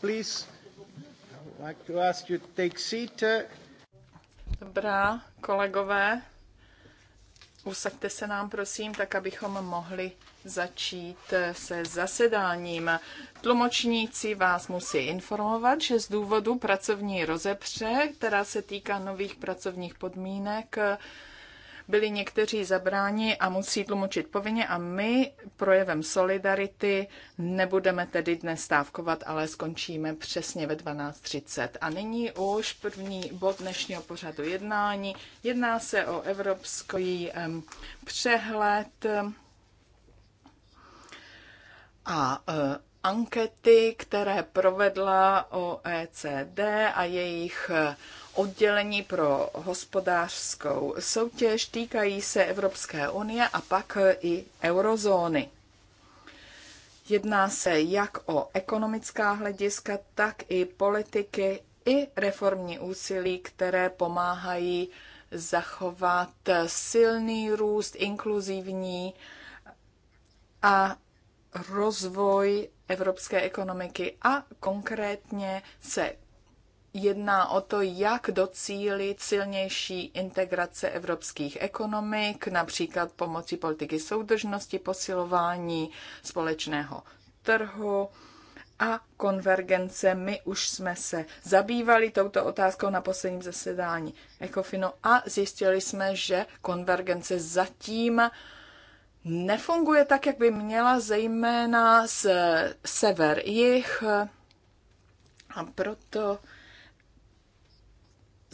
please. Uh, Dobrá, kolegové, usaďte se nám, prosím, tak abychom mohli začít eh, se zasedáním. Tlumočníci vás musí informovat, že z důvodu pracovní rozepře, která se týká nových pracovních podmínek, byli někteří zabráni a musí tlumočit povinně a my projevem solidarity nebudeme tedy dnes stávkovat, ale skončíme přesně ve 12.30. A nyní už první bod dnešního pořadu jednání. Jedná se o evropský přehled a e, ankety, které provedla OECD a jejich oddělení pro hospodářskou soutěž, týkají se Evropské unie a pak i eurozóny. Jedná se jak o ekonomická hlediska, tak i politiky, i reformní úsilí, které pomáhají zachovat silný růst, inkluzivní a rozvoj evropské ekonomiky a konkrétně se jedná o to, jak docílit silnější integrace evropských ekonomik, například pomocí politiky soudržnosti, posilování společného trhu a konvergence. My už jsme se zabývali touto otázkou na posledním zasedání Ecofinu a zjistili jsme, že konvergence zatím nefunguje tak, jak by měla, zejména z sever-jih. A proto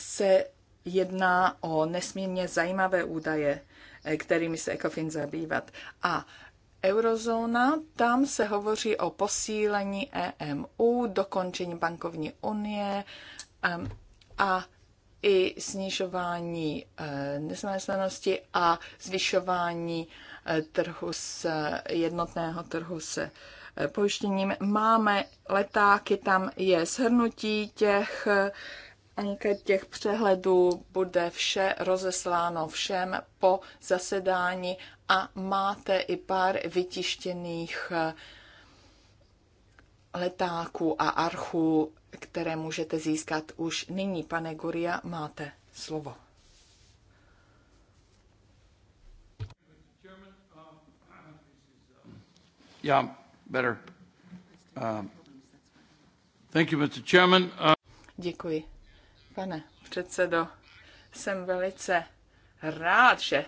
se jedná o nesmírně zajímavé údaje, eh, kterými se ECOFIN zabývat. A eurozóna, tam se hovoří o posílení EMU, dokončení bankovní unie a i snižování eh, nezaměstnanosti a zvyšování eh, trhu s, jednotného trhu se pojištěním. Máme letáky, tam je shrnutí těch anket těch přehledů bude vše rozesláno všem po zasedání a máte i pár vytištěných eh, letáků a archů, které můžete získat už nyní. Pane Guria, máte slovo. Yeah, better. Um, thank you, Mr. Chairman. Uh... Děkuji. Pane předsedo, jsem velice rád, že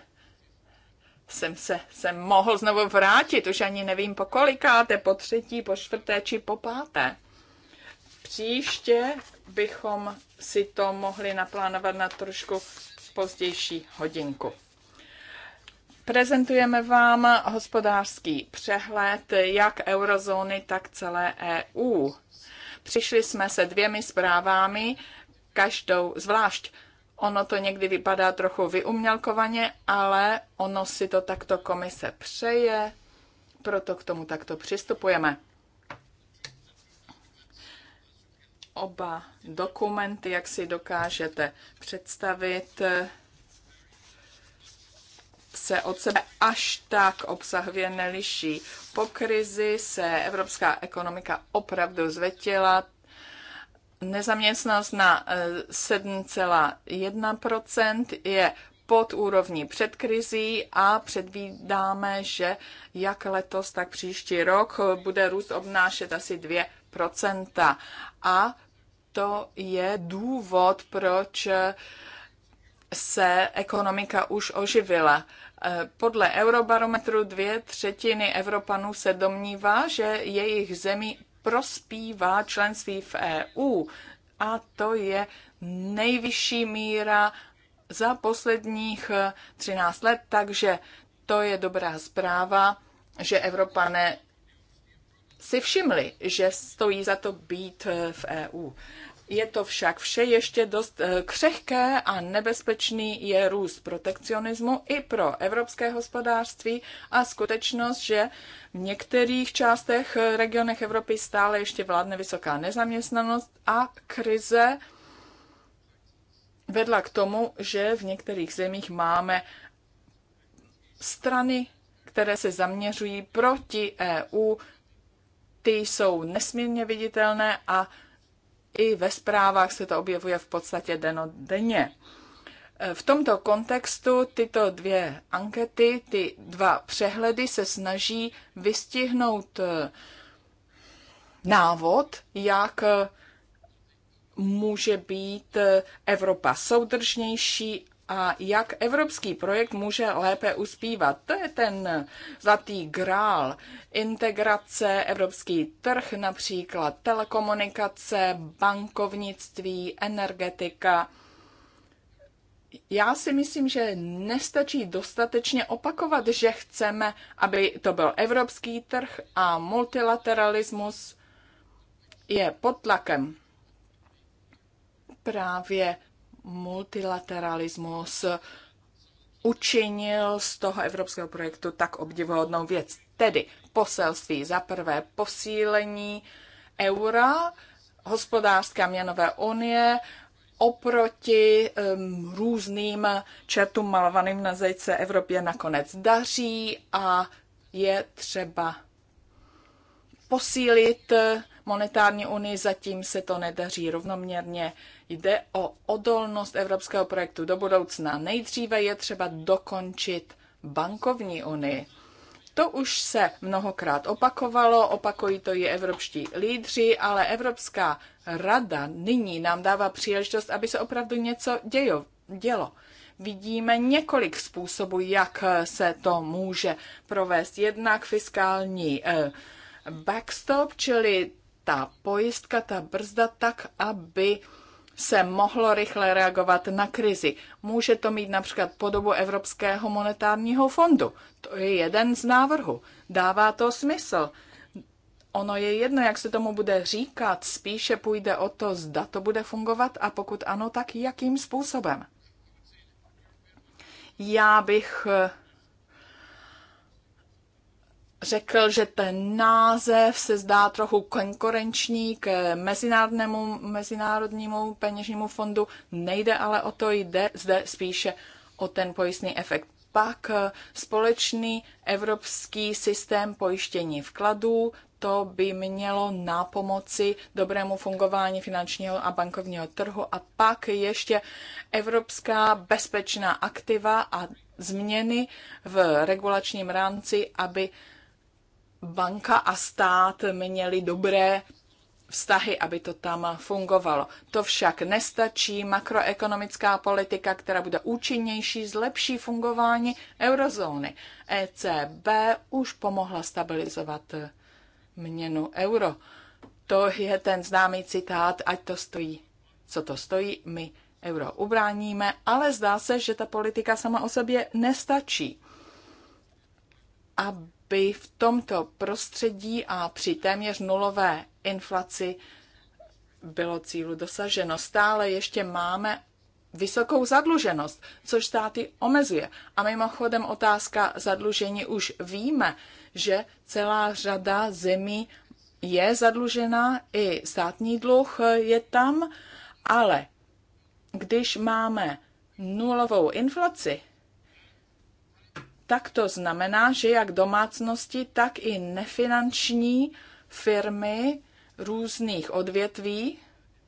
jsem se jsem mohl znovu vrátit, už ani nevím po kolikáté, po třetí, po čtvrté či po páté. Příště bychom si to mohli naplánovat na trošku pozdější hodinku. Prezentujeme vám hospodářský přehled jak eurozóny, tak celé EU. Přišli jsme se dvěmi zprávami každou zvlášť. Ono to někdy vypadá trochu vyumělkovaně, ale ono si to takto komise přeje, proto k tomu takto přistupujeme. Oba dokumenty, jak si dokážete představit, se od sebe až tak obsahově neliší. Po krizi se evropská ekonomika opravdu zvetila, Nezaměstnanost na 7,1% eh, je pod úrovní před krizí a předvídáme, že jak letos, tak příští rok bude růst obnášet asi 2%. A to je důvod, proč se ekonomika už oživila. Eh, podle Eurobarometru dvě třetiny Evropanů se domnívá, že jejich zemi prospívá členství v EU a to je nejvyšší míra za posledních 13 let, takže to je dobrá zpráva, že Evropané si všimli, že stojí za to být v EU. Je to však vše ještě dost eh, křehké a nebezpečný je růst protekcionismu i pro evropské hospodářství a skutečnost, že v některých částech eh, regionech Evropy stále ještě vládne vysoká nezaměstnanost a krize vedla k tomu, že v některých zemích máme strany, které se zaměřují proti EU, ty jsou nesmírně viditelné a i ve zprávách se to objevuje v podstatě denodenně. V tomto kontextu tyto dvě ankety, ty dva přehledy se snaží vystihnout eh, návod, jak eh, může být eh, Evropa soudržnější a jak evropský projekt může lépe uspívat. To je ten zlatý grál. Integrace, evropský trh například, telekomunikace, bankovnictví, energetika. Já si myslím, že nestačí dostatečně opakovat, že chceme, aby to byl evropský trh a multilateralismus je pod tlakem právě multilateralismus učinil z toho evropského projektu tak obdivuhodnou věc. Tedy poselství za prvé posílení eura, hospodářská měnové unie oproti um, různým čertům malovaným na zajce Evropě nakonec daří a je třeba posílit monetární unii, zatím se to nedaří rovnoměrně. Jde o odolnost evropského projektu do budoucna. Nejdříve je třeba dokončit bankovní unii. To už se mnohokrát opakovalo, opakují to i evropští lídři, ale Evropská rada nyní nám dává příležitost, aby se opravdu něco dějo, dělo. Vidíme několik způsobů, jak se to může provést. Jednak fiskální eh, backstop, čili ta pojistka, ta brzda tak, aby se mohlo rychle reagovat na krizi. Může to mít například podobu Evropského monetárního fondu. To je jeden z návrhů. Dává to smysl. Ono je jedno, jak se tomu bude říkat, spíše půjde o to, zda to bude fungovat a pokud ano, tak jakým způsobem. Já bych eh, řekl, že ten název se zdá trochu konkurenční k mezinárodnímu, mezinárodnímu peněžnímu fondu. Nejde ale o to, jde zde spíše o ten pojistný efekt. Pak eh, společný evropský systém pojištění vkladů, to by mělo na pomoci dobrému fungování finančního a bankovního trhu a pak ještě evropská bezpečná aktiva a změny v regulačním rámci, aby banka a stát měli dobré vztahy, aby to tam fungovalo. To však nestačí. Makroekonomická politika, která bude účinnější, zlepší fungování eurozóny. ECB už pomohla stabilizovat měnu euro. To je ten známý citát, ať to stojí, co to stojí, my euro ubráníme, ale zdá se, že ta politika sama o sobě nestačí. A by v tomto prostředí a při téměř nulové inflaci bylo cílu dosaženo. Stále ještě máme vysokou zadluženost, což státy omezuje. A mimochodem otázka zadlužení už víme, že celá řada zemí je zadlužená, i státní dluh je tam, ale když máme nulovou inflaci, tak to znamená, že jak domácnosti, tak i nefinanční firmy různých odvětví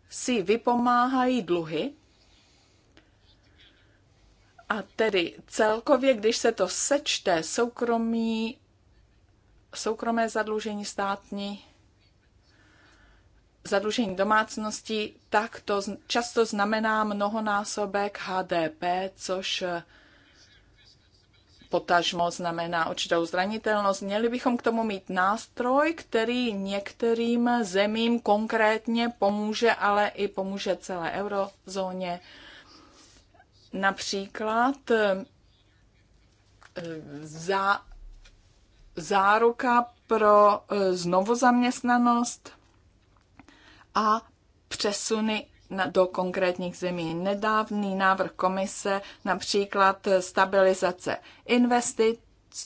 si vypomáhají dluhy. A tedy celkově, když se to sečte, soukromí, soukromé zadlužení státní, zadlužení domácností, tak to často znamená mnohonásobek HDP, což potažmo znamená určitou zranitelnost. Měli bychom k tomu mít nástroj, který některým zemím konkrétně pomůže, ale i pomůže celé eurozóně. Například eh, za, záruka pro eh, znovuzaměstnanost a přesuny do konkrétních zemí. Nedávný návrh komise, například stabilizace investic,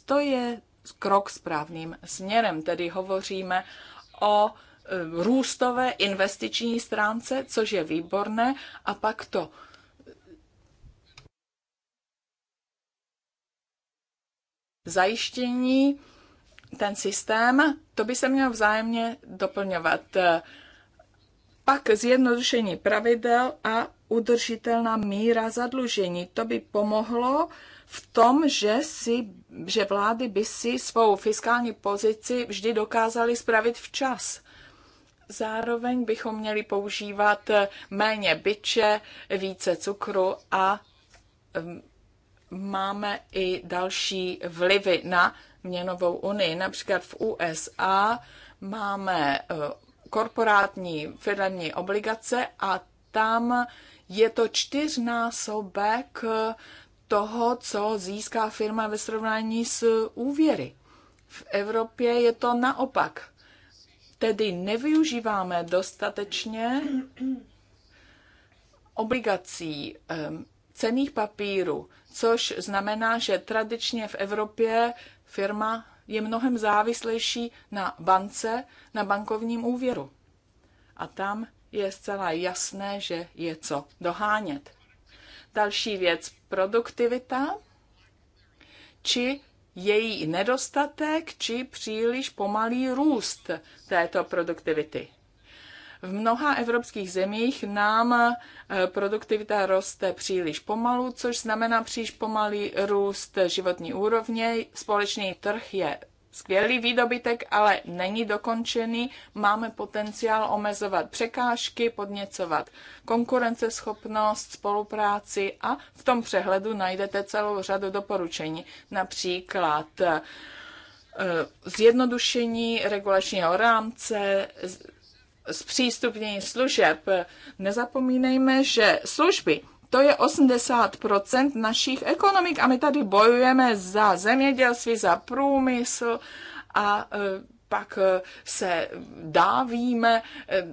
to je krok správným směrem. Tedy hovoříme o eh, růstové investiční stránce, což je výborné, a pak to zajištění, ten systém, to by se mělo vzájemně doplňovat pak zjednodušení pravidel a udržitelná míra zadlužení. To by pomohlo v tom, že, si, že vlády by si svou fiskální pozici vždy dokázaly spravit včas. Zároveň bychom měli používat méně byče, více cukru a máme i další vlivy na měnovou unii. Například v USA máme korporátní firmní obligace a tam je to čtyřnásobek toho, co získá firma ve srovnání s úvěry. V Evropě je to naopak. Tedy nevyužíváme dostatečně obligací, cených papírů, což znamená, že tradičně v Evropě firma je mnohem závislejší na bance, na bankovním úvěru. A tam je zcela jasné, že je co dohánět. Další věc, produktivita, či její nedostatek, či příliš pomalý růst této produktivity. V mnoha evropských zemích nám eh, produktivita roste příliš pomalu, což znamená příliš pomalý růst životní úrovně. Společný trh je skvělý výdobytek, ale není dokončený. Máme potenciál omezovat překážky, podněcovat konkurenceschopnost, spolupráci a v tom přehledu najdete celou řadu doporučení. Například eh, zjednodušení regulačního rámce, zpřístupnění služeb. Nezapomínejme, že služby to je 80% našich ekonomik a my tady bojujeme za zemědělství, za průmysl a e, pak e, se dávíme e,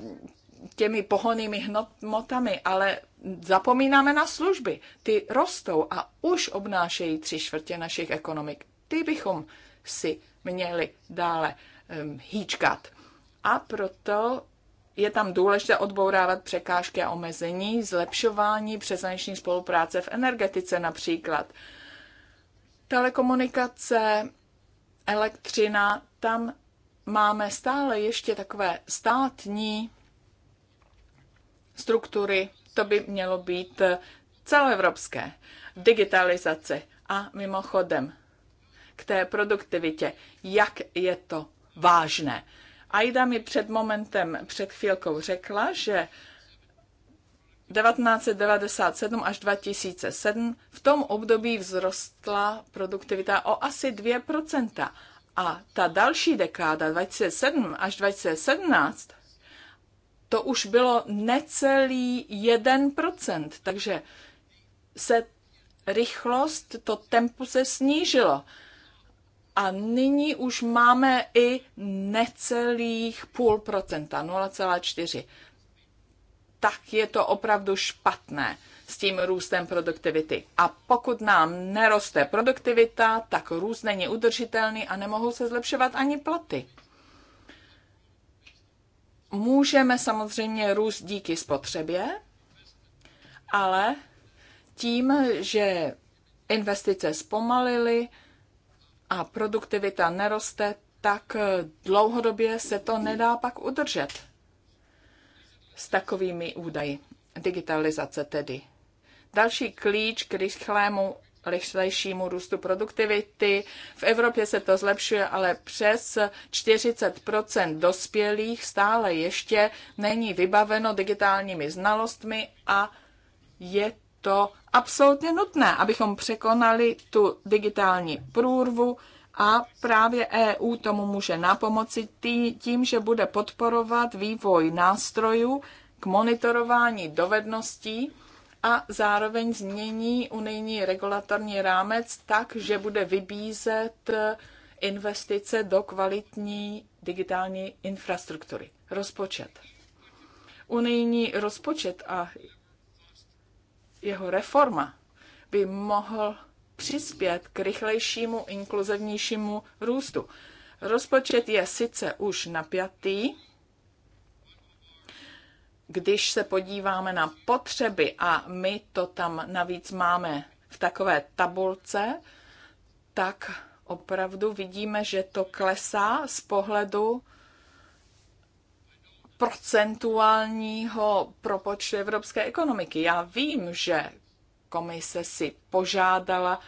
těmi pohonými hmotami, ale zapomínáme na služby. Ty rostou a už obnášejí tři čtvrtě našich ekonomik. Ty bychom si měli dále hýčkat. A proto je tam důležité odbourávat překážky a omezení, zlepšování přeshraniční spolupráce v energetice například. Telekomunikace, elektřina, tam máme stále ještě takové státní struktury, to by mělo být celoevropské. Digitalizace a mimochodem k té produktivitě, jak je to vážné Aida mi před momentem, před chvílkou řekla, že 1997 až 2007 v tom období vzrostla produktivita o asi 2%. A ta další dekáda 2007 až 2017 to už bylo necelý 1%, takže se rychlost, to tempo se snížilo. A nyní už máme i necelých půl procenta, 0,4. Tak je to opravdu špatné s tím růstem produktivity. A pokud nám neroste produktivita, tak růst není udržitelný a nemohou se zlepšovat ani platy. Můžeme samozřejmě růst díky spotřebě, ale tím, že investice zpomalily, a produktivita neroste, tak dlouhodobě se to nedá pak udržet s takovými údaji. Digitalizace tedy. Další klíč k rychlému rychlejšímu růstu produktivity. V Evropě se to zlepšuje, ale přes 40 dospělých stále ještě není vybaveno digitálními znalostmi a je to absolutně nutné, abychom překonali tu digitální průrvu a právě EU tomu může napomoci tím, že bude podporovat vývoj nástrojů k monitorování dovedností a zároveň změní unijní regulatorní rámec tak, že bude vybízet investice do kvalitní digitální infrastruktury. Rozpočet. Unijní rozpočet a jeho reforma by mohl přispět k rychlejšímu, inkluzivnějšímu růstu. Rozpočet je sice už napjatý, když se podíváme na potřeby, a my to tam navíc máme v takové tabulce, tak opravdu vidíme, že to klesá z pohledu procentuálního propočtu evropské ekonomiky. Já vím, že komise si požádala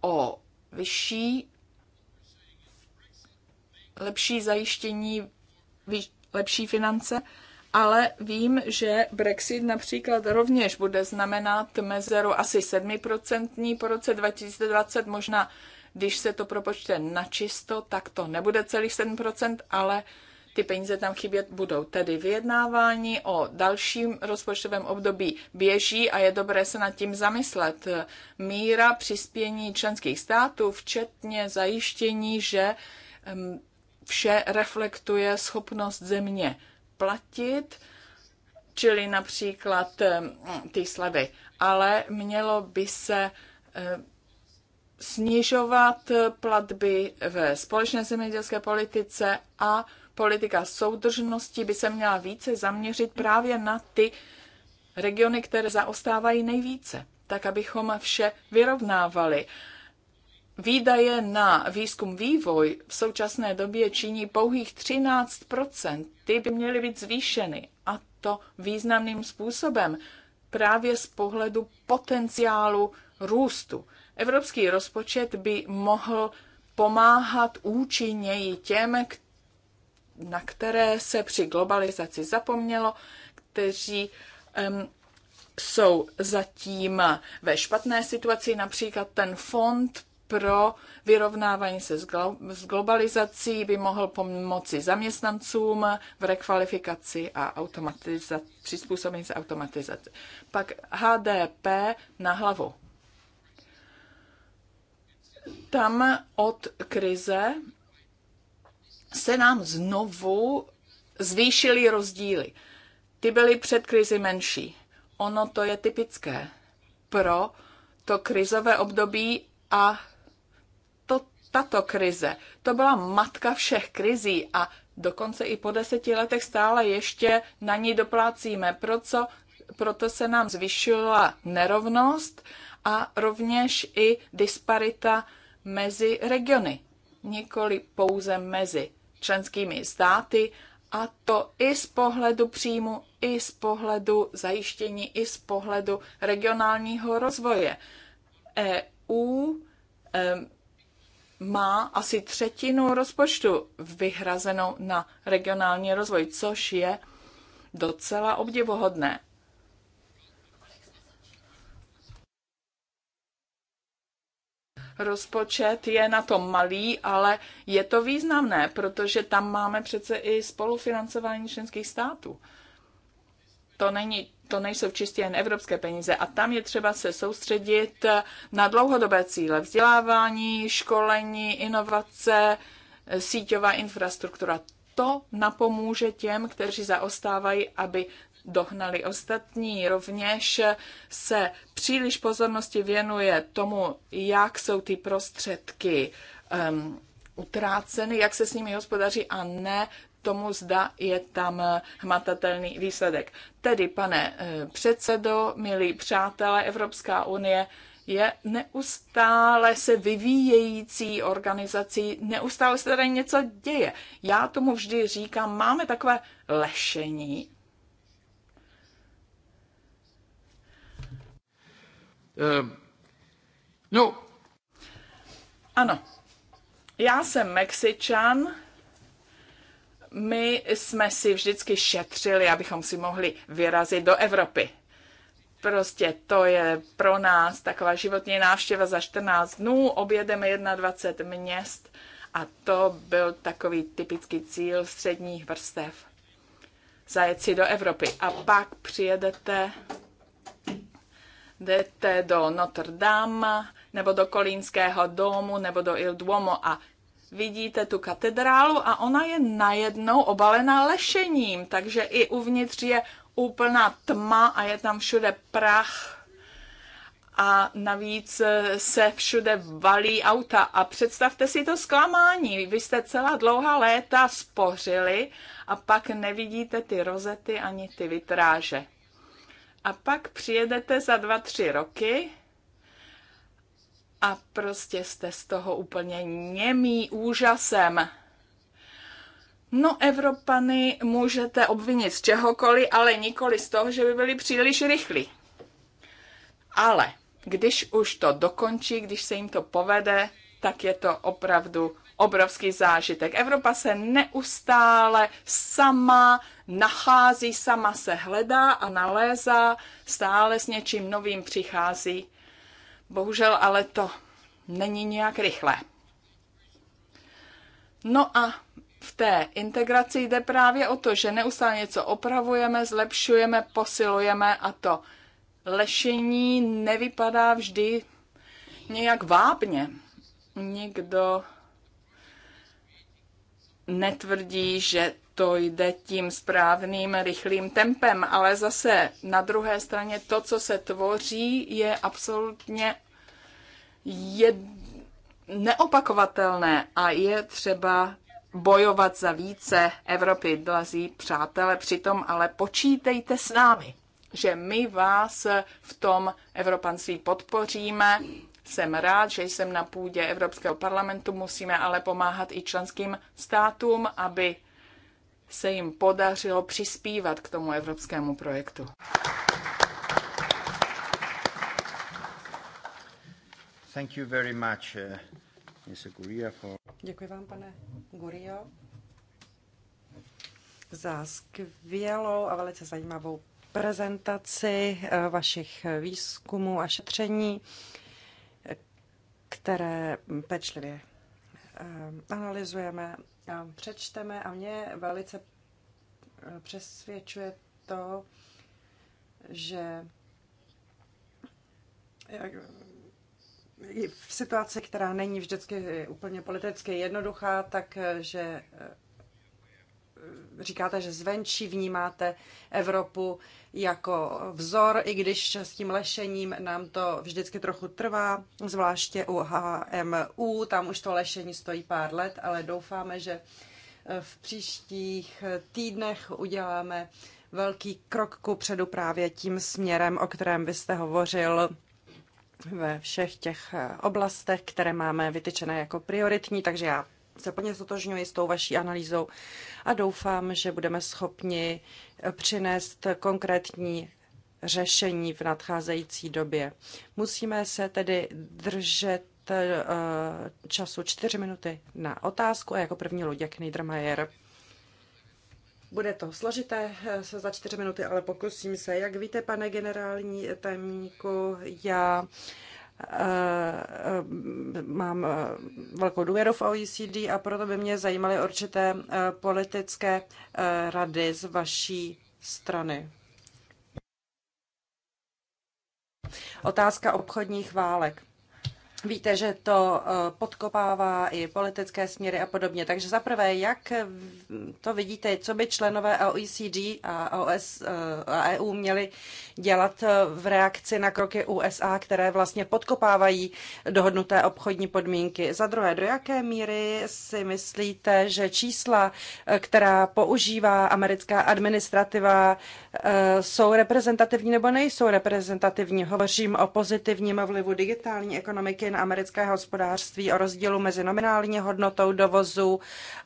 o vyšší, lepší zajištění, lepší finance, ale vím, že Brexit například rovněž bude znamenat mezeru asi 7% po roce 2020, možná když se to propočte na čisto, tak to nebude celých 7%, ale ty peníze tam chybět budou. Tedy vyjednávání o dalším rozpočtovém období běží a je dobré se nad tím zamyslet. Míra přispění členských států, včetně zajištění, že vše reflektuje schopnost země platit, čili například ty slevy. Ale mělo by se snižovat platby ve společné zemědělské politice a politika soudržnosti by se měla více zaměřit právě na ty regiony, které zaostávají nejvíce, tak abychom vše vyrovnávali. Výdaje na výzkum vývoj v současné době činí pouhých 13 Ty by měly být zvýšeny a to významným způsobem právě z pohledu potenciálu růstu. Evropský rozpočet by mohl pomáhat účinněji těm, na které se při globalizaci zapomnělo, kteří um, jsou zatím ve špatné situaci, například ten fond pro vyrovnávání se s globalizací by mohl pomoci zaměstnancům v rekvalifikaci a přizpůsobení se automatizaci. Pak HDP na hlavu. Tam od krize se nám znovu zvýšily rozdíly. Ty byly před krizi menší. Ono to je typické pro to krizové období a to, tato krize. To byla matka všech krizí a dokonce i po deseti letech stále ještě na ní doplácíme. Proto, proto se nám zvyšila nerovnost a rovněž i disparita mezi regiony, nikoli pouze mezi členskými státy, a to i z pohledu příjmu, i z pohledu zajištění, i z pohledu regionálního rozvoje. EU má asi třetinu rozpočtu vyhrazenou na regionální rozvoj, což je docela obdivohodné. rozpočet je na to malý, ale je to významné, protože tam máme přece i spolufinancování členských států. To není to nejsou čistě jen evropské peníze a tam je třeba se soustředit na dlouhodobé cíle vzdělávání, školení, inovace, síťová infrastruktura. To napomůže těm, kteří zaostávají, aby dohnali ostatní. Rovněž se příliš pozornosti věnuje tomu, jak jsou ty prostředky um, utráceny, jak se s nimi hospodaří a ne tomu, zda je tam hmatatelný výsledek. Tedy, pane eh, předsedo, milí přátelé, Evropská unie je neustále se vyvíjející organizací, neustále se tady něco děje. Já tomu vždy říkám, máme takové lešení, Ehm, no. Ano. Já jsem Mexičan, my jsme si vždycky šetřili, abychom si mohli vyrazit do Evropy. Prostě to je pro nás taková životní návštěva za 14 dnů, objedeme 21 měst a to byl takový typický cíl středních vrstev. Zajet si do Evropy a pak přijedete jdete do Notre Dame, nebo do Kolínského domu, nebo do Il Duomo a vidíte tu katedrálu a ona je najednou obalená lešením, takže i uvnitř je úplná tma a je tam všude prach a navíc se všude valí auta. A představte si to zklamání. Vy jste celá dlouhá léta spořili a pak nevidíte ty rozety ani ty vitráže a pak přijedete za dva, tři roky a prostě jste z toho úplně němý úžasem. No, Evropany můžete obvinit z čehokoliv, ale nikoli z toho, že by byli příliš rychlí. Ale když už to dokončí, když se jim to povede, tak je to opravdu obrovský zážitek. Evropa se neustále sama nachází, sama se hledá a nalézá, stále s něčím novým přichází. Bohužel ale to není nějak rychlé. No a v té integraci jde právě o to, že neustále něco opravujeme, zlepšujeme, posilujeme a to lešení nevypadá vždy nějak vábně. Nikdo netvrdí, že to jde tím správným rychlým tempem, ale zase na druhé straně to, co se tvoří, je absolutně je neopakovatelné a je třeba bojovat za více Evropy, Dlazí přátelé, přitom ale počítejte s námi, že my vás v tom evropanství podpoříme, jsem rád, že jsem na půdě Evropského parlamentu. Musíme ale pomáhat i členským státům, aby se jim podařilo přispívat k tomu evropskému projektu. Thank you very much, uh, for... Děkuji vám, pane Gurio, za skvělou a velice zajímavou prezentaci uh, vašich výzkumů a šetření které pečlivě eh, analyzujeme a přečteme a mě velice eh, přesvědčuje to, že eh, v situaci, která není vždycky úplně politicky jednoduchá, takže říkáte, že zvenčí vnímáte Evropu jako vzor, i když s tím lešením nám to vždycky trochu trvá, zvláště u HMU, tam už to lešení stojí pár let, ale doufáme, že eh, v příštích eh, týdnech uděláme velký krok ku předu právě tím směrem, o kterém byste hovořil ve všech těch eh, oblastech, které máme vytyčené jako prioritní, takže já se plně zotožňuji s tou vaší analýzou a doufám, že budeme schopni přinést konkrétní řešení v nadcházející době. Musíme se tedy držet eh, času čtyři minuty na otázku a jako první Luděk Niedermayer. Bude to složité eh, se za čtyři minuty, ale pokusím se. Jak víte, pane generální tajemníku, já Eh, mám eh, velkou důvěru v OECD a proto by mě zajímaly určité eh, politické rady z vaší strany. Otázka obchodních válek. Víte, že to eh, podkopává i politické směry a podobně. Takže zaprvé, jak to vidíte, co by členové OECD a, OS, eh, a EU měli dělat eh, v reakci na kroky USA, které vlastně podkopávají dohodnuté obchodní podmínky? Za druhé, do jaké míry si myslíte, že čísla, která používá americká administrativa, jsou reprezentativní nebo nejsou reprezentativní? Hovořím o pozitivním vlivu digitální ekonomiky na americké hospodářství o rozdílu mezi nominální hodnotou dovozu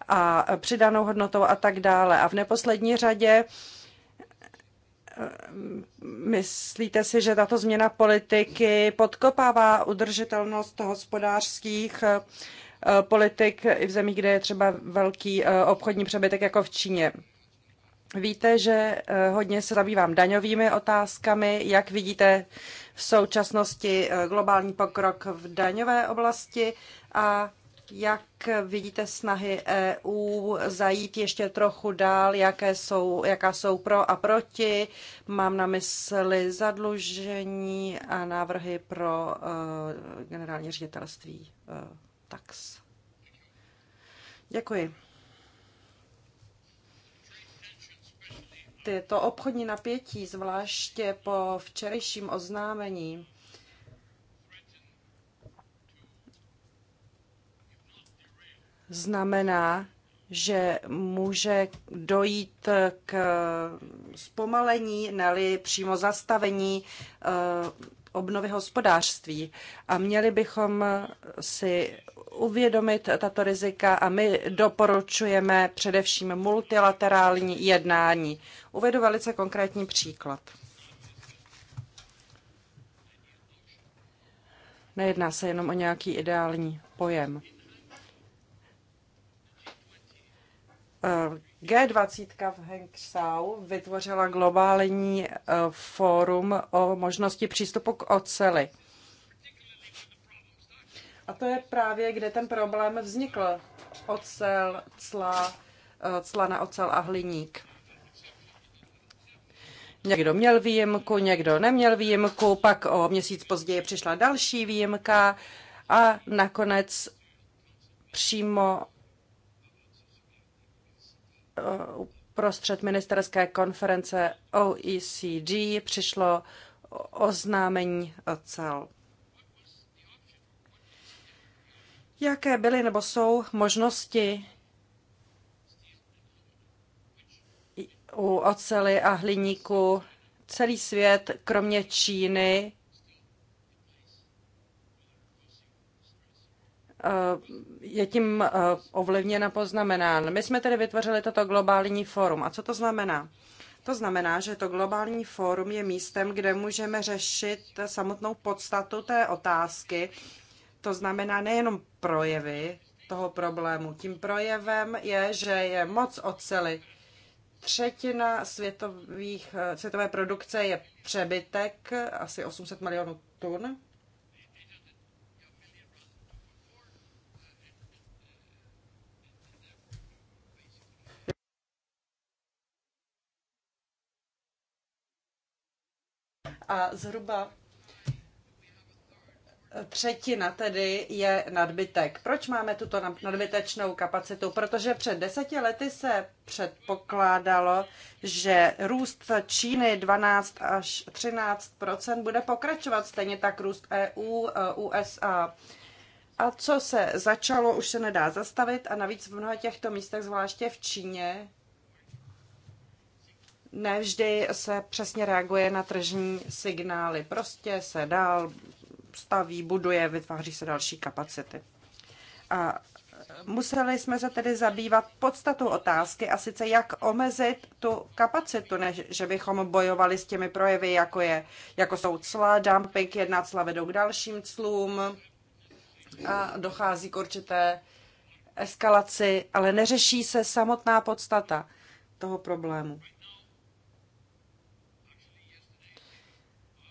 a přidanou hodnotou a tak dále. A v neposlední řadě eh, Myslíte si, že tato změna politiky podkopává udržitelnost hospodářských eh, politik i v zemích, kde je třeba velký eh, obchodní přebytek, jako v Číně? Víte, že eh, hodně se zabývám daňovými otázkami. Jak vidíte v současnosti eh, globální pokrok v daňové oblasti a jak vidíte snahy EU zajít ještě trochu dál, jaké jsou, jaká jsou pro a proti? Mám na mysli zadlužení a návrhy pro uh, generální ředitelství uh, tax. Děkuji. to obchodní napětí, zvláště po včerejším oznámení, znamená, že může dojít k zpomalení, neli přímo zastavení eh, obnovy hospodářství. A měli bychom si uvědomit tato rizika a my doporučujeme především multilaterální jednání. Uvedu velice konkrétní příklad. Nejedná se jenom o nějaký ideální pojem G20 v Hengsau vytvořila globální eh, fórum o možnosti přístupu k oceli. A to je právě, kde ten problém vznikl. Ocel, cla, eh, cla na ocel a hliník. Někdo měl výjimku, někdo neměl výjimku, pak o měsíc později přišla další výjimka a nakonec přímo Eh, uprostřed ministerské konference OECD přišlo oznámení cel. Jaké byly nebo jsou možnosti u ocely a hliníku celý svět, kromě Číny, Eh, je tím eh, ovlivněna poznamenán. My jsme tedy vytvořili toto globální fórum. A co to znamená? To znamená, že to globální fórum je místem, kde můžeme řešit samotnou podstatu té otázky. To znamená nejenom projevy toho problému. Tím projevem je, že je moc ocely. Třetina světových, eh, světové produkce je přebytek, asi 800 milionů tun a zhruba Třetina tedy je nadbytek. Proč máme tuto nadbytečnou kapacitu? Protože před deseti lety se předpokládalo, že růst Číny 12 až 13 bude pokračovat, stejně tak růst EU, e, USA. A co se začalo, už se nedá zastavit a navíc v mnoha těchto místech, zvláště v Číně, ne vždy se přesně reaguje na tržní signály. Prostě se dál staví, buduje, vytváří se další kapacity. A museli jsme se tedy zabývat podstatou otázky a sice jak omezit tu kapacitu, než že bychom bojovali s těmi projevy, jako, je, jako jsou cla, dumping, jedna cla vedou k dalším clům a dochází k určité eskalaci, ale neřeší se samotná podstata toho problému.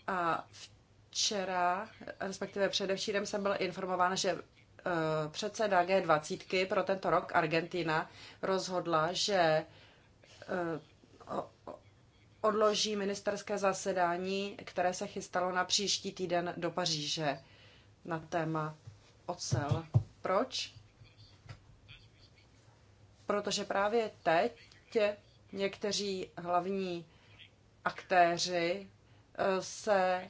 A včera, respektive předevčírem, jsem byl informován, že eh, předseda G20 pro tento rok Argentina rozhodla, že eh, odloží ministerské zasedání, které se chystalo na příští týden do Paříže na téma ocel. Proč? Protože právě teď někteří hlavní aktéři se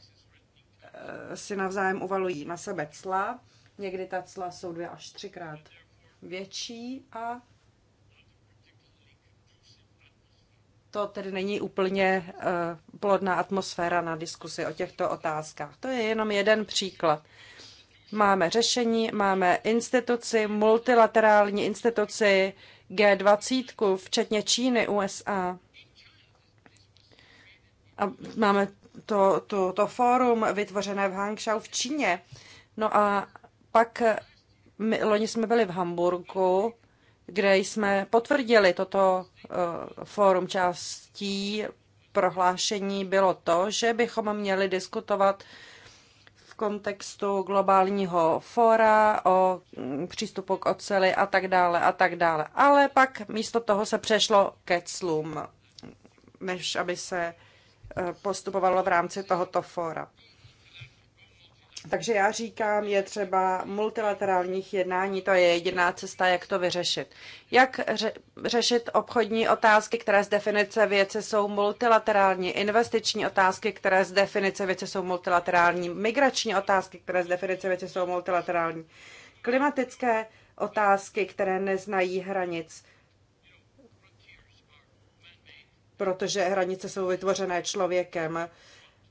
eh, si navzájem uvalují na sebe cla. Někdy ta cla jsou dvě až třikrát větší a to tedy není úplně eh, plodná atmosféra na diskusi o těchto otázkách. To je jenom jeden příklad. Máme řešení, máme instituci, multilaterální instituci G20, včetně Číny, USA. A máme to, to, to fórum vytvořené v Hangzhou v Číně. No a pak my, loni jsme byli v Hamburgu, kde jsme potvrdili toto uh, fórum částí prohlášení bylo to, že bychom měli diskutovat v kontextu globálního fóra o mm, přístupu k oceli a tak dále a tak dále. Ale pak místo toho se přešlo ke clům, než aby se Eh, postupovalo v rámci tohoto fóra. Takže já říkám, je třeba multilaterálních jednání, to je jediná cesta, jak to vyřešit. Jak ře- řešit obchodní otázky, které z definice věci jsou multilaterální, investiční otázky, které z definice věci jsou multilaterální, migrační otázky, které z definice věci jsou multilaterální, klimatické otázky, které neznají hranic protože hranice jsou vytvořené člověkem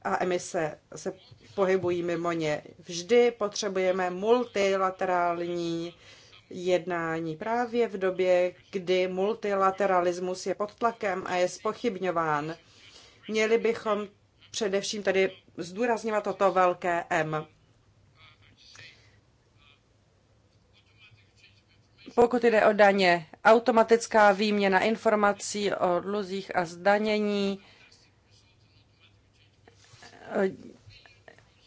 a emise se pohybují mimo ně. Vždy potřebujeme multilaterální jednání právě v době, kdy multilateralismus je pod tlakem a je spochybňován. Měli bychom především tady zdůrazňovat toto velké M. Pokud jde o daně, automatická výměna informací o dluzích a zdanění eh,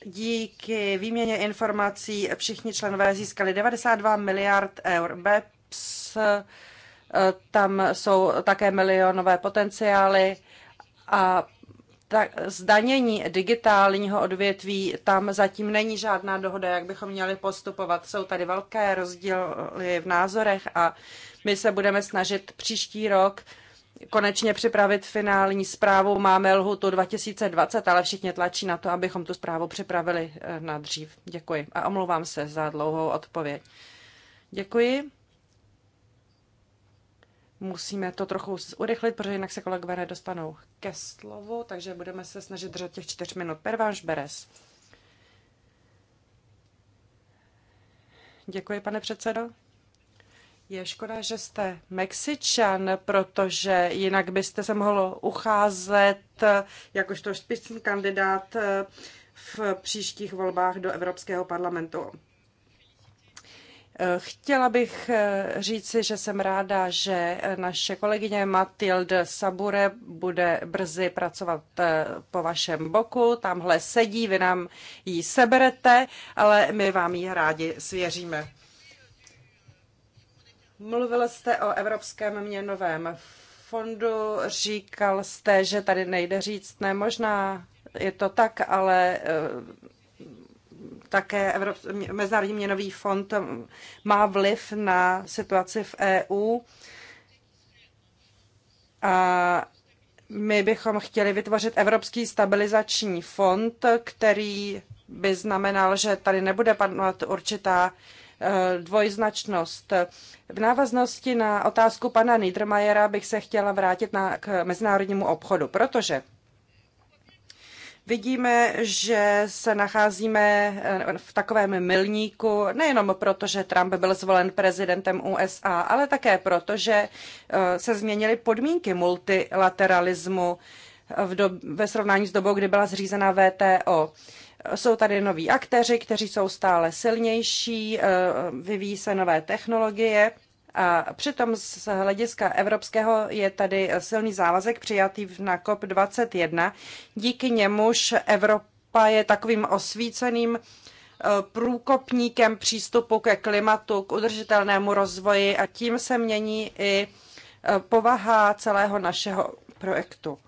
díky výměně informací všichni členové získali 92 miliard eur. BEPS, eh, tam jsou také milionové potenciály a tak zdanění digitálního odvětví, tam zatím není žádná dohoda, jak bychom měli postupovat. Jsou tady velké rozdíly v názorech a my se budeme snažit příští rok konečně připravit finální zprávu. Máme tu 2020, ale všichni tlačí na to, abychom tu zprávu připravili eh, na dřív. Děkuji a omlouvám se za dlouhou odpověď. Děkuji musíme to trochu urychlit, protože jinak se kolegové nedostanou ke slovu, takže budeme se snažit držet těch čtyř minut. Perváš Beres. Děkuji, pane předsedo. Je škoda, že jste Mexičan, protože jinak byste se mohlo ucházet jakožto špičný kandidát v příštích volbách do Evropského parlamentu. Chtěla bych eh, říci, že jsem ráda, že eh, naše kolegyně Matilde Sabure bude brzy pracovat eh, po vašem boku. Tamhle sedí, vy nám ji seberete, ale my vám ji rádi svěříme. Mluvil jste o Evropském měnovém fondu, říkal jste, že tady nejde říct ne, možná je to tak, ale také Mezinárodní měnový fond má vliv na situaci v EU. A my bychom chtěli vytvořit Evropský stabilizační fond, který by znamenal, že tady nebude panovat určitá eh, dvojznačnost. V návaznosti na otázku pana Niedermayera bych se chtěla vrátit na, k mezinárodnímu obchodu, protože Vidíme, že se nacházíme eh, v takovém milníku, nejenom proto, že Trump byl zvolen prezidentem USA, ale také proto, že eh, se změnily podmínky multilateralismu eh, v do, ve srovnání s dobou, kdy byla zřízena VTO. Jsou tady noví aktéři, kteří jsou stále silnější, vyvíjí se nové technologie a přitom z hlediska evropského je tady silný závazek přijatý na COP21. Díky němuž Evropa je takovým osvíceným eh, průkopníkem přístupu ke klimatu, k udržitelnému rozvoji a tím se mění i eh, povaha celého našeho projektu.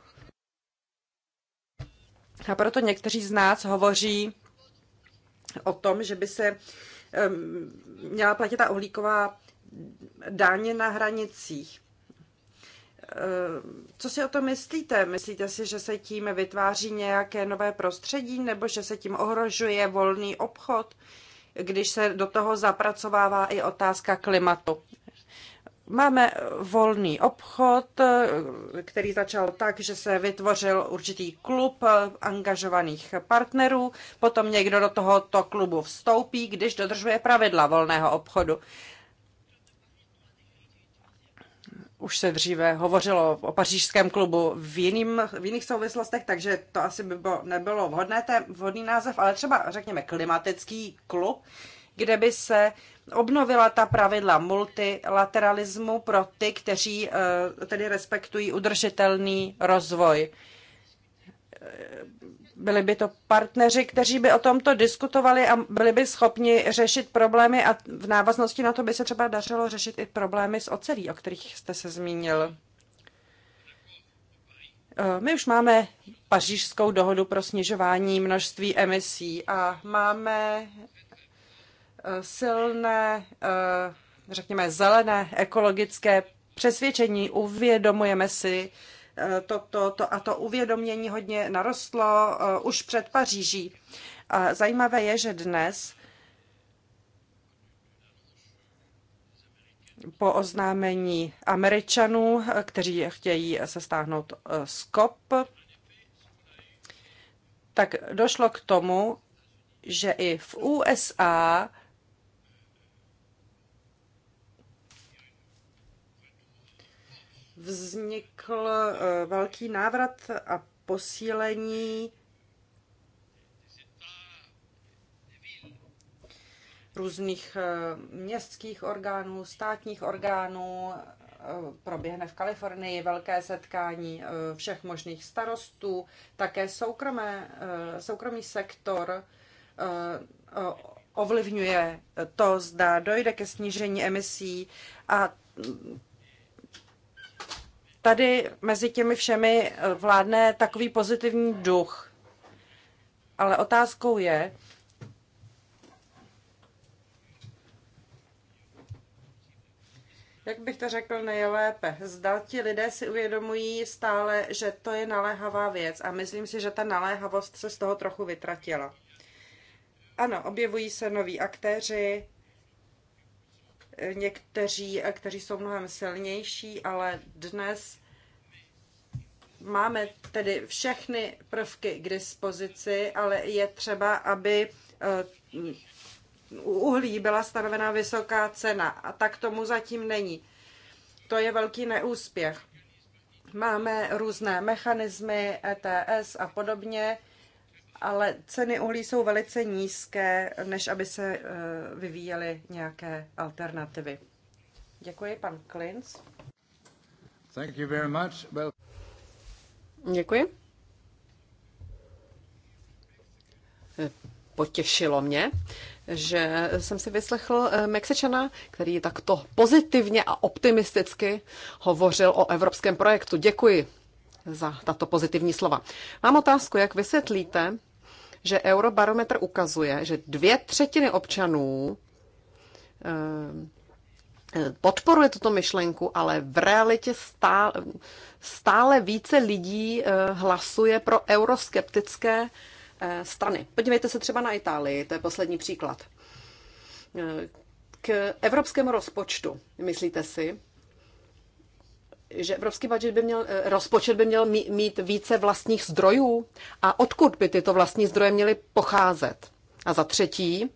A proto někteří z nás hovoří o tom, že by se eh, měla platit ta uhlíková dáně na hranicích. Eh, co si o to myslíte? Myslíte si, že se tím vytváří nějaké nové prostředí nebo že se tím ohrožuje volný obchod, když se do toho zapracovává i otázka klimatu? Máme volný obchod, eh, který začal tak, že se vytvořil určitý klub eh, angažovaných partnerů, potom někdo do tohoto klubu vstoupí, když dodržuje pravidla volného obchodu už se dříve hovořilo o pařížském klubu v, jiným, v jiných souvislostech, takže to asi by bylo, nebylo vhodné, tém, vhodný název, ale třeba řekněme klimatický klub, kde by se obnovila ta pravidla multilateralismu pro ty, kteří eh, tedy respektují udržitelný rozvoj byli by to partneři, kteří by o tomto diskutovali a byli by schopni řešit problémy a v návaznosti na to by se třeba dařilo řešit i problémy s ocelí, o kterých jste se zmínil. E, my už máme pařížskou dohodu pro snižování množství emisí a máme e, silné, e, řekněme, zelené ekologické přesvědčení. Uvědomujeme si, Eh, to, to, to, a to uvědomění hodně narostlo eh, už před Paříží. A zajímavé je, že dnes po oznámení Američanů, eh, kteří chtějí se stáhnout z COP, tak došlo k tomu, že i v USA vznikl eh, velký návrat a posílení různých eh, městských orgánů, státních orgánů. Eh, proběhne v Kalifornii velké setkání všech možných starostů, také soukromé, soukromý sektor ovlivňuje to, zda dojde ke snížení emisí a Tady mezi těmi všemi eh, vládne takový pozitivní duch. Ale otázkou je, jak bych to řekl nejlépe, zda ti lidé si uvědomují stále, že to je naléhavá věc a myslím si, že ta naléhavost se z toho trochu vytratila. Ano, objevují se noví aktéři, někteří, kteří jsou mnohem silnější, ale dnes máme tedy všechny prvky k dispozici, ale je třeba, aby eh, u uhlí byla stanovena vysoká cena a tak tomu zatím není. To je velký neúspěch. Máme různé mechanismy ETS a podobně, ale ceny uhlí jsou velice nízké, než aby se eh, vyvíjely nějaké alternativy. Děkuji, pan Klinc. Thank you very much. Well... Děkuji. Potěšilo mě, že jsem si vyslechl eh, Mexičana, který takto pozitivně a optimisticky hovořil o evropském projektu. Děkuji za tato pozitivní slova. Mám otázku, jak vysvětlíte že Eurobarometr ukazuje, že dvě třetiny občanů eh, eh, podporuje tuto myšlenku, ale v realitě stále, stále více lidí eh, hlasuje pro euroskeptické strany. Podívejte se třeba na Itálii, to je poslední příklad. K evropskému rozpočtu, myslíte si, že evropský budget by měl, eh, rozpočet by měl mít více vlastních zdrojů a odkud by tyto vlastní zdroje měly pocházet. A za třetí,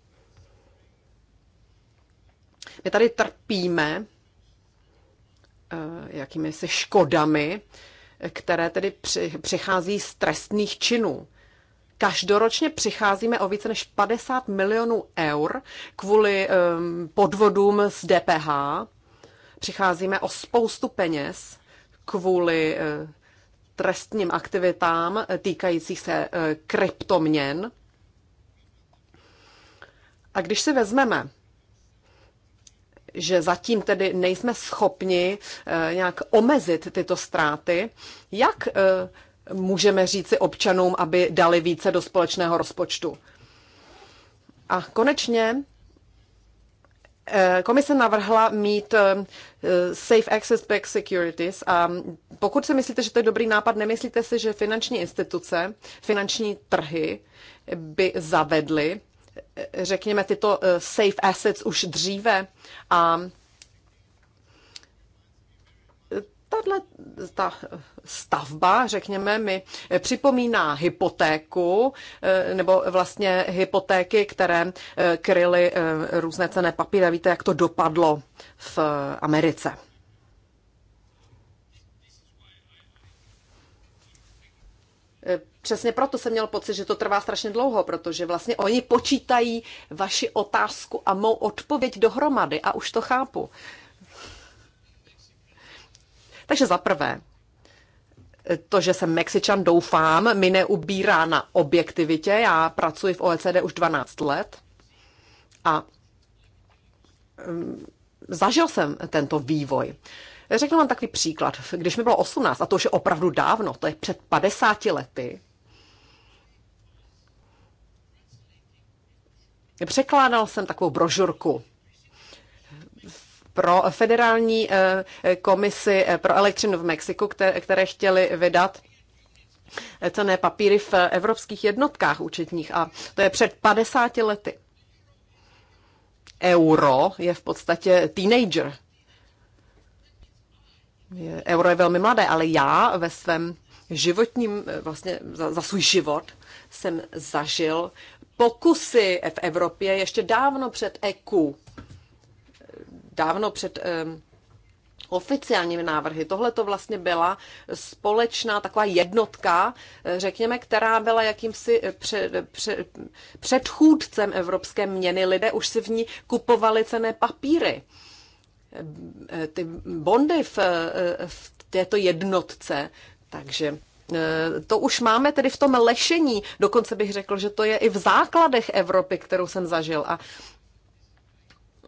my tady trpíme eh, jakými se škodami, které tedy přichází z trestných činů. Každoročně přicházíme o více než 50 milionů eur kvůli eh, podvodům z DPH, přicházíme o spoustu peněz kvůli eh, trestním aktivitám eh, týkajících se eh, kryptoměn. A když si vezmeme, že zatím tedy nejsme schopni nějak omezit tyto ztráty, jak můžeme říci občanům, aby dali více do společného rozpočtu? A konečně Eh, komise navrhla mít eh, Safe Access Back Securities a pokud si myslíte, že to je dobrý nápad, nemyslíte si, že finanční instituce, finanční trhy by zavedly, eh, řekněme, tyto safe assets už dříve a Tato ta stavba, řekněme, mi připomíná hypotéku, eh, nebo vlastně hypotéky, které eh, kryly eh, různé cené papíry. Víte, jak to dopadlo v Americe. Přesně proto jsem měl pocit, že to trvá strašně dlouho, protože vlastně oni počítají vaši otázku a mou odpověď dohromady a už to chápu. Uh, takže za prvé, to, že jsem Mexičan, doufám, mi neubírá na objektivitě. Já pracuji v OECD už 12 let a mm, zažil jsem tento vývoj. Řeknu vám takový příklad. Když mi bylo 18, a to už je opravdu dávno, to je před 50 lety, překládal jsem takovou brožurku pro federální eh, komisi eh, pro elektřinu v Mexiku, které chtěli vydat eh, cené papíry v evropských jednotkách účetních a to je před 50 lety. Euro je v podstatě teenager. Euro je velmi mladé, ale já ve svém životním, vlastně za, za svůj život jsem zažil pokusy v Evropě ještě dávno před EQ, dávno před oficiálními návrhy. Tohle to vlastně byla společná taková jednotka, eh, řekněme, která byla jakýmsi eh, pře, pře, předchůdcem evropské měny. Lidé už si v ní kupovali cené papíry. Eh, ty bondy v, v této jednotce. Takže to už máme tedy v tom lešení. Dokonce bych řekl, že to je i v základech Evropy, kterou jsem zažil. A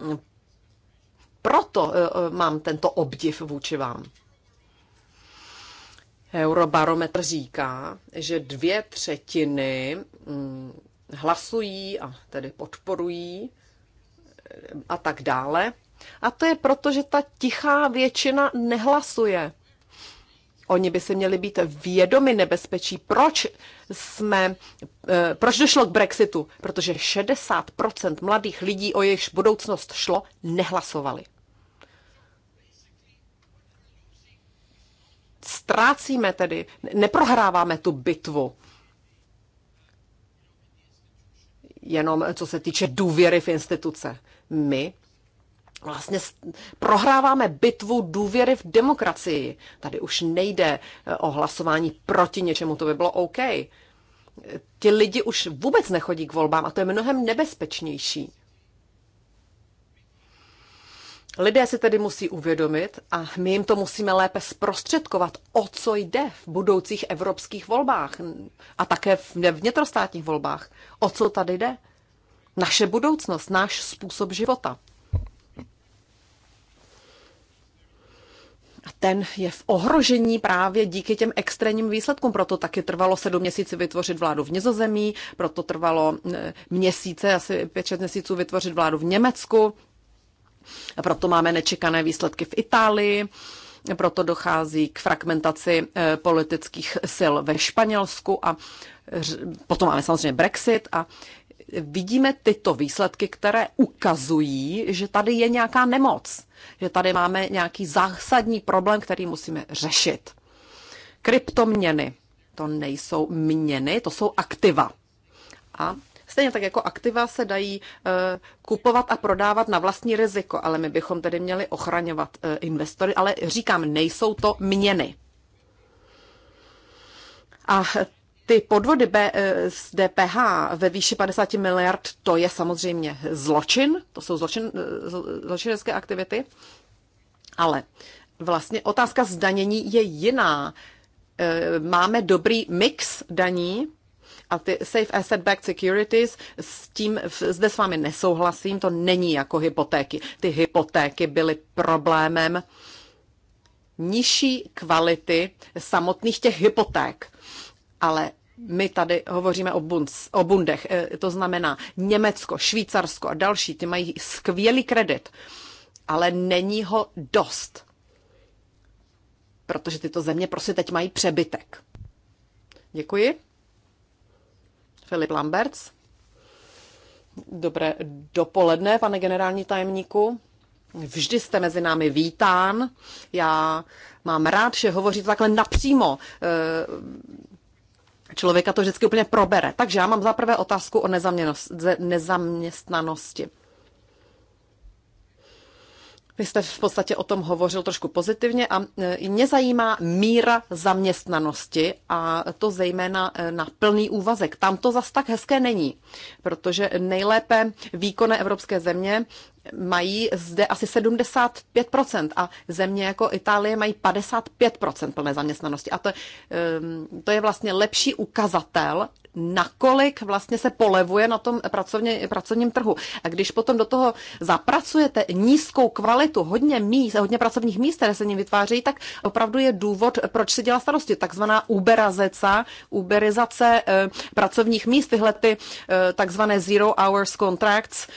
hm, proto eh, eh, mám tento obdiv vůči vám. Eurobarometr říká, že dvě třetiny mm, hlasují a tedy podporují eh, a tak dále. A to je proto, že ta tichá většina nehlasuje. Oni by si měli být vědomi nebezpečí. Proč jsme, proč došlo k Brexitu? Protože 60% mladých lidí, o jejichž budoucnost šlo, nehlasovali. ztrácíme tedy, neprohráváme tu bitvu. Jenom co se týče důvěry v instituce. My vlastně prohráváme bitvu důvěry v demokracii. Tady už nejde eh, o hlasování proti něčemu, to by bylo OK. Ti lidi už vůbec nechodí k volbám a to je mnohem nebezpečnější. Lidé si tedy musí uvědomit a my jim to musíme lépe zprostředkovat, o co jde v budoucích evropských volbách a také v vnitrostátních volbách. O co tady jde? Naše budoucnost, náš způsob života. A ten je v ohrožení právě díky těm extrémním výsledkům. Proto taky trvalo sedm měsíců vytvořit vládu v Nizozemí, proto trvalo e, měsíce, asi pět šest měsíců vytvořit vládu v Německu. Proto máme nečekané výsledky v Itálii, proto dochází k fragmentaci eh, politických sil ve Španělsku a potom máme samozřejmě Brexit a vidíme tyto výsledky, které ukazují, že tady je nějaká nemoc, že tady máme nějaký zásadní problém, který musíme řešit. Kryptoměny, to nejsou měny, to jsou aktiva. A Stejně tak jako aktiva se dají eh, kupovat a prodávat na vlastní riziko, ale my bychom tedy měli ochraňovat eh, investory, ale říkám, nejsou to měny. A ty podvody B, eh, z DPH ve výši 50 miliard, to je samozřejmě zločin, to jsou zločin, zločinecké aktivity, ale vlastně otázka zdanění je jiná. Máme dobrý mix daní, a ty Safe Asset Backed Securities, s tím zde s vámi nesouhlasím, to není jako hypotéky. Ty hypotéky byly problémem nižší kvality samotných těch hypoték. Ale my tady hovoříme o, bunds, o bundech, e, to znamená Německo, Švýcarsko a další, ty mají skvělý kredit, ale není ho dost, protože tyto země prostě teď mají přebytek. Děkuji. Filip Lamberts. Dobré dopoledne, pane generální tajemníku. Vždy jste mezi námi vítán. Já mám rád, že hovoříte takhle napřímo. Eh, člověka to vždycky úplně probere. Takže já mám zaprvé otázku o nezaměstnanosti. Vy jste v podstatě o tom hovořil trošku pozitivně a e, mě zajímá míra zaměstnanosti a to zejména e, na plný úvazek. Tam to zas tak hezké není, protože nejlépe výkonné evropské země mají zde asi 75% a země jako Itálie mají 55% plné zaměstnanosti. A to, ehm, to je vlastně lepší ukazatel, nakolik vlastně se polevuje na tom pracovně, pracovním trhu. A když potom do toho zapracujete nízkou kvalitu, hodně míst, hodně pracovních míst, které se ním vytvářejí, tak opravdu je důvod, proč si dělá starosti. Takzvaná uberazeca, uberizace eh, pracovních míst, tyhle ty eh, takzvané zero hours contracts,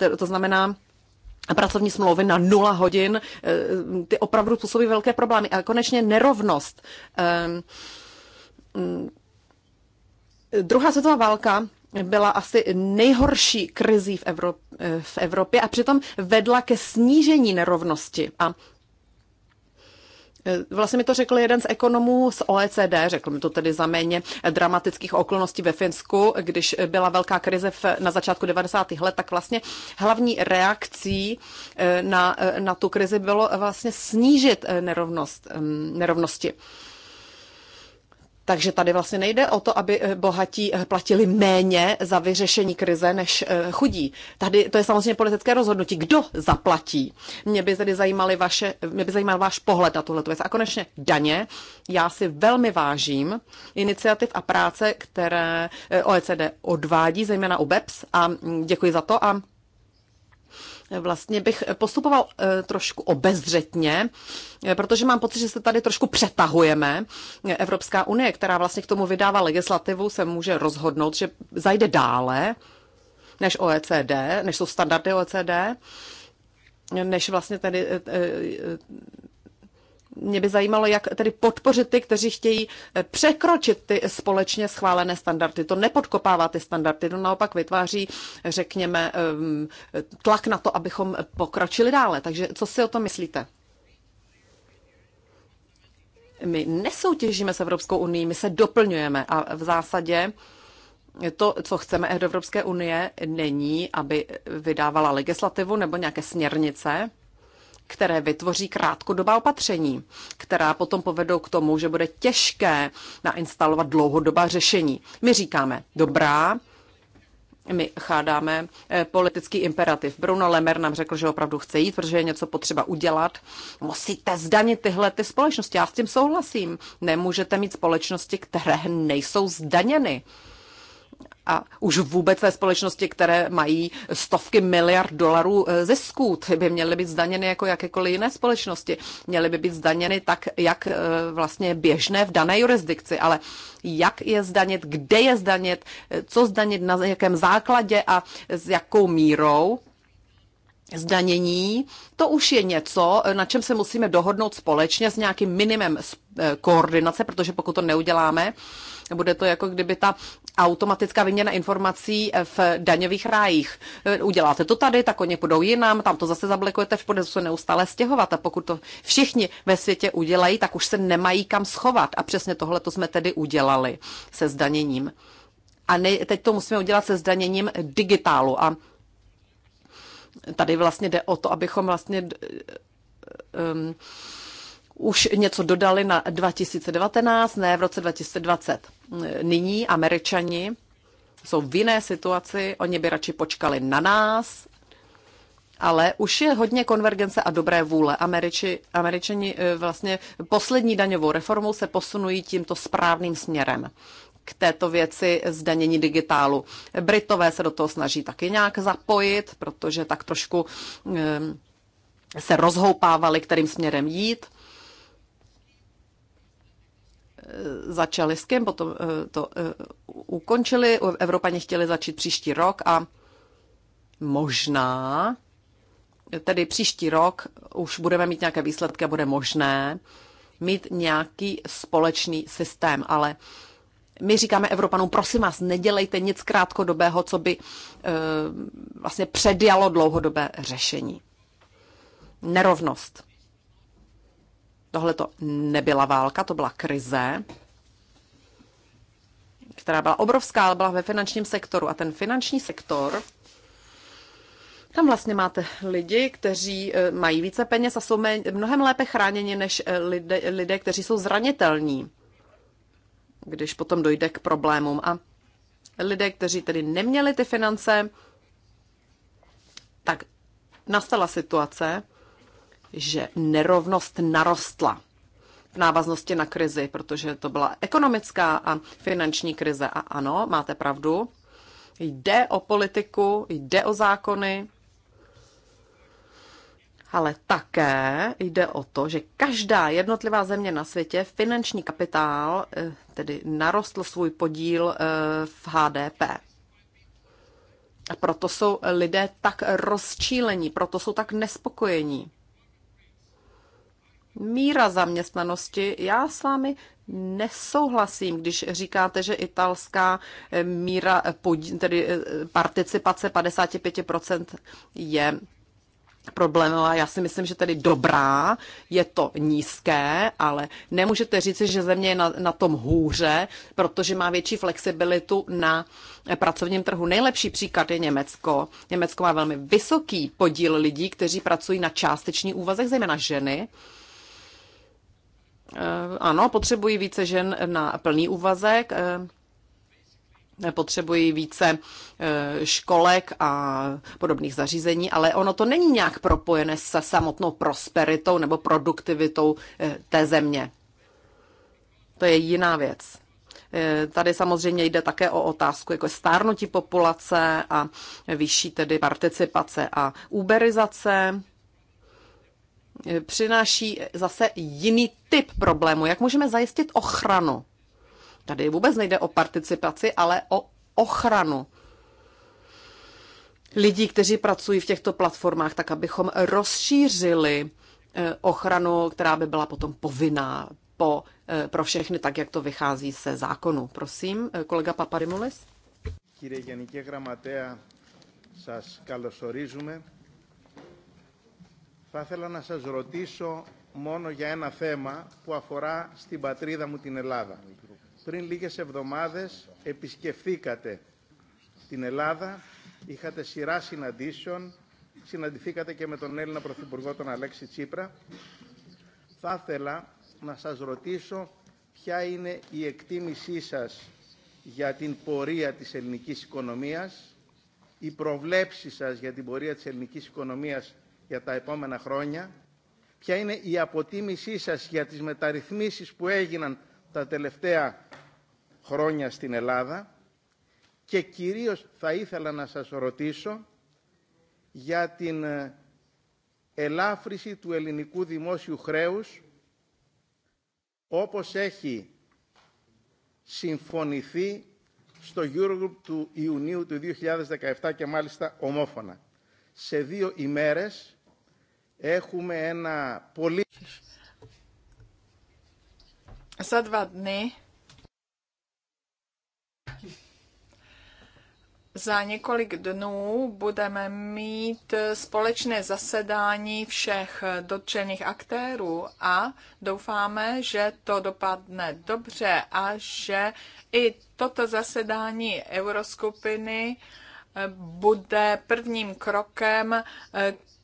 eh, to znamená pracovní smlouvy na nula hodin, eh, ty opravdu působí velké problémy. A konečně nerovnost. Ehm, mm, druhá světová válka byla asi nejhorší krizí v Evropě, eh, v Evropě a přitom vedla ke snížení nerovnosti. A Eh, vlastně mi to řekl jeden z ekonomů z OECD, řekl mi to tedy za méně eh, dramatických okolností ve Finsku, když eh, byla velká krize v, na začátku 90. let, tak vlastně hlavní reakcí na, na tu krizi bylo vlastně snížit nerovnost, mm, nerovnosti. Takže tady vlastně nejde o to, aby eh, bohatí eh, platili méně za vyřešení krize než eh, chudí. Tady to je samozřejmě politické rozhodnutí, kdo zaplatí. Mě by tedy zajímaly vaše, mě by zajímal váš pohled na tuhle věc. A konečně daně. Já si velmi vážím iniciativ a práce, které OECD odvádí, zejména u BEPS a mm, děkuji za to a vlastně bych postupoval eh, trošku obezřetně, eh, protože mám pocit, že se tady trošku přetahujeme. Eh, Evropská unie, která vlastně k tomu vydává legislativu, se může rozhodnout, že zajde dále než OECD, než jsou standardy OECD, než vlastně tedy mě by zajímalo, jak tedy podpořit ty, kteří chtějí eh, překročit ty společně schválené standardy. To nepodkopává ty standardy, to naopak vytváří, řekněme, ehm, tlak na to, abychom pokročili dále. Takže co si o tom myslíte? My nesoutěžíme s Evropskou unii, my se doplňujeme a v zásadě to, co chceme Evropské unie, není, aby vydávala legislativu nebo nějaké směrnice, které vytvoří krátkodobá opatření, která potom povedou k tomu, že bude těžké nainstalovat dlouhodobá řešení. My říkáme, dobrá, my chádáme eh, politický imperativ. Bruno Lemer nám řekl, že opravdu chce jít, protože je něco potřeba udělat. Musíte zdanit tyhle ty společnosti. Já s tím souhlasím. Nemůžete mít společnosti, které nejsou zdaněny a už vůbec ve společnosti, které mají stovky miliard dolarů eh, zisků, ty by měly být zdaněny jako jakékoliv jiné společnosti. Měly by být zdaněny tak, jak eh, vlastně běžné v dané jurisdikci, ale jak je zdanit, kde je zdanit, eh, co zdanit, na jakém základě a s jakou mírou, zdanění, to už je něco, na čem se musíme dohodnout společně s nějakým minimem eh, koordinace, protože pokud to neuděláme, bude to jako kdyby ta automatická vyměna informací eh, v daňových rájích. Eh, uděláte to tady, tak oni půjdou jinam, tam to zase zablokujete, v podesu se neustále stěhovat a pokud to všichni ve světě udělají, tak už se nemají kam schovat a přesně tohle to jsme tedy udělali se zdaněním. A ne, teď to musíme udělat se zdaněním digitálu a tady vlastně jde o to, abychom vlastně um, už něco dodali na 2019, ne v roce 2020. Nyní američani jsou v jiné situaci, oni by radši počkali na nás, ale už je hodně konvergence a dobré vůle. Američi, američani eh, vlastně poslední daňovou reformou se posunují tímto správným směrem k této věci zdanění digitálu. Britové se do toho snaží taky nějak zapojit, protože tak trošku se rozhoupávali, kterým směrem jít. E, začali s kým, potom e, to e, ukončili. Evropaně chtěli začít příští rok a možná, tedy příští rok, už budeme mít nějaké výsledky a bude možné mít nějaký společný systém, ale my říkáme Evropanům, prosím vás, nedělejte nic krátkodobého, co by eh, vlastně předjalo dlouhodobé řešení. Nerovnost. Tohle to nebyla válka, to byla krize, která byla obrovská, ale byla ve finančním sektoru. A ten finanční sektor, tam vlastně máte lidi, kteří eh, mají více peněz a jsou mnohem lépe chráněni než eh, lidé, lidé kteří jsou zranitelní když potom dojde k problémům. A lidé, kteří tedy neměli ty finance, tak nastala situace, že nerovnost narostla v návaznosti na krizi, protože to byla ekonomická a finanční krize. A ano, máte pravdu, jde o politiku, jde o zákony, ale také jde o to, že každá jednotlivá země na světě finanční kapitál, eh, tedy narostl svůj podíl eh, v HDP. A proto jsou lidé tak rozčílení, proto jsou tak nespokojení. Míra zaměstnanosti, já s vámi nesouhlasím, když říkáte, že italská eh, míra tedy participace 55% je problémová. Já si myslím, že tedy dobrá, je to nízké, ale nemůžete říci, že země je na, na tom hůře, protože má větší flexibilitu na pracovním trhu. Nejlepší příklad je Německo. Německo má velmi vysoký podíl lidí, kteří pracují na částečný úvazek, zejména ženy. Eh, ano, potřebují více žen na plný úvazek. Eh, potřebují více e, školek a podobných zařízení, ale ono to není nějak propojené se samotnou prosperitou nebo produktivitou e, té země. To je jiná věc. E, tady samozřejmě jde také o otázku jako stárnutí populace a vyšší tedy participace a uberizace přináší zase jiný typ problému. Jak můžeme zajistit ochranu Tady vůbec nejde o participaci, ale o ochranu lidí, kteří pracují v těchto platformách, tak abychom rozšířili eh, ochranu, která by byla potom povinná po, eh, pro všechny, tak jak to vychází se zákonu. Prosím, eh, kolega Paparimulis. Kyrie Γενική Θα ήθελα να σας ρωτήσω μόνο για ένα θέμα που αφορά στην πατρίδα μου την Ελλάδα πριν λίγες εβδομάδες επισκεφθήκατε την Ελλάδα, είχατε σειρά συναντήσεων, συναντηθήκατε και με τον Έλληνα Πρωθυπουργό τον Αλέξη Τσίπρα. Θα ήθελα να σας ρωτήσω ποια είναι η εκτίμησή σας για την πορεία της ελληνικής οικονομίας, η προβλέψη σας για την πορεία της ελληνικής οικονομίας για τα επόμενα χρόνια, ποια είναι η αποτίμησή σας για τις μεταρρυθμίσεις που έγιναν τα τελευταία χρόνια στην Ελλάδα και κυρίως θα ήθελα να σας ρωτήσω για την ελάφρυση του ελληνικού δημόσιου χρέους όπως έχει συμφωνηθεί στο Eurogroup του Ιουνίου του 2017 και μάλιστα ομόφωνα. Σε δύο ημέρες έχουμε ένα πολύ... Σαν δύο dny Za několik dnů budeme mít společné zasedání všech dotčených aktérů a doufáme, že to dopadne dobře a že i toto zasedání euroskupiny eh, bude prvním krokem eh,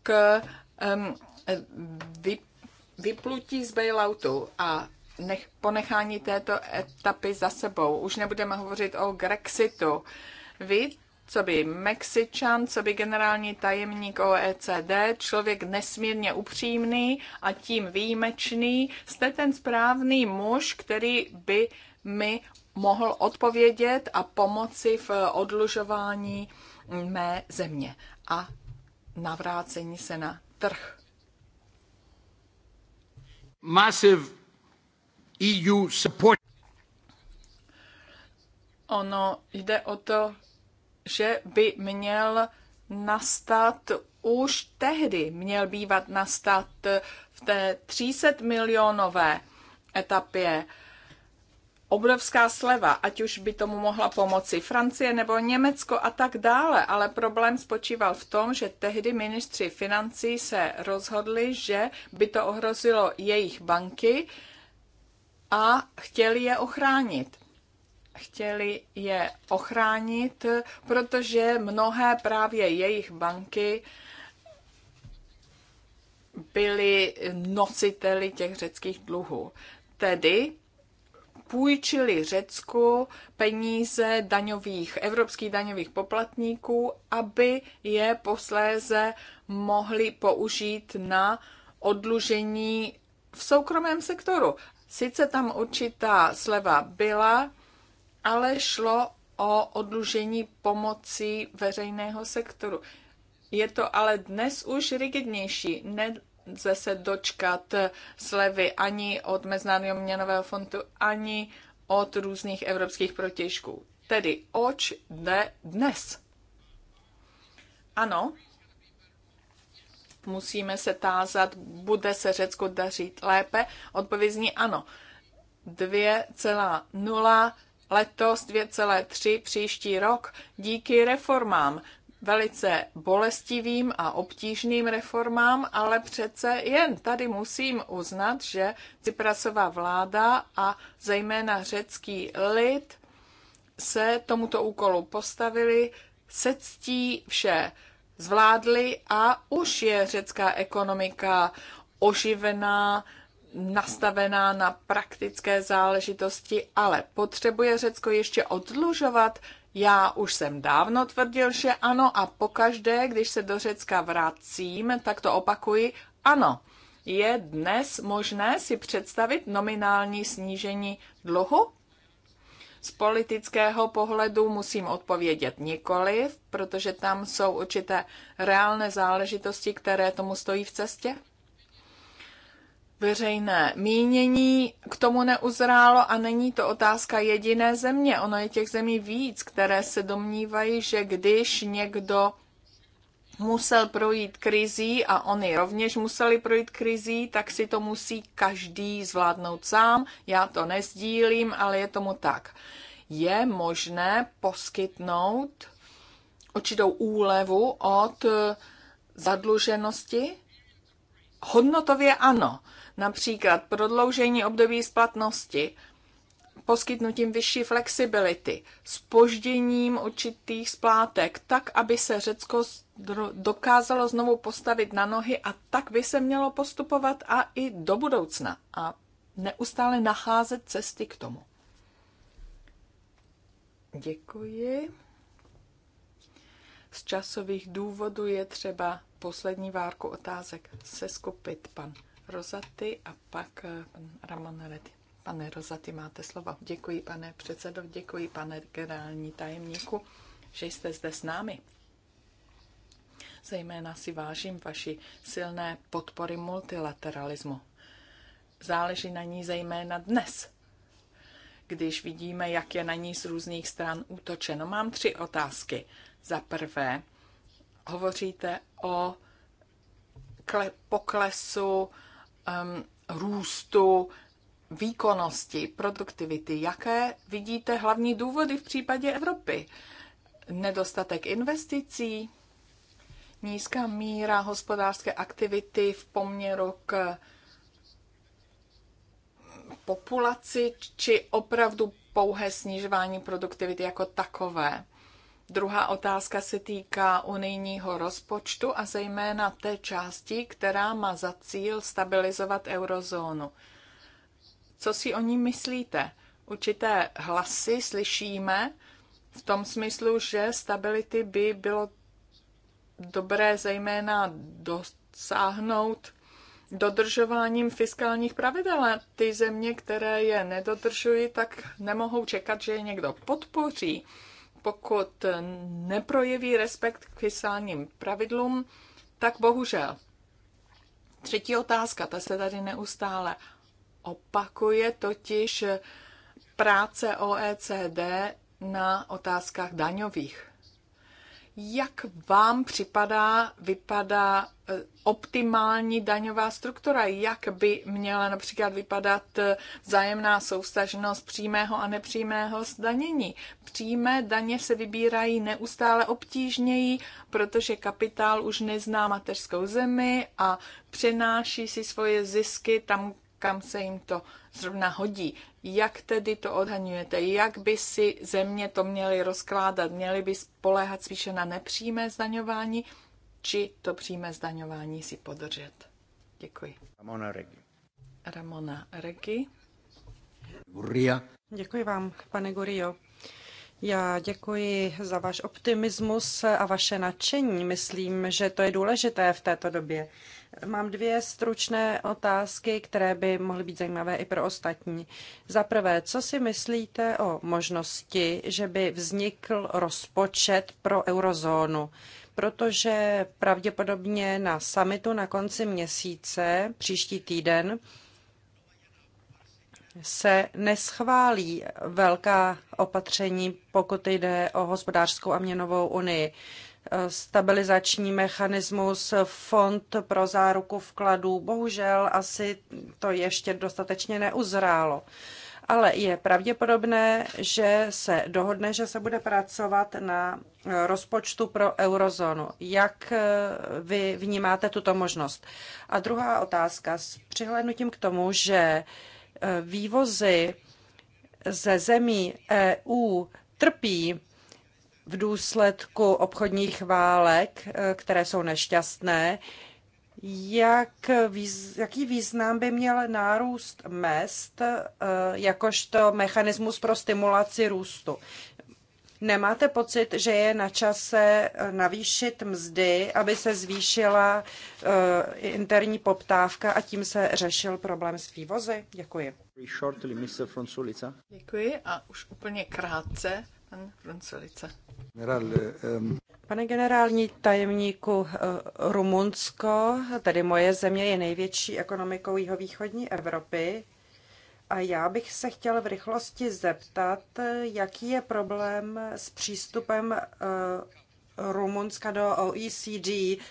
k vyplutí z bailoutu a nech, ponechání této etapy za sebou. Už nebudeme hovořit o Grexitu vy, co by Mexičan, co by generální tajemník OECD, člověk nesmírně upřímný a tím výjimečný, jste ten správný muž, který by mi mohl odpovědět a pomoci v odlužování mé země a navrácení se na trh. Massive EU support. Ono jde o to že by měl nastat už tehdy, měl bývat nastat v té 300 milionové etapě obrovská sleva, ať už by tomu mohla pomoci Francie nebo Německo a tak dále. Ale problém spočíval v tom, že tehdy ministři financí se rozhodli, že by to ohrozilo jejich banky a chtěli je ochránit chtěli je ochránit, protože mnohé právě jejich banky byly nositeli těch řeckých dluhů. Tedy půjčili Řecku peníze daňových, evropských daňových poplatníků, aby je posléze mohli použít na odlužení v soukromém sektoru. Sice tam určitá sleva byla, ale šlo o odlužení pomoci veřejného sektoru. Je to ale dnes už rigidnější. Nelze se dočkat slevy ani od Mezinárodního měnového fondu, ani od různých evropských protěžků. Tedy oč jde dnes? Ano, musíme se tázat, bude se Řecko dařit lépe? Odpovězní ano. 2,0 letos 2,3 příští rok díky reformám. Velice bolestivým a obtížným reformám, ale přece jen tady musím uznat, že Ciprasová vláda a zejména řecký lid se tomuto úkolu postavili, se ctí vše zvládli a už je řecká ekonomika oživená, nastavená na praktické záležitosti, ale potřebuje Řecko ještě odlužovat? Já už jsem dávno tvrdil, že ano a pokaždé, když se do Řecka vracím, tak to opakuji, ano. Je dnes možné si představit nominální snížení dluhu? Z politického pohledu musím odpovědět nikoliv, protože tam jsou určité reálné záležitosti, které tomu stojí v cestě veřejné mínění k tomu neuzrálo a není to otázka jediné země. Ono je těch zemí víc, které se domnívají, že když někdo musel projít krizí a oni rovněž museli projít krizí, tak si to musí každý zvládnout sám. Já to nezdílím, ale je tomu tak. Je možné poskytnout určitou úlevu od eh, zadluženosti? Hodnotově ano Například prodloužení období splatnosti, poskytnutím vyšší flexibility, spožděním určitých splátek, tak, aby se Řecko dokázalo znovu postavit na nohy a tak by se mělo postupovat a i do budoucna a neustále nacházet cesty k tomu. Děkuji. Z časových důvodů je třeba poslední várku otázek seskupit pan Rozaty a pak eh, pan Ramon Redy. Pane Rozaty, máte slovo. Děkuji, pane předsedo, děkuji, pane generální tajemníku, že jste zde s námi. Zejména si vážím vaši silné podpory multilateralismu. Záleží na ní zejména dnes, když vidíme, jak je na ní z různých stran útočeno. Mám tři otázky. Za prvé, hovoříte o poklesu um, růstu výkonnosti, produktivity. Jaké vidíte hlavní důvody v případě Evropy? Nedostatek investicí, nízká míra hospodářské aktivity v poměru k populaci, či opravdu pouhé snižování produktivity jako takové. Druhá otázka se týká unijního rozpočtu a zejména té části, která má za cíl stabilizovat eurozónu. Co si o ní myslíte? Určité hlasy slyšíme v tom smyslu, že stability by bylo dobré zejména dosáhnout dodržováním fiskálních pravidel. A ty země, které je nedodržují, tak nemohou čekat, že je někdo podpoří pokud neprojeví respekt k fiskálním pravidlům, tak bohužel. Třetí otázka, ta se tady neustále opakuje, totiž práce OECD na otázkách daňových. Jak vám připadá, vypadá eh, optimální daňová struktura? Jak by měla například vypadat eh, vzájemná soustažnost přímého a nepřímého zdanění? Přímé daně se vybírají neustále obtížněji, protože kapitál už nezná mateřskou zemi a přenáší si svoje zisky tam, kam se jim to zrovna hodí. Jak tedy to odhaňujete? Jak by si země to měly rozkládat? Měly by spoléhat spíše na nepřímé zdaňování, či to přímé zdaňování si podržet? Děkuji. Ramona Regi. Ramona Regi. Guria. Děkuji vám, pane Gurio. Já děkuji za váš optimismus a vaše nadšení. Myslím, že to je důležité v této době. Mám dvě stručné otázky, které by mohly být zajímavé i pro ostatní. Za prvé, co si myslíte o možnosti, že by vznikl rozpočet pro eurozónu? Protože pravděpodobně na samitu na konci měsíce, příští týden, se neschválí velká opatření, pokud jde o hospodářskou a měnovou unii stabilizační mechanismus, fond pro záruku vkladů. Bohužel asi to ještě dostatečně neuzrálo. Ale je pravděpodobné, že se dohodne, že se bude pracovat na rozpočtu pro eurozónu. Jak eh, vy vnímáte tuto možnost? A druhá otázka s přihlédnutím k tomu, že eh, vývozy ze zemí EU trpí v důsledku obchodních válek, eh, které jsou nešťastné, jak, jaký význam by měl nárůst mest eh, jakožto mechanismus pro stimulaci růstu? Nemáte pocit, že je na čase eh, navýšit mzdy, aby se zvýšila interní poptávka a tím se řešil problém s vývozy? Děkuji. Děkuji a už úplně krátce Pan Frunculica. Ehm, Pane generální tajemníku, eh, Rumunsko, tedy moje země, je největší ekonomikou jihovýchodní Evropy. A já bych se chtěl v rychlosti zeptat, jaký je problém s přístupem eh, Rumunska do OECD.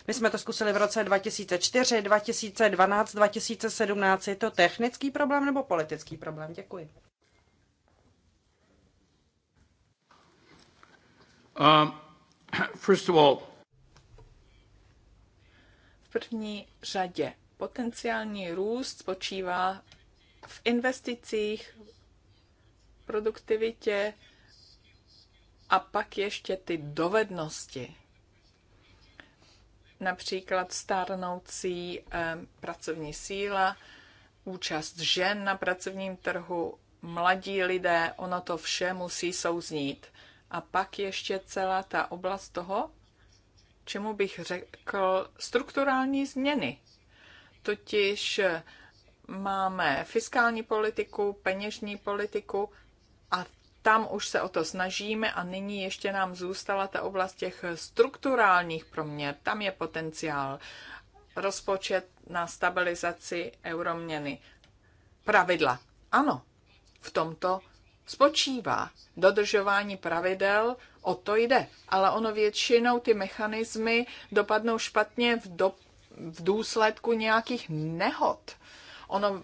My jsme to zkusili v roce 2004, 2012, 2017. Je to technický problém nebo politický problém? Děkuji. Um, first of all, v první řadě potenciální růst spočívá v investicích, produktivitě a pak ještě ty dovednosti. Například stárnoucí pracovní síla, účast žen na pracovním trhu, mladí lidé, ono to vše musí souznít. A pak ještě celá ta oblast toho, čemu bych řekl strukturální změny. Totiž eh, máme fiskální politiku, peněžní politiku a tam už se o to snažíme a nyní ještě nám zůstala ta oblast těch strukturálních proměr. Tam je potenciál rozpočet na stabilizaci euroměny. Pravidla. Ano, v tomto spočívá. Dodržování pravidel, o to jde. Ale ono většinou ty mechanismy dopadnou špatně v, do, v důsledku nějakých nehod. Ono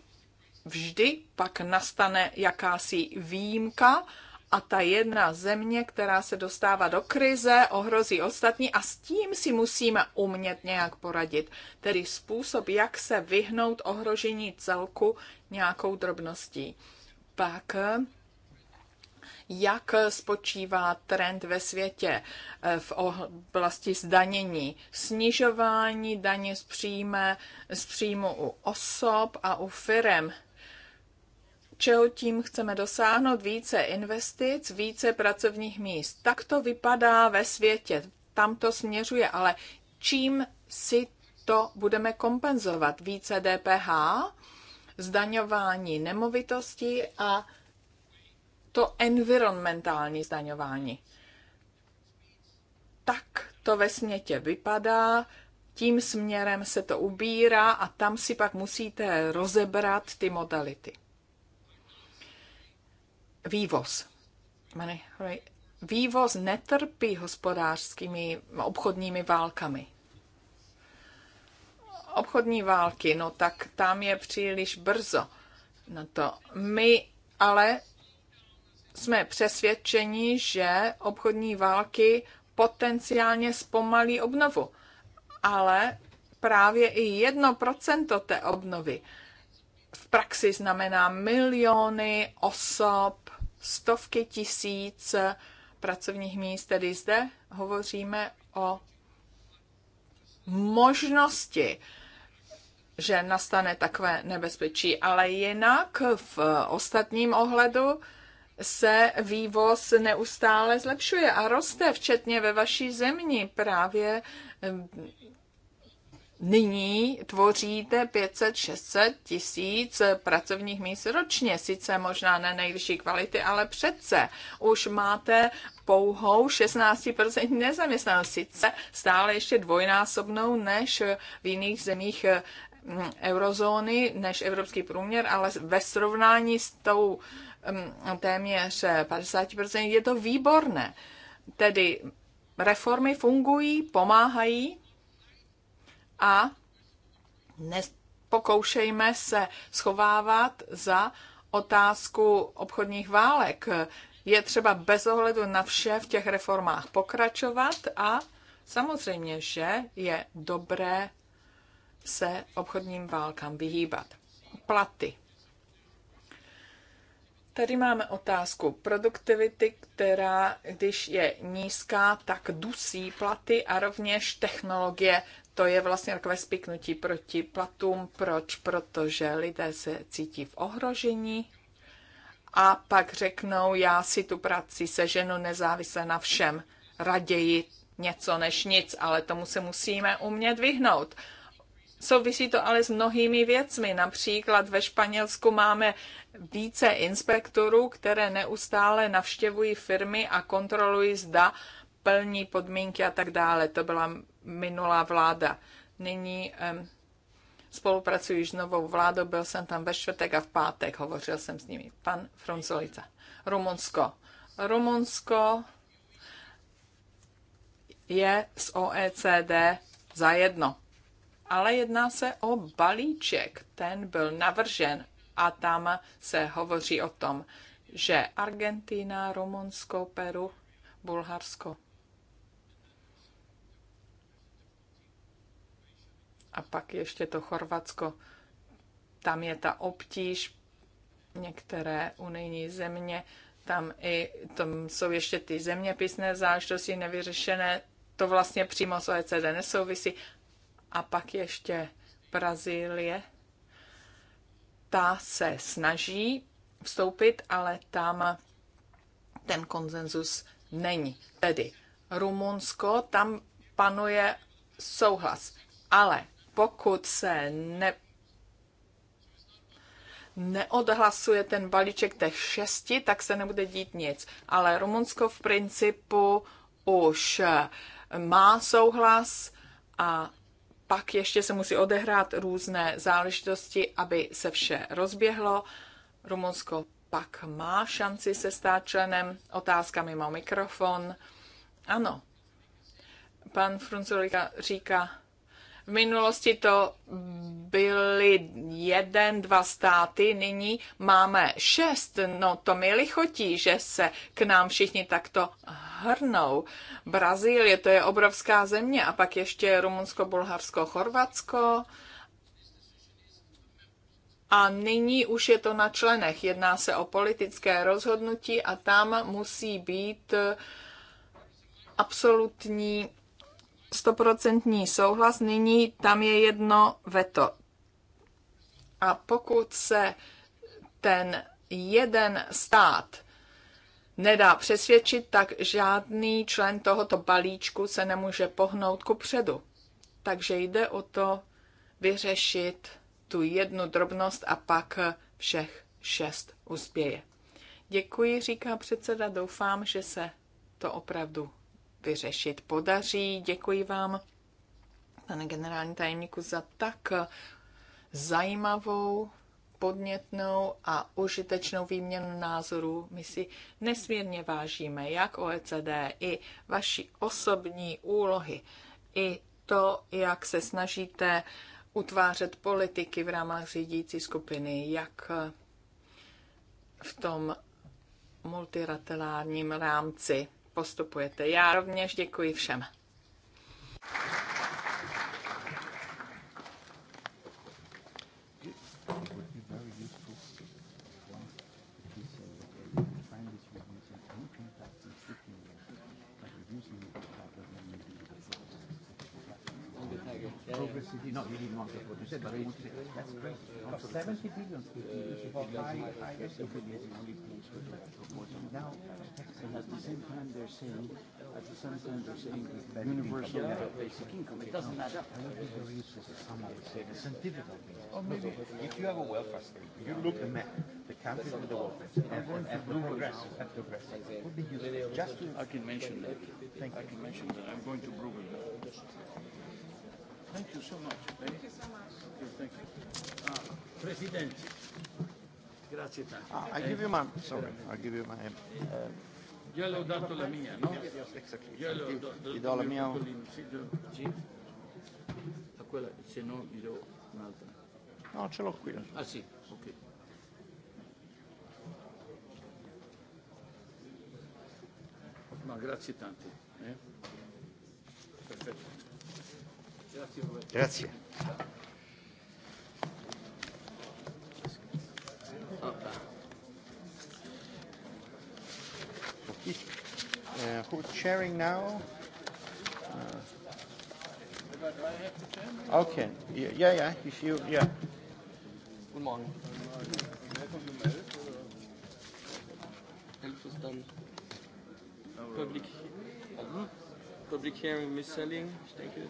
vždy pak nastane jakási výjimka a ta jedna země, která se dostává do krize, ohrozí ostatní a s tím si musíme umět nějak poradit. Tedy způsob, jak se vyhnout ohrožení celku nějakou drobností. Pak jak spočívá trend ve světě eh, v oblasti zdanění. Snižování daně z, příjme, z příjmu u osob a u firem čeho tím chceme dosáhnout více investic, více pracovních míst. Tak to vypadá ve světě, tam to směřuje, ale čím si to budeme kompenzovat? Více DPH, zdaňování nemovitostí a to environmentální zdaňování. Tak to ve smětě vypadá, tím směrem se to ubírá a tam si pak musíte rozebrat ty modality. Vývoz. Vývoz netrpí hospodářskými obchodními válkami. Obchodní války, no tak tam je příliš brzo na to. My ale jsme přesvědčeni, že obchodní války potenciálně zpomalí obnovu, ale právě i 1% té obnovy v praxi znamená miliony osob, stovky tisíc pracovních míst. Tedy zde hovoříme o možnosti, že nastane takové nebezpečí, ale jinak v ostatním ohledu se vývoz neustále zlepšuje a roste, včetně ve vaší zemi. Právě nyní tvoříte 500-600 tisíc pracovních míst ročně. Sice možná ne nejvyšší kvality, ale přece už máte pouhou 16% nezaměstnanost. Sice stále ještě dvojnásobnou než v jiných zemích eurozóny, než evropský průměr, ale ve srovnání s tou téměř 50%, eh, je to výborné. Tedy reformy fungují, pomáhají a pokoušejme se schovávat za otázku obchodních válek. Je třeba bez ohledu na vše v těch reformách pokračovat a samozřejmě, že je dobré se obchodním válkám vyhýbat. Platy Tady máme otázku produktivity, která, když je nízká, tak dusí platy a rovněž technologie. To je vlastně takové spiknutí proti platům. Proč? Protože lidé se cítí v ohrožení a pak řeknou, já si tu práci seženu nezávisle na všem. Raději něco než nic, ale tomu se musíme umět vyhnout. Souvisí to ale s mnohými věcmi. Například ve Španělsku máme více inspektorů, které neustále navštěvují firmy a kontrolují, zda plní podmínky a tak dále. To byla minulá vláda. Nyní um, spolupracuji s novou vládou, byl jsem tam ve čtvrtek a v pátek, hovořil jsem s nimi. Pan Fronzolica. Rumunsko. Rumunsko je z OECD zajedno ale jedná se o balíček. Ten byl navržen a tam se hovoří o tom, že Argentina, Rumunsko, Peru, Bulharsko. A pak ještě to Chorvatsko. Tam je ta obtíž, některé unijní země, tam i tam jsou ještě ty zeměpisné záležitosti nevyřešené, to vlastně přímo s OECD nesouvisí, a pak ještě Brazílie. Ta se snaží vstoupit, ale tam ten konsenzus není. Tedy Rumunsko, tam panuje souhlas. Ale pokud se ne, neodhlasuje ten balíček těch šesti, tak se nebude dít nic. Ale Rumunsko v principu už má souhlas a pak ještě se musí odehrát různé záležitosti, aby se vše rozběhlo. Rumunsko pak má šanci se stát členem. Otázka mimo mikrofon. Ano, pan Frunzulika říká, v minulosti to byly jeden, dva státy, nyní máme šest. No to mi lichotí, že se k nám všichni takto hrnou. Brazílie, to je obrovská země, a pak ještě Rumunsko, Bulharsko, Chorvatsko. A nyní už je to na členech. Jedná se o politické rozhodnutí a tam musí být absolutní stoprocentní souhlas, nyní tam je jedno veto. A pokud se ten jeden stát nedá přesvědčit, tak žádný člen tohoto balíčku se nemůže pohnout ku předu. Takže jde o to vyřešit tu jednu drobnost a pak všech šest uspěje. Děkuji, říká předseda, doufám, že se to opravdu vyřešit podaří. Děkuji vám, pane generální tajemníku, za tak zajímavou, podnětnou a užitečnou výměnu názorů. My si nesmírně vážíme, jak OECD, i vaši osobní úlohy, i to, jak se snažíte utvářet politiky v rámách řídící skupiny, jak v tom multilaterálním rámci postupujete. Já rovněž děkuji všem. electricity. not really need more but I that's crazy. 70 billion only for the now. And at the same time, they're saying, at the same time, they're saying that universal yeah. basic income, it doesn't add up. I would be very useful someone say the scientific Or oh, maybe if you have a welfare state, you look at the map, the countries with the welfare state, and, and, and progress, progress, would be useful. Just to I can mention that. Thank you. I can mention that. I'm going to Bruegel. Thank you so much. Thank you thank you. Ah, president. Grazie tanto. Ah, I give you my, sorry, I give you my... Uh, Io le ho dato la mia, no? Yes, exactly. Io le ho dato do la mia... Sì? A quella, se no gli do un'altra. No, ce l'ho qui. Ah sì, ok. Ma grazie tante. Eh? Perfetto. Grazie. Uh, who's sharing now? Uh, okay. Yeah, yeah. yeah. If you, yeah. Good morning. Help ist done. Public, Public Hearing, Mis Selling, Thank you.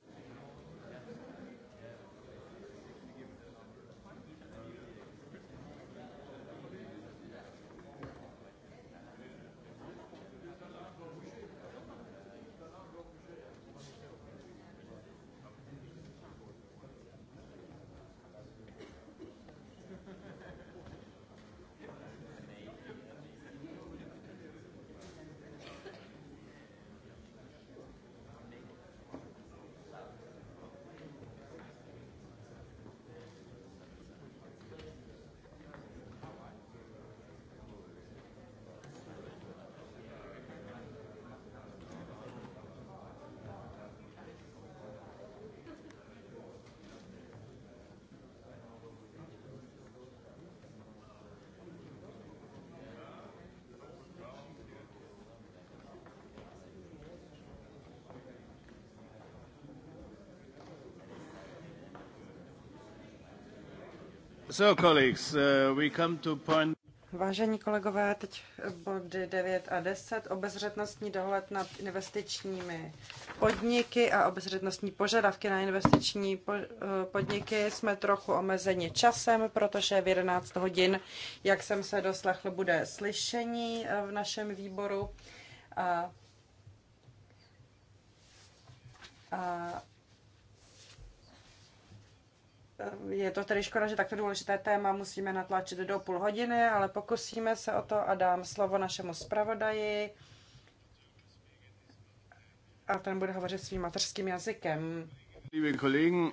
So, colleagues, uh, we come to point... Vážení kolegové, teď body 9 a 10, obezřetnostní dohled nad investičními podniky a obezřetnostní požadavky na investiční eh, podniky. Jsme trochu omezeni časem, protože v 11 hodin, jak jsem se doslechl, bude slyšení eh, v našem výboru. A, a je to tedy škoda, že takto důležité téma musíme natlačit do půl hodiny, ale pokusíme se o to a dám slovo našemu zpravodaji. A ten bude hovořit svým mateřským jazykem.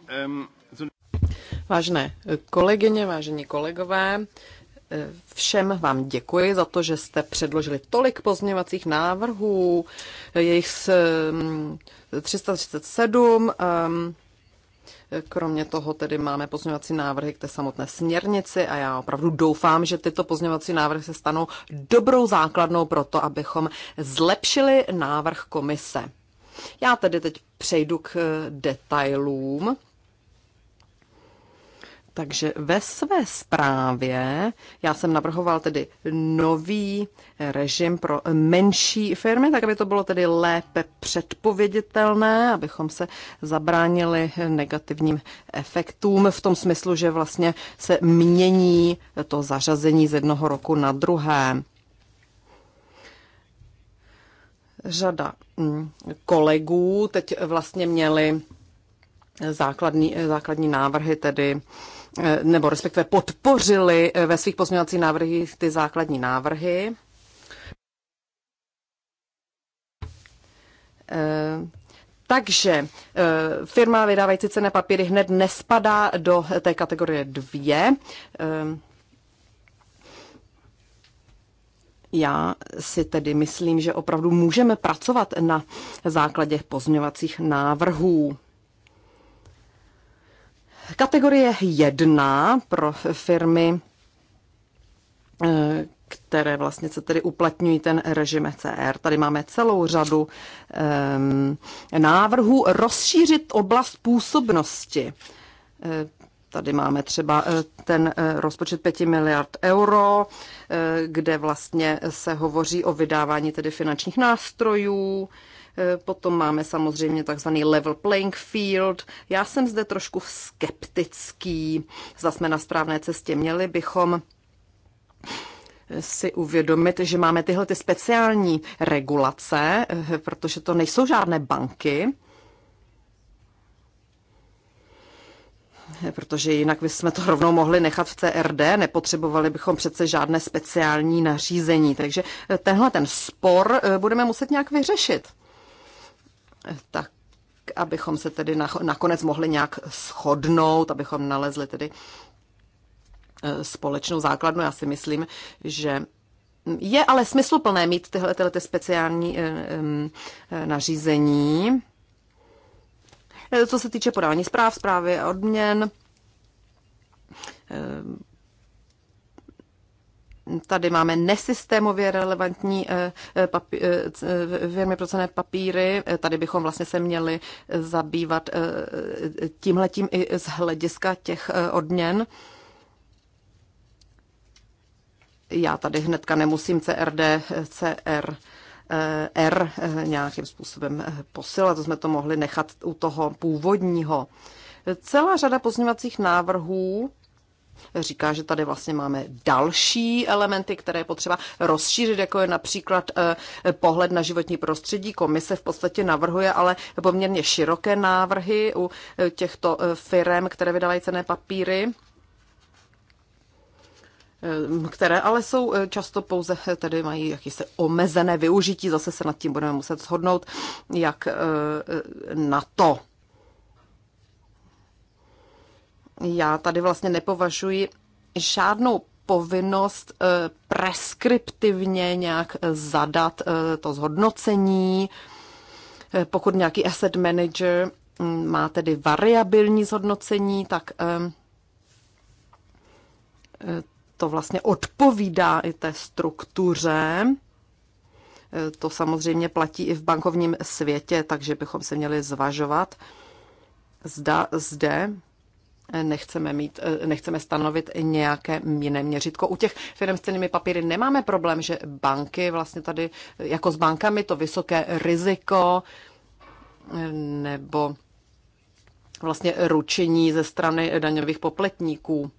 Ähm, Vážné kolegyně, vážení kolegové, äh, Všem vám děkuji za to, že jste předložili tolik pozměňovacích návrhů, jejich 337. Kromě toho tedy máme pozměňovací návrhy k té samotné směrnici a já opravdu doufám, že tyto pozměňovací návrhy se stanou dobrou základnou pro to, abychom zlepšili návrh komise. Já tedy teď přejdu k detailům takže ve své zprávě já jsem navrhoval tedy nový režim pro menší firmy, tak aby to bylo tedy lépe předpověditelné, abychom se zabránili negativním efektům v tom smyslu, že vlastně se mění to zařazení z jednoho roku na druhé. Řada mm, kolegů teď vlastně měli základní, základní návrhy, tedy Eh, nebo respektive podpořili eh, ve svých pozměňovacích návrhích ty základní návrhy. Eh, takže firma vydávající cené papíry hned nespadá do té kategorie 2. Já si tedy myslím, že opravdu můžeme pracovat na základě pozměňovacích návrhů. Kategorie 1 pro firmy, eh, které vlastně se tedy uplatňují ten režim CR. Tady máme celou řadu um, návrhů rozšířit oblast působnosti. Eh, tady máme třeba eh, ten rozpočet 5 miliard euro, kde vlastně se hovoří o vydávání tedy finančních nástrojů, Eh, potom máme samozřejmě takzvaný level playing field. Já jsem zde trošku skeptický, Zase jsme na správné cestě. Měli bychom eh, si uvědomit, že máme tyhle ty speciální regulace, eh, protože to nejsou žádné banky, protože jinak bychom to rovnou mohli nechat v CRD, nepotřebovali bychom přece žádné speciální nařízení. Takže tenhle ten spor budeme muset nějak vyřešit tak abychom se tedy nakonec mohli nějak shodnout, abychom nalezli tedy e, společnou základnu. Já si myslím, že je ale smysluplné mít tyhle, tyhle ty speciální e, e, nařízení, co se týče podání zpráv, zprávy a odměn, Tady máme nesystémově relevantní eh, eh, eh, firmy pro cené papíry. Tady bychom vlastně se měli zabývat tímhletím i z hlediska těch odměn. Já tady hnedka nemusím CRD, CR, R nějakým způsobem posila, to jsme to mohli nechat u toho původního. Celá řada pozměňovacích návrhů říká, že tady vlastně máme další elementy, které je potřeba rozšířit, jako je například eh, pohled na životní prostředí. Komise v podstatě navrhuje ale poměrně široké návrhy u eh, těchto eh, firm, které vydávají cené papíry které ale jsou často pouze, tedy mají jakýsi omezené využití, zase se nad tím budeme muset shodnout, jak na to. já tady vlastně nepovažuji žádnou povinnost eh, preskriptivně nějak eh, zadat eh, to zhodnocení. Pokud nějaký asset manager mm, má tedy variabilní zhodnocení, tak to vlastně odpovídá i té struktuře. To samozřejmě platí i v bankovním světě, takže bychom se měli zvažovat, zda zde nechceme, mít, eh, nechceme stanovit nějaké jiné měřitko. U těch firm s cenými papíry nemáme problém, že banky vlastně tady, eh, jako s bankami, to vysoké riziko eh, nebo vlastně ručení ze strany daňových poplatníků.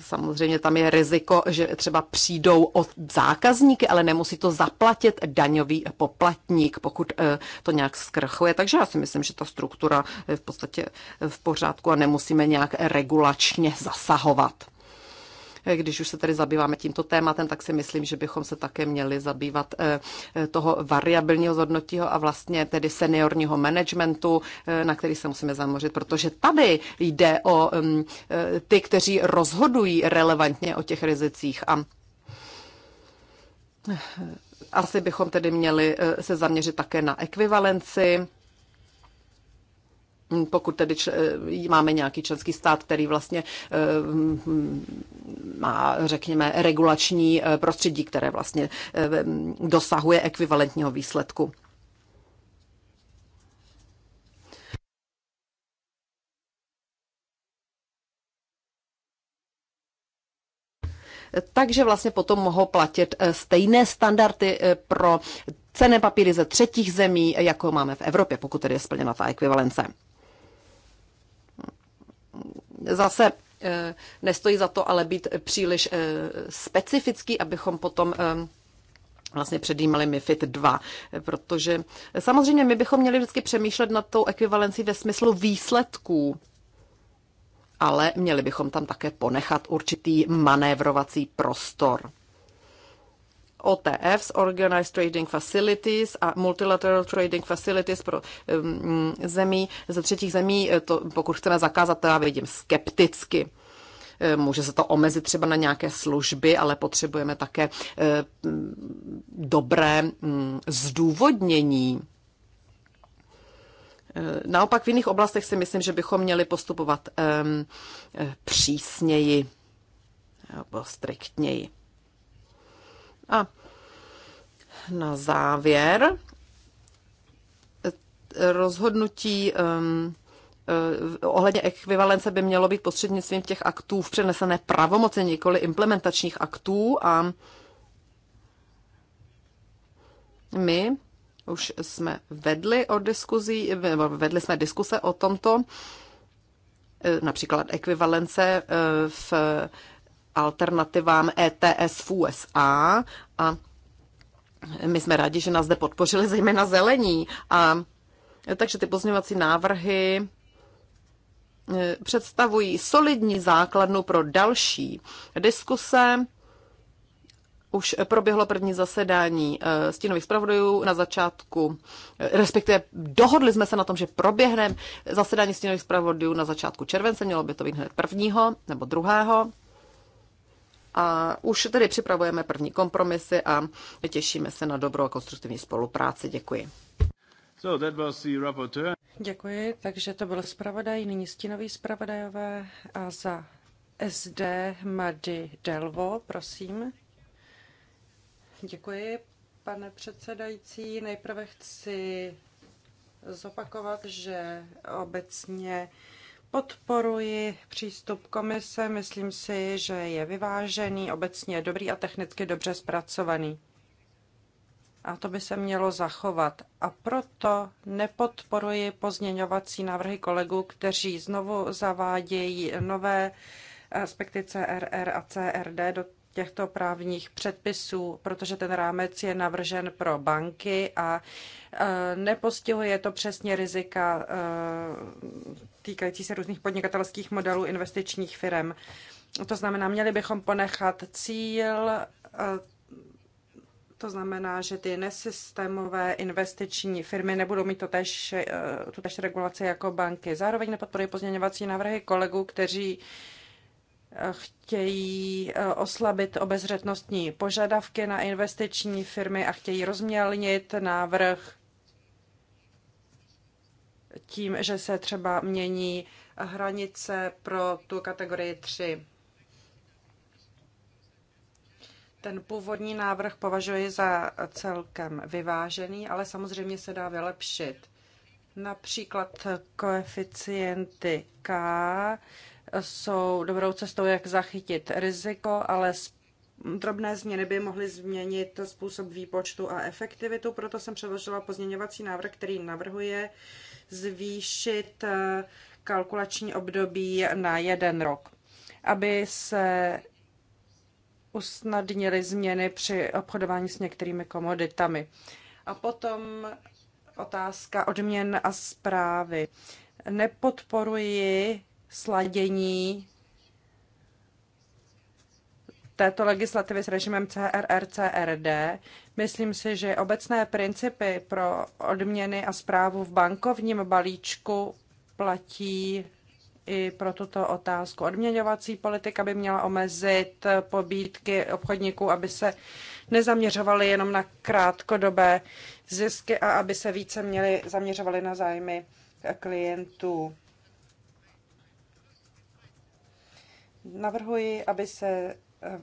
Samozřejmě tam je riziko, že třeba přijdou od zákazníky, ale nemusí to zaplatit daňový poplatník, pokud eh, to nějak zkrchuje. Takže já si myslím, že ta struktura je v podstatě v pořádku a nemusíme nějak regulačně zasahovat. Když už se tady zabýváme tímto tématem, tak si myslím, že bychom se také měli zabývat eh, eh, toho variabilního zhodnotího a vlastně tedy seniorního managementu, eh, na který se musíme zamořit, protože tady jde o mm, ty, kteří rozhodují relevantně o těch rizicích a asi bychom tedy měli se zaměřit také na ekvivalenci Mm, pokud tedy eh, máme nějaký členský stát, který vlastně eh, má, řekněme, regulační eh, prostředí, které vlastně dosahuje ekvivalentního výsledku. takže vlastně potom mohou platit stejné standardy pro cené papíry ze třetích zemí, jako máme v Evropě, pokud tedy je splněna ta ekvivalence zase eh, nestojí za to ale být příliš eh, specifický, abychom potom eh, vlastně předjímali MIFID 2, protože samozřejmě my bychom měli vždycky přemýšlet nad tou ekvivalencí ve smyslu výsledků, ale měli bychom tam také ponechat určitý manévrovací prostor. OTFs, Organized Trading Facilities a Multilateral Trading Facilities pro um, zemí ze třetích zemí, eh, to, pokud chceme zakázat, to já vidím skepticky. Eh, může se to omezit třeba na nějaké služby, ale potřebujeme také eh, dobré mm, zdůvodnění. Naopak v jiných oblastech si myslím, že bychom měli postupovat ehm, přísněji nebo striktněji. A na závěr rozhodnutí um, uh, ohledně ekvivalence by mělo být prostřednictvím těch aktů v přenesené pravomoci, nikoli implementačních aktů a my už jsme vedli o diskuzí, vedli jsme diskuse o tomto, eh, například ekvivalence eh, v alternativám ETS v USA a my jsme rádi, že nás zde podpořili zejména zelení. A, takže ty pozměňovací návrhy e, představují solidní základnu pro další diskuse. Už proběhlo první zasedání e, stínových zpravodajů na začátku, e, respektive dohodli jsme se na tom, že proběhne zasedání stínových zpravodajů na začátku července, mělo by to být hned prvního nebo druhého. A už tedy připravujeme první kompromisy a těšíme se na dobrou a konstruktivní spolupráci. Děkuji. So that was the rapporteur. Děkuji, takže to byl zpravodaj, nyní stínový zpravodajové a za SD Madi Delvo, prosím. Děkuji, pane předsedající. Nejprve chci zopakovat, že obecně Podporuji přístup komise, myslím si, že je vyvážený, obecně dobrý a technicky dobře zpracovaný. A to by se mělo zachovat. A proto nepodporuji pozměňovací návrhy kolegů, kteří znovu zavádějí nové aspekty CRR a CRD do těchto právních předpisů, protože ten rámec je navržen pro banky a e, nepostihuje to přesně rizika e, týkající se různých podnikatelských modelů investičních firm. To znamená, měli bychom ponechat cíl, e, to znamená, že ty nesystémové investiční firmy nebudou mít totež, tutež regulace jako banky. Zároveň nepodporuji pozměňovací návrhy kolegů, kteří chtějí eh, oslabit obezřetnostní požadavky na investiční firmy a chtějí rozmělnit návrh tím, že se třeba mění hranice pro tu kategorii 3. Ten původní návrh považuji za celkem vyvážený, ale samozřejmě se dá vylepšit. Například koeficienty K jsou dobrou cestou, jak zachytit riziko, ale drobné změny by mohly změnit způsob výpočtu a efektivitu. Proto jsem předložila pozměňovací návrh, který navrhuje zvýšit eh, kalkulační období na jeden rok, aby se usnadnily změny při obchodování s některými komoditami. A potom otázka odměn a zprávy. Nepodporuji sladění této legislativy s režimem CRR, CRD. Myslím si, že obecné principy pro odměny a zprávu v bankovním balíčku platí i pro tuto otázku. Odměňovací politika by měla omezit pobídky obchodníků, aby se nezaměřovali jenom na krátkodobé zisky a aby se více měli, zaměřovali na zájmy klientů. Navrhuji, aby se eh,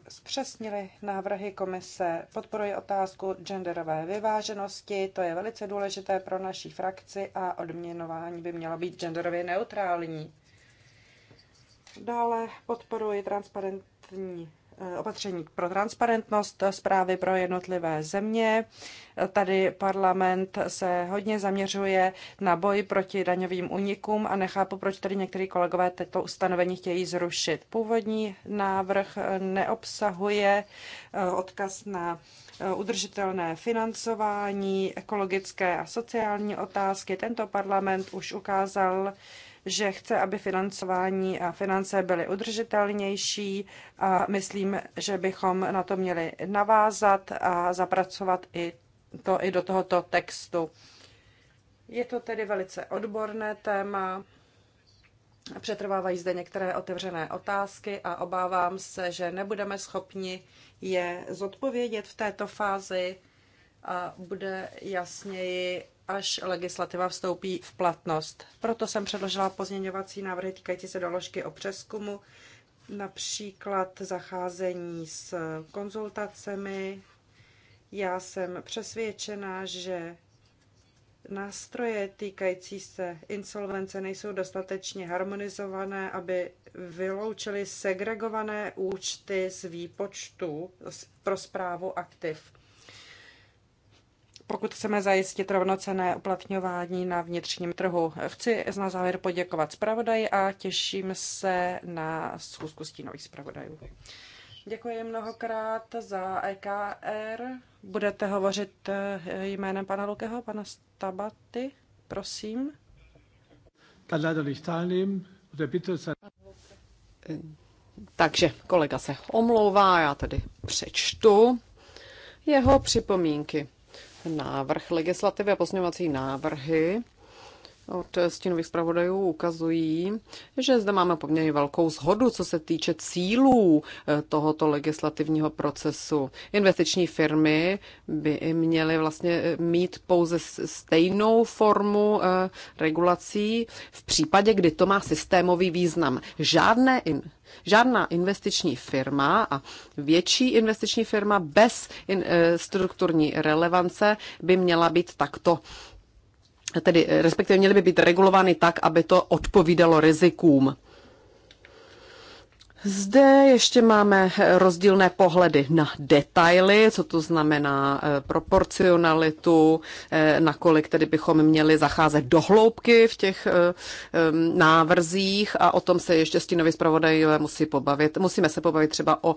zpřesnili návrhy komise. Podporuji otázku genderové vyváženosti, to je velice důležité pro naší frakci a odměnování by mělo být genderově neutrální. Dále podporuji transparentní Eh, opatření pro transparentnost zprávy pro jednotlivé země. Tady parlament se hodně zaměřuje na boj proti daňovým unikům a nechápu, proč tady některé kolegové tyto ustanovení chtějí zrušit. Původní návrh neobsahuje eh, odkaz na eh, udržitelné financování, ekologické a sociální otázky. Tento parlament už ukázal, že chce, aby financování a finance byly udržitelnější a myslím, že bychom na to měli navázat a zapracovat i to i do tohoto textu. Je to tedy velice odborné téma. Přetrvávají zde některé otevřené otázky a obávám se, že nebudeme schopni je zodpovědět v této fázi a bude jasněji až legislativa vstoupí v platnost. Proto jsem předložila pozměňovací návrhy týkající se doložky o přeskumu, například zacházení s konzultacemi. Já jsem přesvědčena, že nástroje týkající se insolvence nejsou dostatečně harmonizované, aby vyloučily segregované účty z výpočtu pro zprávu aktiv pokud chceme zajistit rovnocené uplatňování na vnitřním trhu. Chci na závěr poděkovat zpravodaji a těším se na schůzku stínových zpravodajů. Děkuji mnohokrát za EKR. Budete hovořit eh, jménem pana Lukeho, pana Stabaty, prosím. Eh, takže kolega se omlouvá, já tedy přečtu jeho připomínky návrh legislativy a pozměňovací návrhy od stínových zpravodajů ukazují, že zde máme poměrně velkou zhodu, co se týče cílů eh, tohoto legislativního procesu. Investiční firmy by měly vlastně eh, mít pouze stejnou formu eh, regulací v případě, kdy to má systémový význam. Žádné in, žádná investiční firma a větší investiční firma bez in, strukturní relevance by měla být takto tedy eh, respektive měly by být regulovány tak, aby to odpovídalo rizikům. Zde ještě máme eh, rozdílné pohledy na detaily, co to znamená eh, proporcionalitu, nakolik tedy bychom měli zacházet do hloubky v těch návrzích a o tom se ještě stínovi zpravodajové musí pobavit. Musíme se pobavit třeba o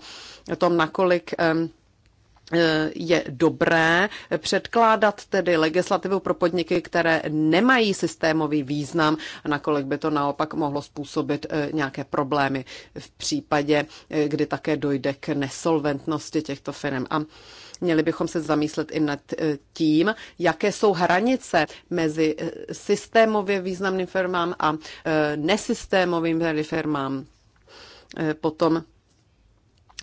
tom, nakolik Eh, je dobré předkládat tedy legislativu pro podniky, které nemají systémový význam, nakolik by to naopak mohlo způsobit eh, nějaké problémy v případě, eh, kdy také dojde k nesolventnosti těchto firm. A měli bychom se zamyslet i nad tím, jaké jsou hranice mezi systémově významným firmám a nesystémovým firmám. Potom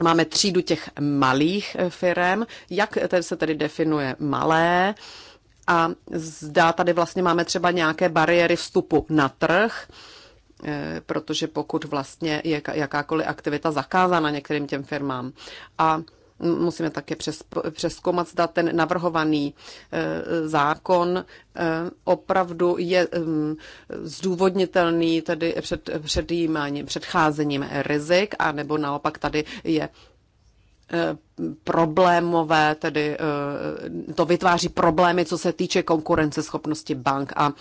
Máme třídu těch malých eh, firm, jak se tedy definuje malé a zdá tady vlastně máme třeba nějaké bariéry vstupu na trh, eh, protože pokud vlastně je jakákoliv aktivita zakázána některým těm firmám. A Musíme také přes, přeskoumat, zda ten navrhovaný eh, zákon eh, opravdu je mm, zdůvodnitelný tedy před předjímáním, předcházením rizik, a nebo naopak tady je eh, problémové, tedy to vytváří problémy, co se týče konkurenceschopnosti bank a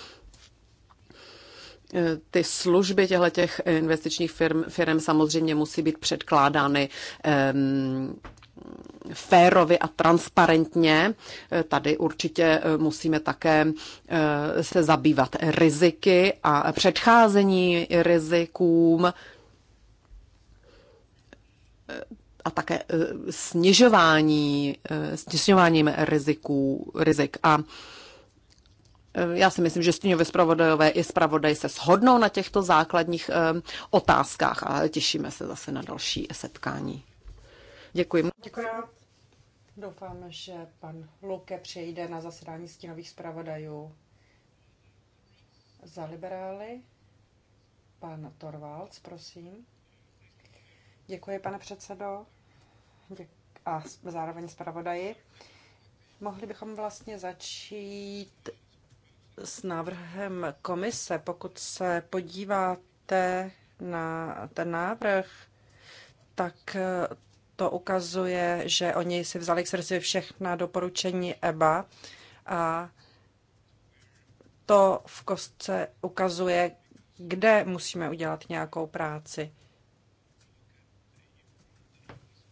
ty služby těchto těch investičních firm, firm samozřejmě musí být předkládány um, férově a transparentně. Eh, tady určitě eh, musíme také eh, se zabývat riziky a předcházení rizikům a také snižování, snižováním riziků, rizik. A já si myslím, že stíňové zpravodajové i zpravodaj se shodnou na těchto základních otázkách a těšíme se zase na další setkání. Děkuji. Děkuji. Doufám, že pan Luke přejde na zasedání stínových zpravodajů za liberály. Pan Torvalds, prosím. Děkuji, pane předsedo. Děkuji. A zároveň zpravodaji. Mohli bychom vlastně začít s návrhem komise. Pokud se podíváte na ten návrh, tak to ukazuje, že oni si vzali k srdci všechna doporučení EBA a to v kostce ukazuje, kde musíme udělat nějakou práci.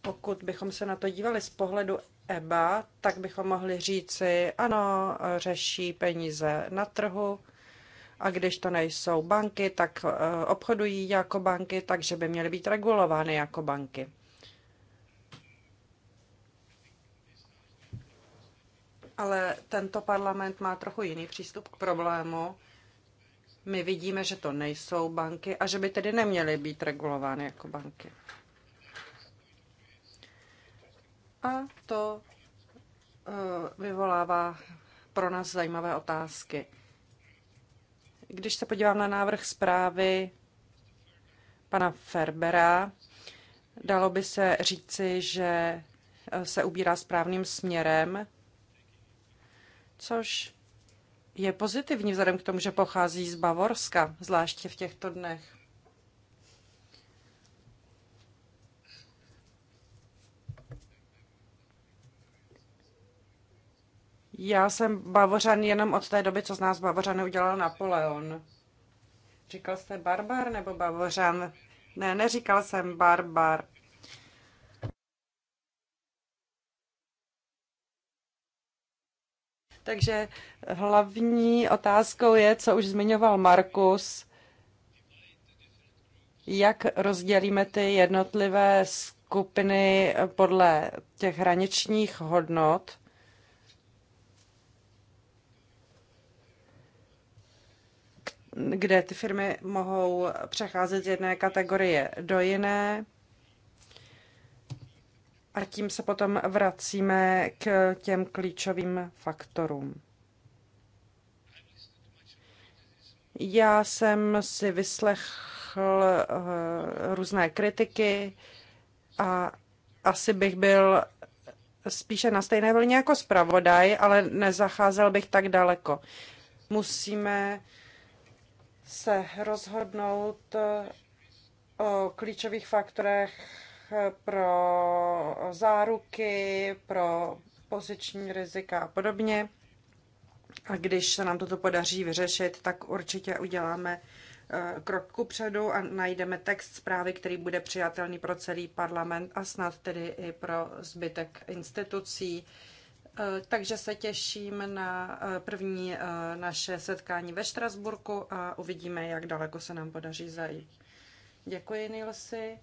Pokud bychom se na to dívali z pohledu EBA, tak bychom mohli říci, ano, řeší peníze na trhu, a když to nejsou banky, tak eh, obchodují jako banky, takže by měly být regulovány jako banky. ale tento parlament má trochu jiný přístup k problému. My vidíme, že to nejsou banky a že by tedy neměly být regulovány jako banky. A to eh, vyvolává pro nás zajímavé otázky. Když se podívám na návrh zprávy pana Ferbera, dalo by se říci, že eh, se ubírá správným směrem což je pozitivní vzhledem k tomu, že pochází z Bavorska, zvláště v těchto dnech. Já jsem Bavořan jenom od té doby, co z nás Bavořany udělal Napoleon. Říkal jste barbar nebo Bavořan? Ne, neříkal jsem barbar. Takže hlavní otázkou je, co už zmiňoval Markus, jak rozdělíme ty jednotlivé skupiny podle těch hraničních hodnot. kde ty firmy mohou přecházet z jedné kategorie do jiné. A tím se potom vracíme k těm klíčovým faktorům. Já jsem si vyslechl eh, různé kritiky a asi bych byl spíše na stejné vlně jako zpravodaj, ale nezacházel bych tak daleko. Musíme se rozhodnout eh, o klíčových faktorech pro záruky, pro poziční rizika a podobně. A když se nám toto podaří vyřešit, tak určitě uděláme eh, krok ku předu a najdeme text zprávy, který bude přijatelný pro celý parlament a snad tedy i pro zbytek institucí. Eh, takže se těším na eh, první naše setkání ve Štrasburku a uvidíme, jak daleko se nám podaří zajít. Děkuji, Nilsi.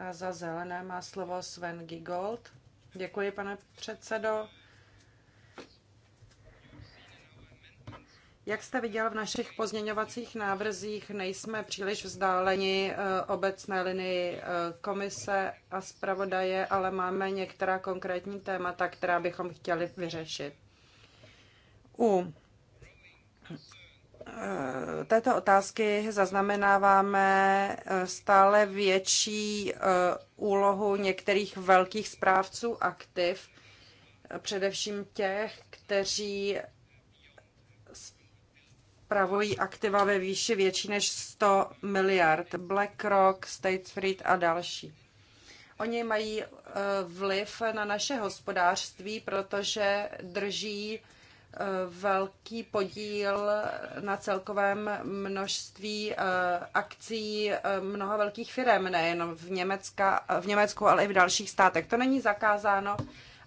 A za zelené má slovo Sven Gigold. Děkuji, pane předsedo. Jak jste viděl v našich pozměňovacích návrzích, nejsme příliš vzdáleni eh, obecné linii eh, komise a zpravodaje, ale máme některá konkrétní témata, která bychom chtěli vyřešit. U Eh, této otázky zaznamenáváme eh, stále větší eh, úlohu některých velkých správců aktiv, především těch, kteří spravují aktiva ve výši větší než 100 miliard. BlackRock, State Street a další. Oni mají vliv na naše hospodářství, protože drží velký podíl na celkovém množství eh, akcí eh, mnoha velkých firm, nejenom v, Německa, v Německu, ale i v dalších státech. To není zakázáno,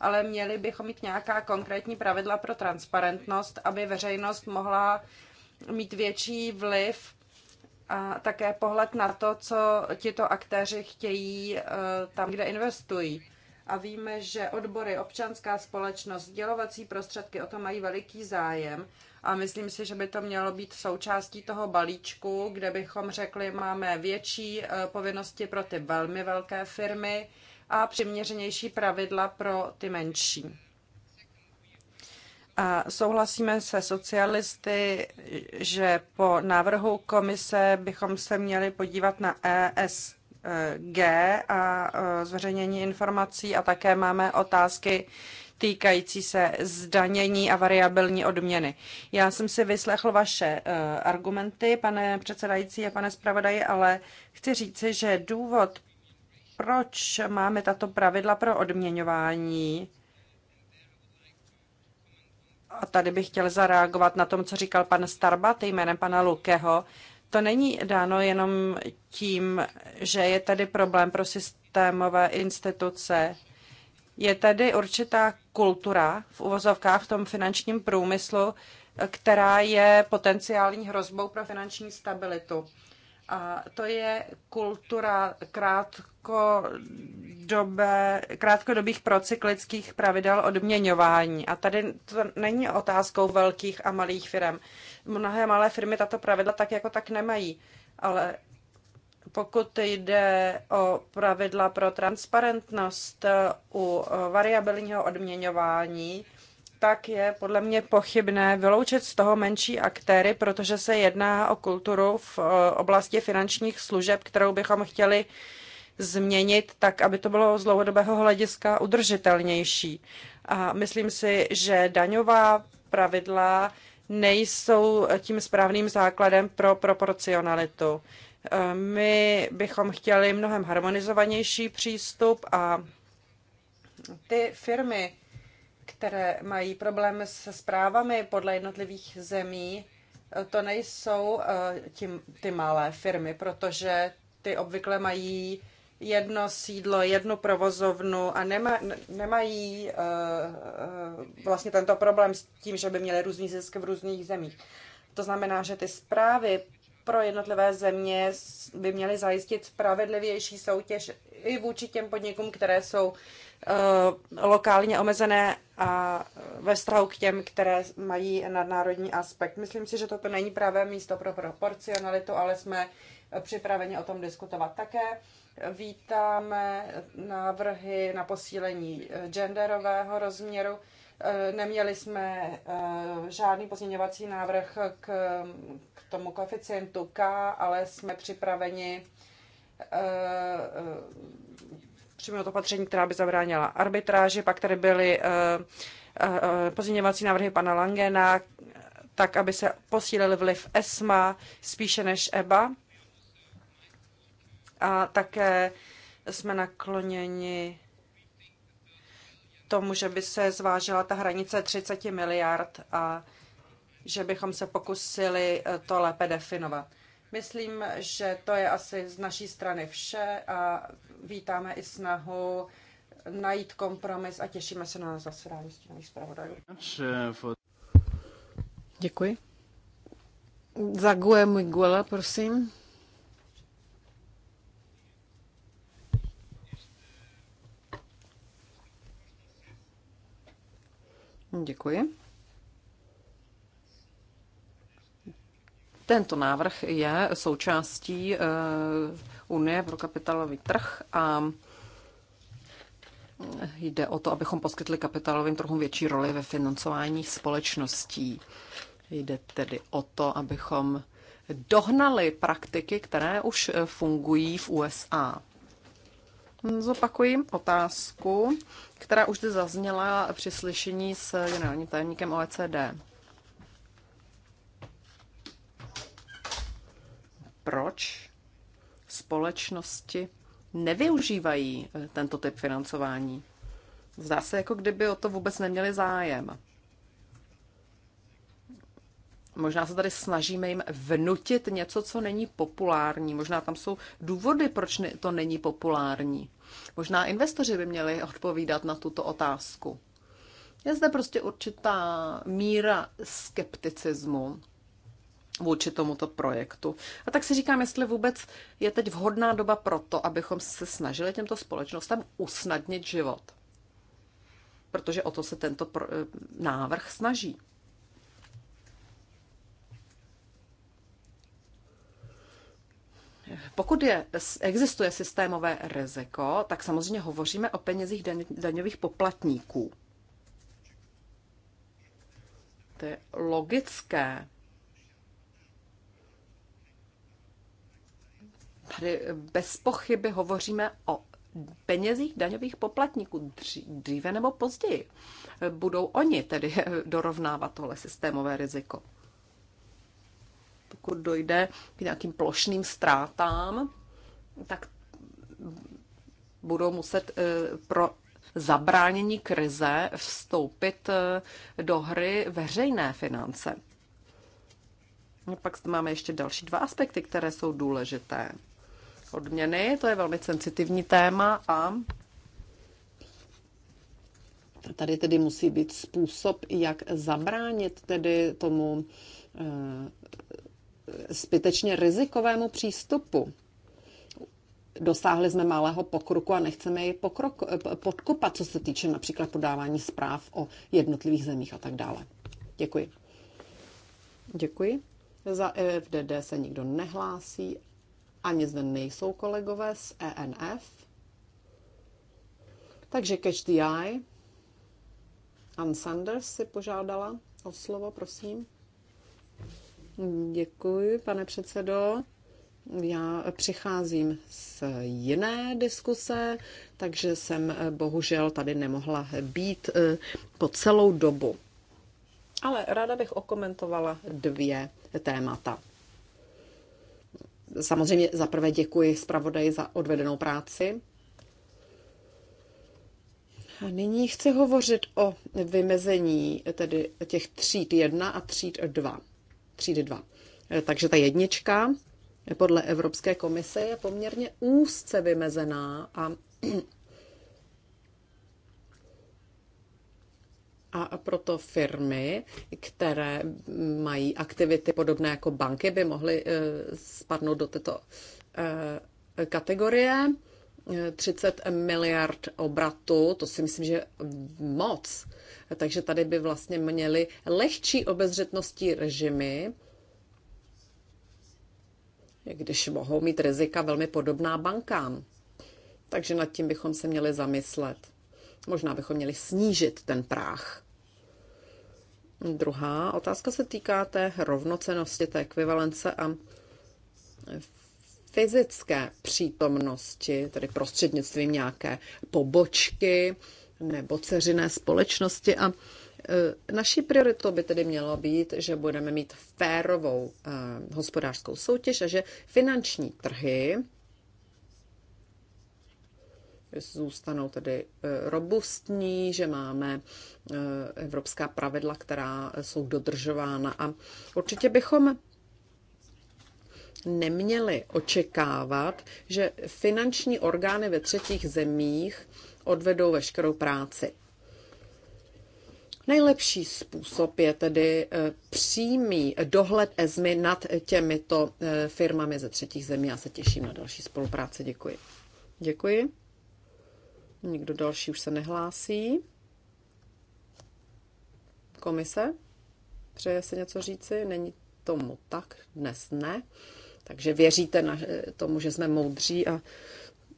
ale měli bychom mít nějaká konkrétní pravidla pro transparentnost, aby veřejnost mohla mít větší vliv a také pohled na to, co tito aktéři chtějí eh, tam, kde investují a víme, že odbory, občanská společnost, dělovací prostředky o to mají veliký zájem a myslím si, že by to mělo být součástí toho balíčku, kde bychom řekli, máme větší eh, povinnosti pro ty velmi velké firmy a přiměřenější pravidla pro ty menší. A souhlasíme se socialisty, že po návrhu komise bychom se měli podívat na ESG G a e, zveřejnění informací a také máme otázky týkající se zdanění a variabilní odměny. Já jsem si vyslechl vaše e, argumenty, pane předsedající a pane zpravodaji, ale chci říci, že důvod, proč máme tato pravidla pro odměňování, a tady bych chtěl zareagovat na tom, co říkal pan Starbat jménem pana Lukeho, to není dáno jenom tím, že je tady problém pro systémové instituce. Je tady určitá kultura v uvozovkách v tom finančním průmyslu, která je potenciální hrozbou pro finanční stabilitu. A to je kultura krátkodobé, krátkodobých procyklických pravidel odměňování. A tady to není otázkou velkých a malých firm. Mnohé malé firmy tato pravidla tak jako tak nemají, ale pokud jde o pravidla pro transparentnost eh, u eh, variabilního odměňování, tak je podle mě pochybné vyloučit z toho menší aktéry, protože se jedná o kulturu v eh, oblasti finančních služeb, kterou bychom chtěli změnit tak, aby to bylo z dlouhodobého hlediska udržitelnější. A myslím si, že daňová pravidla nejsou tím správným základem pro proporcionalitu. My bychom chtěli mnohem harmonizovanější přístup a ty firmy, které mají problémy se zprávami podle jednotlivých zemí, to nejsou eh, tím, ty malé firmy, protože ty obvykle mají jedno sídlo, jednu provozovnu a nema, nemají eh, eh, vlastně tento problém s tím, že by měli různý zisk v různých zemích. To znamená, že ty zprávy pro jednotlivé země by měly zajistit spravedlivější soutěž i vůči těm podnikům, které jsou eh, lokálně omezené a ve vztahu k těm, které mají nadnárodní aspekt. Myslím si, že toto není právě místo pro proporcionalitu, ale jsme připraveni o tom diskutovat také. Vítáme návrhy na posílení eh, genderového rozměru. Eh, neměli jsme eh, žádný pozměňovací návrh k, k tomu koeficientu K, ale jsme připraveni přijmout opatření, která by zabránila arbitráži. Pak tady byly pozměňovací návrhy pana Langena, tak aby se posílil vliv ESMA spíše než EBA a také jsme nakloněni tomu, že by se zvážila ta hranice 30 miliard a že bychom se pokusili eh, to lépe definovat. Myslím, že to je asi z naší strany vše a vítáme i snahu najít kompromis a těšíme se na zasedání stínových zpravodajů. Děkuji. Za Gué Miguela, prosím. Děkuji. Tento návrh je součástí eh, Unie pro kapitálový trh a eh, jde o to, abychom poskytli kapitálovým trhům větší roli ve financování společností. Jde tedy o to, abychom dohnali praktiky, které už eh, fungují v USA. Zopakuji otázku, která už zde zazněla při slyšení s generálním tajemníkem OECD. Proč společnosti nevyužívají eh, tento typ financování? Zdá se, jako kdyby o to vůbec neměli zájem. Možná se tady snažíme jim vnutit něco, co není populární. Možná tam jsou důvody, proč to není populární. Možná investoři by měli odpovídat na tuto otázku. Je zde prostě určitá míra skepticismu vůči tomuto projektu. A tak si říkám, jestli vůbec je teď vhodná doba pro to, abychom se snažili těmto společnostem usnadnit život. Protože o to se tento eh, návrh snaží. Pokud je, existuje systémové riziko, tak samozřejmě hovoříme o penězích daň, daňových poplatníků. To je logické. Tady bez pochyby hovoříme o penězích daňových poplatníků dříve nebo později. Budou oni tedy dorovnávat tohle systémové riziko pokud dojde k nějakým plošným ztrátám, tak budou muset eh, pro zabránění krize vstoupit eh, do hry veřejné finance. A pak máme ještě další dva aspekty, které jsou důležité. Odměny, to je velmi sensitivní téma a tady tedy musí být způsob, jak zabránit tedy tomu eh, zbytečně rizikovému přístupu. Dosáhli jsme malého pokroku a nechceme ji pokrok, podkopat, co se týče například podávání zpráv o jednotlivých zemích a tak dále. Děkuji. Děkuji. Za EFDD se nikdo nehlásí, ani zde nejsou kolegové z ENF. Takže catch the eye. Ann Sanders si požádala o slovo, prosím. Děkuji, pane předsedo. Já přicházím z jiné diskuse, takže jsem eh, bohužel tady nemohla být eh, po celou dobu. Ale ráda bych okomentovala dvě témata. Samozřejmě zaprvé děkuji zpravodaji za odvedenou práci. A nyní chci hovořit o vymezení tedy těch tříd 1 a tříd 2 třídy 2. Eh, takže ta jednička eh, podle Evropské komise je poměrně úzce vymezená a A proto firmy, které mají aktivity podobné jako banky, by mohly eh, spadnout do této kategorie. 30 miliard obratu, to si myslím, že moc. Takže tady by vlastně měli lehčí obezřetností režimy, když mohou mít rizika velmi podobná bankám. Takže nad tím bychom se měli zamyslet. Možná bychom měli snížit ten práh. Druhá otázka se týká té rovnocenosti, té ekvivalence a fyzické přítomnosti, tedy prostřednictvím nějaké pobočky nebo ceřiné společnosti. A e, naší prioritou by tedy mělo být, že budeme mít férovou e, hospodářskou soutěž a že finanční trhy zůstanou tedy e, robustní, že máme evropská pravidla, která jsou dodržována. A určitě bychom neměli očekávat, že finanční orgány ve třetích zemích odvedou veškerou práci. Nejlepší způsob je tedy eh, přímý dohled ESMY nad těmito eh, firmami ze třetích zemí. Já se těším na další spolupráci. Děkuji. Děkuji. Nikdo další už se nehlásí. Komise? Přeje se něco říci? Není tomu tak? Dnes ne. Takže věříte na, eh, tomu, že jsme moudří a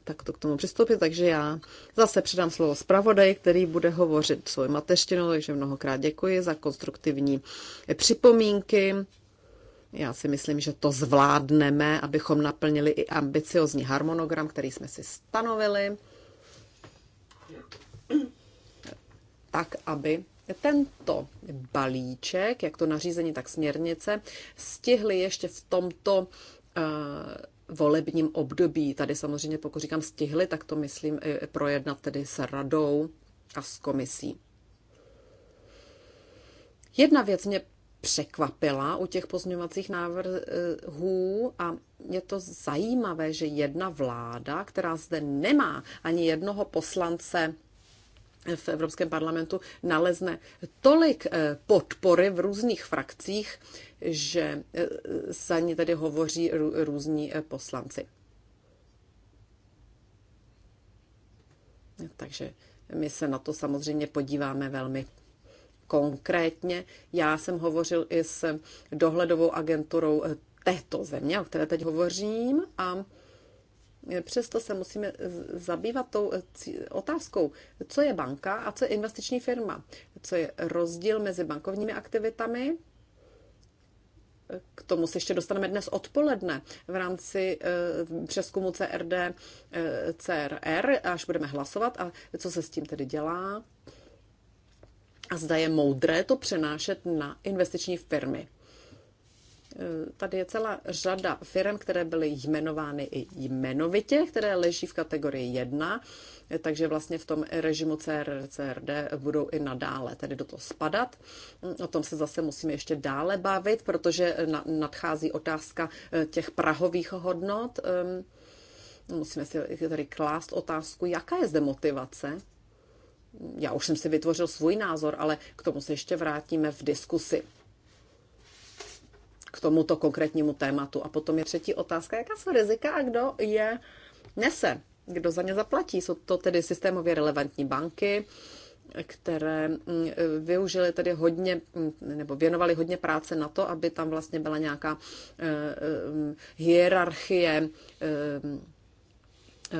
tak to k tomu přistoupit. Takže já zase předám slovo zpravodaj, který bude hovořit svou mateřštinou, takže mnohokrát děkuji za konstruktivní eh, připomínky. Já si myslím, že to zvládneme, abychom naplnili i ambiciozní harmonogram, který jsme si stanovili, tak aby tento balíček, jak to nařízení, tak směrnice, stihli ještě v tomto Eh, volebním období. Tady samozřejmě, pokud říkám stihli, tak to myslím projednat tedy s radou a s komisí. Jedna věc mě překvapila u těch pozměňovacích návrhů a je to zajímavé, že jedna vláda, která zde nemá ani jednoho poslance v Evropském parlamentu, nalezne tolik eh, podpory v různých frakcích že e, za ní tady hovoří různí e, poslanci. Takže my se na to samozřejmě podíváme velmi konkrétně. Já jsem hovořil i s dohledovou agenturou e, této země, o které teď hovořím, a přesto se musíme zabývat tou otázkou, co je banka a co je investiční firma, co je rozdíl mezi bankovními aktivitami k tomu se ještě dostaneme dnes odpoledne v rámci eh, přeskumu CRD eh, CRR, až budeme hlasovat a co se s tím tedy dělá. A zda je moudré to přenášet na investiční firmy. Eh, tady je celá řada firm, které byly jmenovány i jmenovitě, které leží v kategorii 1, eh, takže vlastně v tom režimu CR, CRD budou i nadále tedy do toho spadat. Mm, o tom se zase musíme ještě dále bavit, protože nadchází otázka eh, těch prahových hodnot. Ehm, musíme si tady klást otázku, jaká je zde motivace. Mm, já už jsem si vytvořil svůj názor, ale k tomu se ještě vrátíme v diskusi k tomuto konkrétnímu tématu. A potom je třetí otázka, jaká jsou rizika a kdo je nese, kdo za ně zaplatí. Jsou to tedy systémově relevantní banky, které mm, využili tedy hodně, mm, nebo věnovali hodně práce na to, aby tam vlastně byla nějaká e, e, mm, hierarchie e,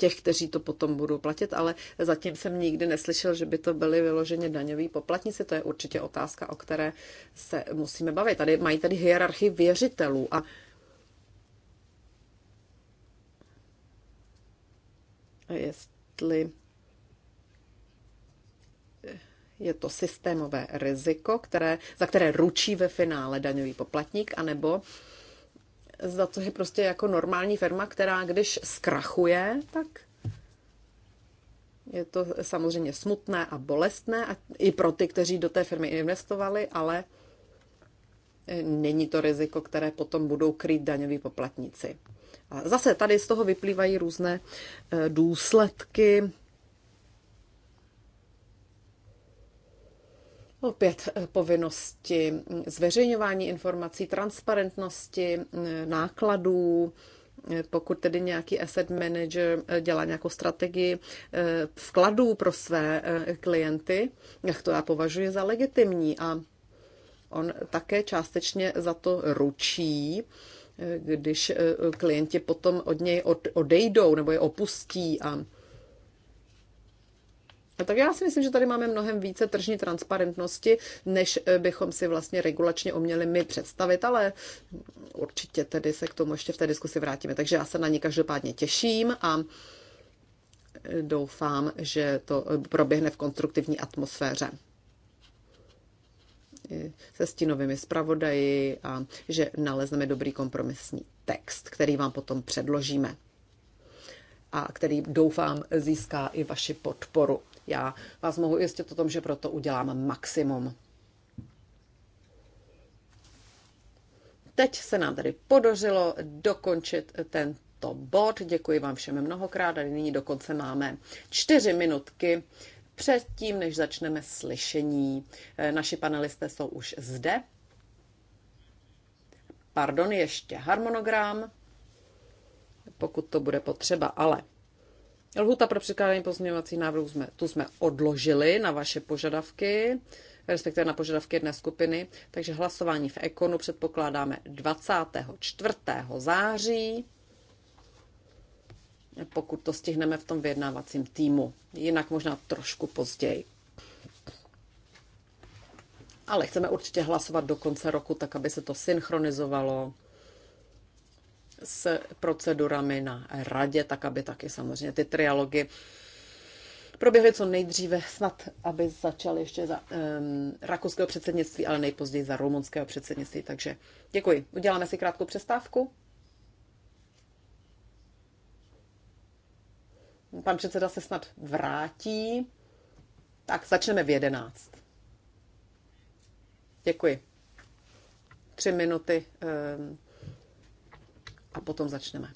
těch, kteří to potom budou platit, ale zatím jsem nikdy neslyšel, že by to byly vyloženě daňoví poplatníci. To je určitě otázka, o které se musíme bavit. Tady mají tady hierarchii věřitelů a jestli je to systémové riziko, které, za které ručí ve finále daňový poplatník, anebo Zda to je prostě jako normální firma, která když zkrachuje, tak je to samozřejmě smutné a bolestné a i pro ty, kteří do té firmy investovali, ale eh, není to riziko, které potom budou kryt daňoví poplatníci. A zase tady z toho vyplývají různé eh, důsledky, Opět eh, povinnosti zveřejňování informací, transparentnosti, eh, nákladů, eh, pokud tedy nějaký asset manager dělá nějakou strategii vkladů pro své klienty, jak to já považuji za legitimní a on také částečně za to ručí, když klienti potom od něj odejdou nebo je opustí a No tak já si myslím, že tady máme mnohem více tržní transparentnosti, než eh, bychom si vlastně regulačně uměli my představit, ale určitě tedy se k tomu ještě v té diskusi vrátíme. Takže já se na ní každopádně těším a eh, doufám, že to eh, proběhne v konstruktivní atmosféře se stínovými zpravodaji a že nalezneme dobrý kompromisní text, který vám potom předložíme a který doufám získá i vaši podporu. Já vás mohu ujistit o tom, že proto udělám maximum. Teď se nám tady podařilo dokončit tento bod. Děkuji vám všem mnohokrát a nyní dokonce máme čtyři minutky předtím, než začneme slyšení. Eh, naši panelisté jsou už zde. Pardon, ještě harmonogram, pokud to bude potřeba, ale Lhuta pro předkládání pozměňovací návrhů jsme, tu jsme odložili na vaše požadavky, respektive na požadavky jedné skupiny, takže hlasování v Ekonu předpokládáme 24. září, pokud to stihneme v tom vyjednávacím týmu, jinak možná trošku později. Ale chceme určitě hlasovat do konce roku, tak aby se to synchronizovalo s procedurami na radě, tak aby taky samozřejmě ty trialogy proběhly co nejdříve, snad aby začaly ještě za um, rakouského předsednictví, ale nejpozději za rumunského předsednictví. Takže děkuji. Uděláme si krátkou přestávku. Pan předseda se snad vrátí. Tak začneme v 11. Děkuji. Tři minuty. Um, a potom začneme.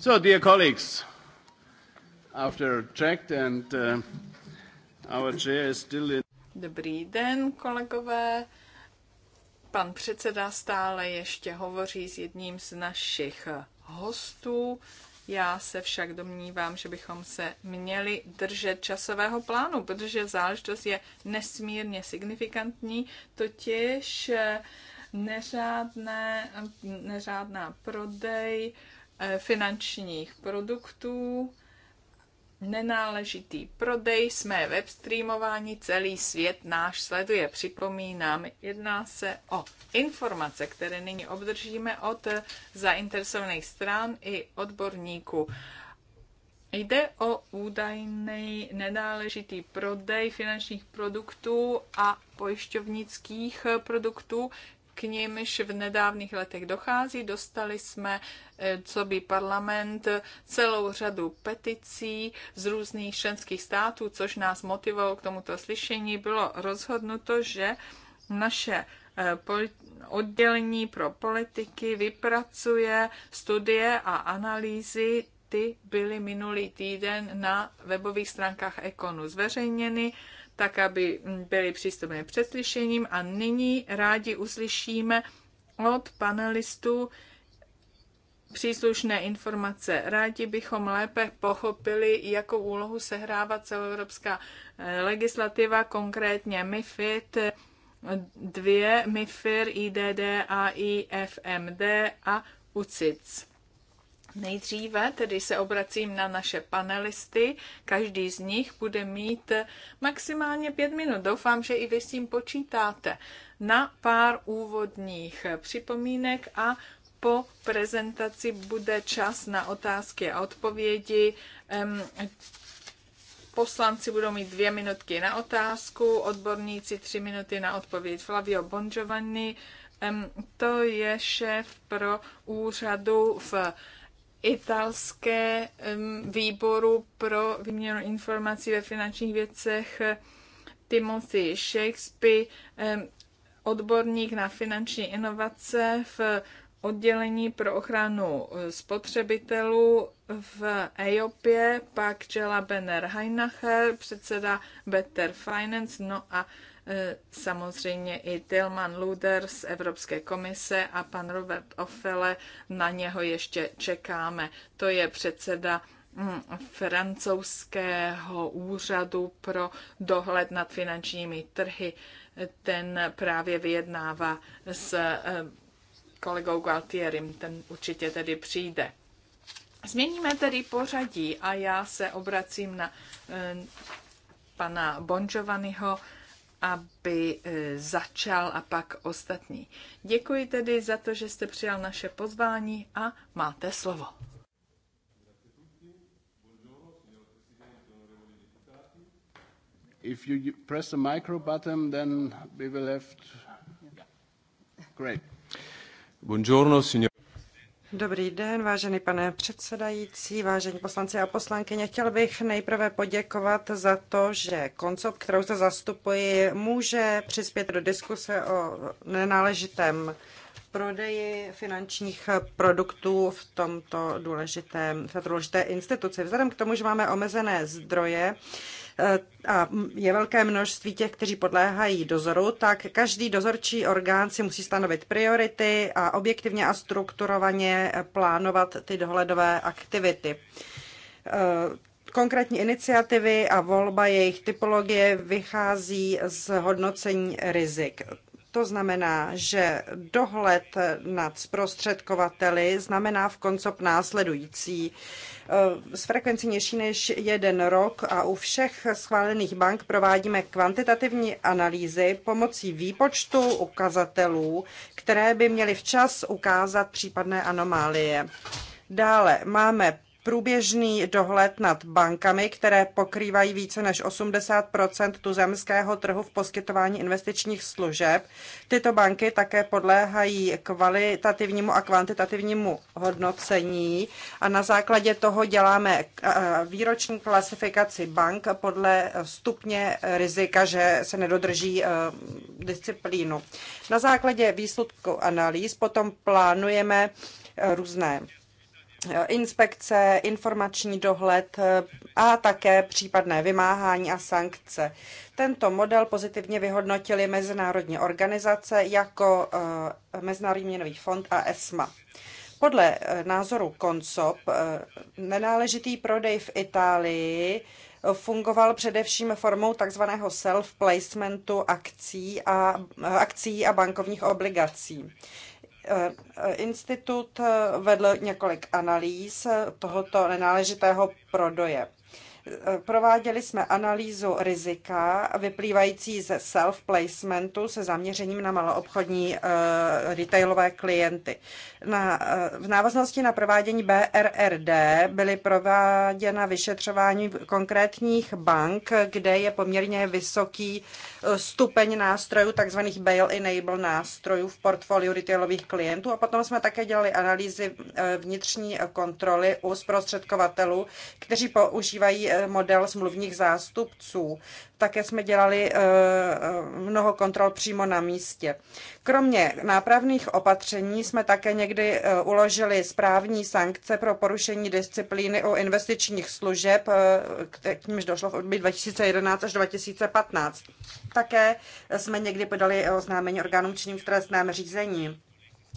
So, dear colleagues, after checked and uh, our chair is still in... Dobrý den, kolegové. Pan předseda stále ještě hovoří s jedním z našich hostů. Já se však domnívám, že bychom se měli držet časového plánu, protože záležitost je nesmírně signifikantní, totiž eh, neřádné, neřádná prodej, uh, Eh, finančních produktů, nenáležitý prodej, jsme streamování, celý svět náš sleduje. Připomínám, jedná se o informace, které nyní obdržíme od zainteresovaných stran i odborníků. Jde o údajný nenáležitý prodej finančních produktů a pojišťovnických produktů, k nímž v nedávných letech dochází. Dostali jsme, eh, co by parlament, celou řadu peticí z různých členských států, což nás motivovalo k tomuto slyšení. Bylo rozhodnuto, že naše eh, oddělení pro politiky vypracuje studie a analýzy ty byly minulý týden na webových stránkách Ekonu zveřejněny tak aby byly přístupné před slyšením. A nyní rádi uslyšíme od panelistů příslušné informace. Rádi bychom lépe pochopili, jakou úlohu sehrává celoevropská eh, legislativa, konkrétně MIFID, dvě MIFIR, IDD a IFMD a UCITS. Nejdříve tedy se obracím na naše panelisty. Každý z nich bude mít maximálně pět minut. Doufám, že i vy s tím počítáte. Na pár úvodních připomínek a po prezentaci bude čas na otázky a odpovědi. Poslanci budou mít dvě minutky na otázku, odborníci tři minuty na odpověď. Flavio Bonjovanni, to je šéf pro úřadu v italské výboru pro výměnu informací ve finančních věcech eh, Timothy Shakespeare, odborník na finanční inovace v oddělení pro ochranu eh, spotřebitelů v EOPě, pak Jela Benner Heinacher, předseda Better Finance, no a E, samozřejmě i Tilman Luder z Evropské komise a pan Robert Ofele, na něho ještě čekáme. To je předseda mm, francouzského úřadu pro dohled nad finančními trhy. Ten právě vyjednává s e, kolegou Gualtierim, ten určitě tedy přijde. Změníme tedy pořadí a já se obracím na e, pana Bonžovanyho, aby e, začal a pak ostatní. Děkuji tedy za to, že jste přijal naše pozvání a máte slovo. If you press the micro button, then we will have... To... Great. Buongiorno, signor Dobrý den, vážený pane předsedající, vážení poslanci a poslankyně. Chtěl bych nejprve poděkovat za to, že koncop, kterou se zastupuji, může přispět do diskuse o nenáležitém prodeji finančních produktů v tomto důležitém, v této důležité instituci. Vzhledem k tomu, že máme omezené zdroje, a je velké množství těch, kteří podléhají dozoru, tak každý dozorčí orgán si musí stanovit priority a objektivně a strukturovaně plánovat ty dohledové aktivity. Eh, konkrétní iniciativy a volba jejich typologie vychází z hodnocení rizik. To znamená, že dohled nad zprostředkovateli znamená v koncop následující. Eh, s frekvencí nižší než jeden rok a u všech schválených bank provádíme kvantitativní analýzy pomocí výpočtu ukazatelů, které by měly včas ukázat případné anomálie. Dále máme průběžný dohled nad bankami, které pokrývají více než 80 tuzemského trhu v poskytování investičních služeb. Tyto banky také podléhají kvalitativnímu a kvantitativnímu hodnocení a na základě toho děláme eh, výroční klasifikaci bank podle stupně rizika, že se nedodrží eh, disciplínu. Na základě výsledku analýz potom plánujeme eh, různé Eh, inspekce, informační dohled eh, a také případné vymáhání a sankce. Tento model pozitivně vyhodnotili mezinárodní organizace jako eh, Mezinárodní měnový fond a ESMA. Podle názoru Konsop nenáležitý prodej v Itálii fungoval především formou takzvaného self-placementu akcí a, akcí a bankovních obligací. Eh, institut eh, vedl několik analýz eh, tohoto nenáležitého prodoje prováděli jsme analýzu rizika vyplývající ze self-placementu se zaměřením na maloobchodní eh, retailové klienty. Na, eh, v návaznosti na provádění BRRD byly prováděna vyšetřování konkrétních bank, kde je poměrně vysoký eh, stupeň nástrojů, takzvaných bail-enable nástrojů v portfoliu retailových klientů. A potom jsme také dělali analýzy vnitřní kontroly u zprostředkovatelů, kteří používají model smluvních zástupců. Také jsme dělali eh, eh, mnoho kontrol přímo na místě. Kromě nápravných opatření jsme také někdy eh, uložili správní sankce pro porušení disciplíny u investičních služeb, k nímž došlo v období 2011 až 2015. Také jsme někdy podali oznámení orgánům činným v trestném řízení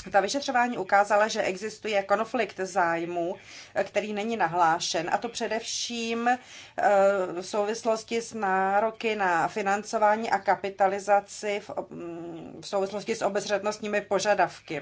ta vyšetřování ukázala, že existuje konflikt zájmů, který není nahlášen, a to především eh, v souvislosti s nároky na financování a kapitalizaci v mm, souvislosti s obezřetnostními požadavky.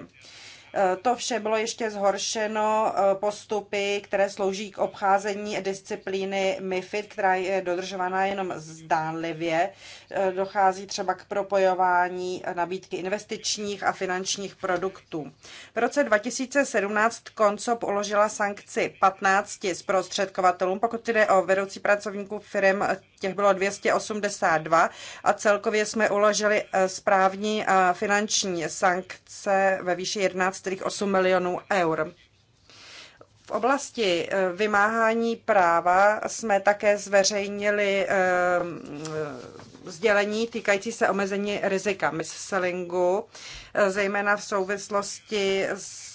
Eh, to vše bylo ještě zhoršeno eh, postupy, které slouží k obcházení disciplíny MIFID, která je dodržována jenom zdánlivě. Eh, dochází třeba k propojování nabídky investičních a finančních produktů. V roce 2017 koncop uložila sankci 15 zprostředkovatelům, pokud jde o vedoucí pracovníků firm těch bylo 282 a celkově jsme uložili eh, správní a eh, finanční sankce ve výši 11,8 milionů eur. V oblasti eh, vymáhání práva jsme také zveřejnili sdělení týkající se omezení rizika mis-sellingu Zejména v souvislosti s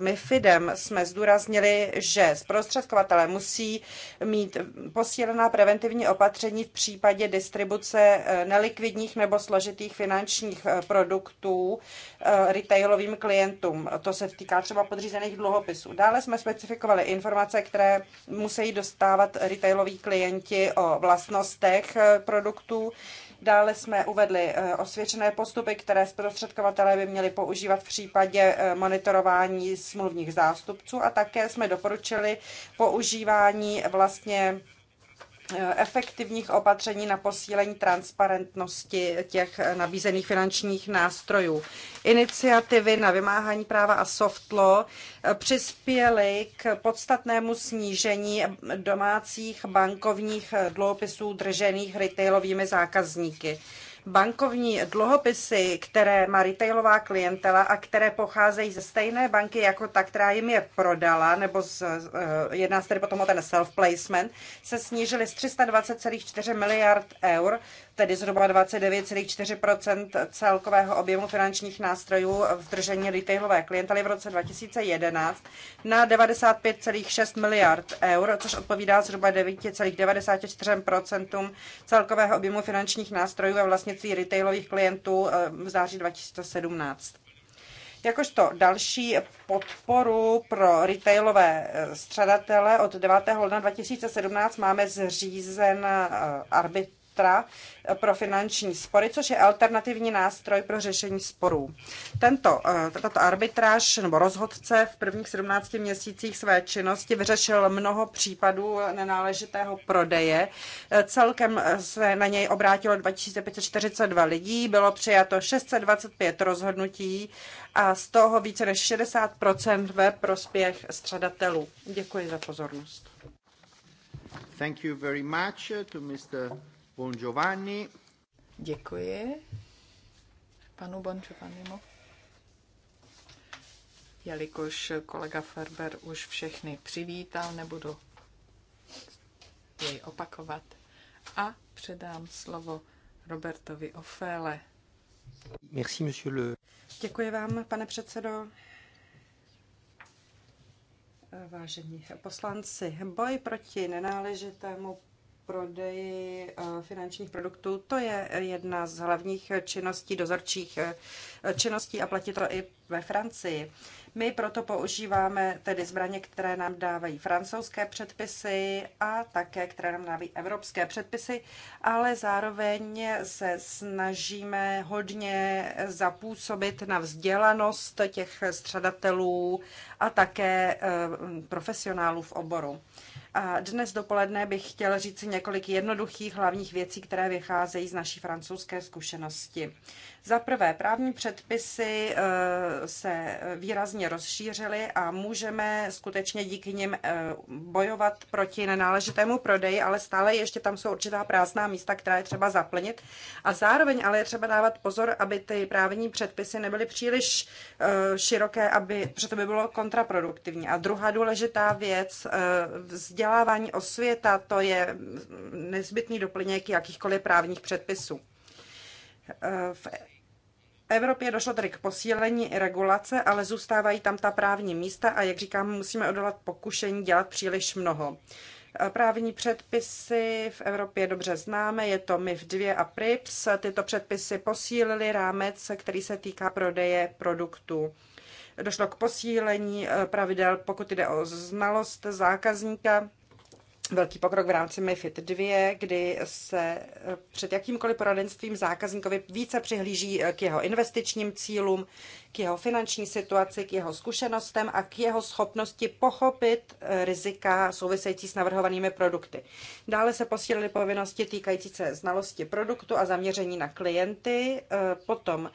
MIFIDem jsme zdůraznili, že zprostředkovatele musí mít posílená preventivní opatření v případě distribuce eh, nelikvidních nebo složitých finančních eh, produktů eh, retailovým klientům. To se týká třeba podřízených dluhopisů. Dále jsme specifikovali informace, které musí dostávat retailoví klienti o vlastnostech produktů, Dále jsme uvedli eh, osvědčené postupy, které zprostředkovatelé by měli používat v případě eh, monitorování smluvních zástupců a také jsme doporučili používání vlastně Eh, efektivních opatření na posílení transparentnosti těch nabízených finančních nástrojů. Iniciativy na vymáhání práva a soft law eh, přispěly k podstatnému snížení domácích bankovních eh, dluhopisů držených retailovými zákazníky bankovní dluhopisy, které má retailová klientela a které pocházejí ze stejné banky jako ta, která jim je prodala, nebo z, eh, jedná se tedy potom o ten self-placement, se snížily z 320,4 miliard eur tedy zhruba 29,4 celkového objemu finančních nástrojů v držení retailové klientely v roce 2011 na 95,6 miliard eur, což odpovídá zhruba 9,94 celkového objemu finančních nástrojů ve vlastnictví retailových klientů eh, v září 2017. Jakožto další podporu pro retailové eh, střadatele od 9. ledna 2017 máme zřízen eh, arbit arbitra pro finanční spory, což je alternativní nástroj pro řešení sporů. Tento, eh, tato arbitráž nebo rozhodce v prvních 17 měsících své činnosti vyřešil mnoho případů nenáležitého prodeje. Celkem se na něj obrátilo 2542 lidí, bylo přijato 625 rozhodnutí a z toho více než 60 ve prospěch středatelů. Děkuji za pozornost. Thank you very much to Mr. Bon Giovanni. Děkuji panu Bon Giovannimu. Jelikož kolega Ferber už všechny přivítal, nebudu jej opakovat. A předám slovo Robertovi Ofele. Merci, monsieur le... Děkuji vám, pane předsedo. Vážení poslanci, boj proti nenáležitému prodeji eh, finančních produktů. To je jedna z hlavních činností, dozorčích eh, činností a platí to i ve Francii. My proto používáme tedy zbraně, které nám dávají francouzské předpisy a také, které nám dávají evropské předpisy, ale zároveň se snažíme hodně zapůsobit na vzdělanost těch střadatelů a také eh, profesionálů v oboru. A dnes dopoledne bych chtěl říct několik jednoduchých hlavních věcí, které vycházejí z naší francouzské zkušenosti. Za prvé, právní předpisy eh, se výrazně rozšířily a můžeme skutečně díky nim eh, bojovat proti nenáležitému prodeji, ale stále ještě tam jsou určitá prázdná místa, která je třeba zaplnit. A zároveň ale je třeba dávat pozor, aby ty právní předpisy nebyly příliš eh, široké, aby, protože to by bylo kontraproduktivní. A druhá důležitá věc, vzdělání vzdělávání osvěta, to je nezbytný doplněk jakýchkoliv právních předpisů. V Evropě došlo tedy k posílení regulace, ale zůstávají tam ta právní místa a jak říkám, musíme odolat pokušení dělat příliš mnoho. Právní předpisy v Evropě dobře známe, je to MIF 2 a PRIPS. Tyto předpisy posílily rámec, který se týká prodeje produktů došlo k posílení eh, pravidel, pokud jde o znalost zákazníka velký pokrok v rámci MIFID 2, kdy se eh, před jakýmkoliv poradenstvím zákazníkovi více přihlíží eh, k jeho investičním cílům, k jeho finanční situaci, k jeho zkušenostem a k jeho schopnosti pochopit eh, rizika související s navrhovanými produkty. Dále se posílily povinnosti týkající se znalosti produktu a zaměření na klienty, potom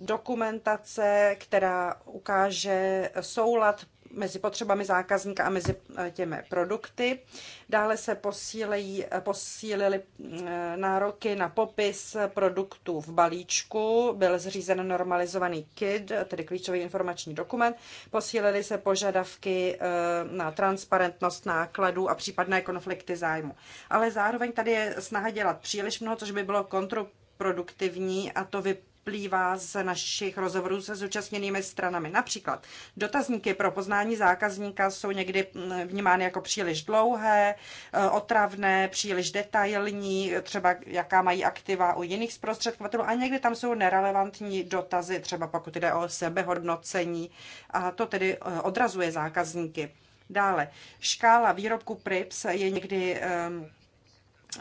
dokumentace, která ukáže soulad mezi potřebami zákazníka a mezi eh, těmi produkty. Dále se posílejí, eh, posílili eh, nároky na popis produktů v balíčku, byl zřízen normalizovaný KID, tedy klíčový informační dokument, Posílili se požadavky na transparentnost nákladů a případné konflikty zájmu. Ale zároveň tady je snaha dělat příliš mnoho, což by bylo kontrolní produktivní a to vy, vyplývá z našich rozhovorů se zúčastněnými stranami. Například dotazníky pro poznání zákazníka jsou někdy mm, vnímány jako příliš dlouhé, e, otravné, příliš detailní, třeba jaká mají aktiva u jiných zprostředkovatelů a někdy tam jsou nerelevantní dotazy, třeba pokud jde o sebehodnocení a to tedy e, odrazuje zákazníky. Dále, škála výrobku PRIPS je někdy um,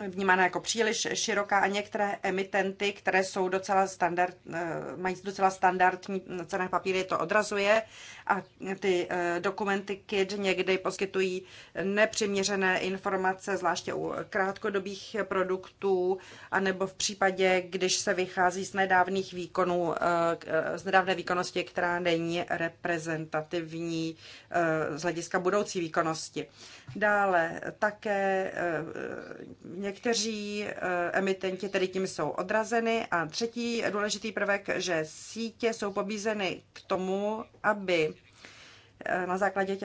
vnímána jako příliš široká a některé emitenty, které jsou docela standard, eh, mají docela standardní hm, cené papíry, to odrazuje a ty eh, dokumenty KID někdy poskytují nepřiměřené informace, zvláště u krátkodobých produktů, anebo v případě, když se vychází z nedávných výkonů, eh, z nedávné výkonnosti, která není reprezentativní z hlediska budoucí výkonnosti. Dále také Někteří eh, emitenti tedy tím jsou odrazeny. A třetí důležitý prvek, že sítě jsou pobízeny k tomu, aby eh, na základě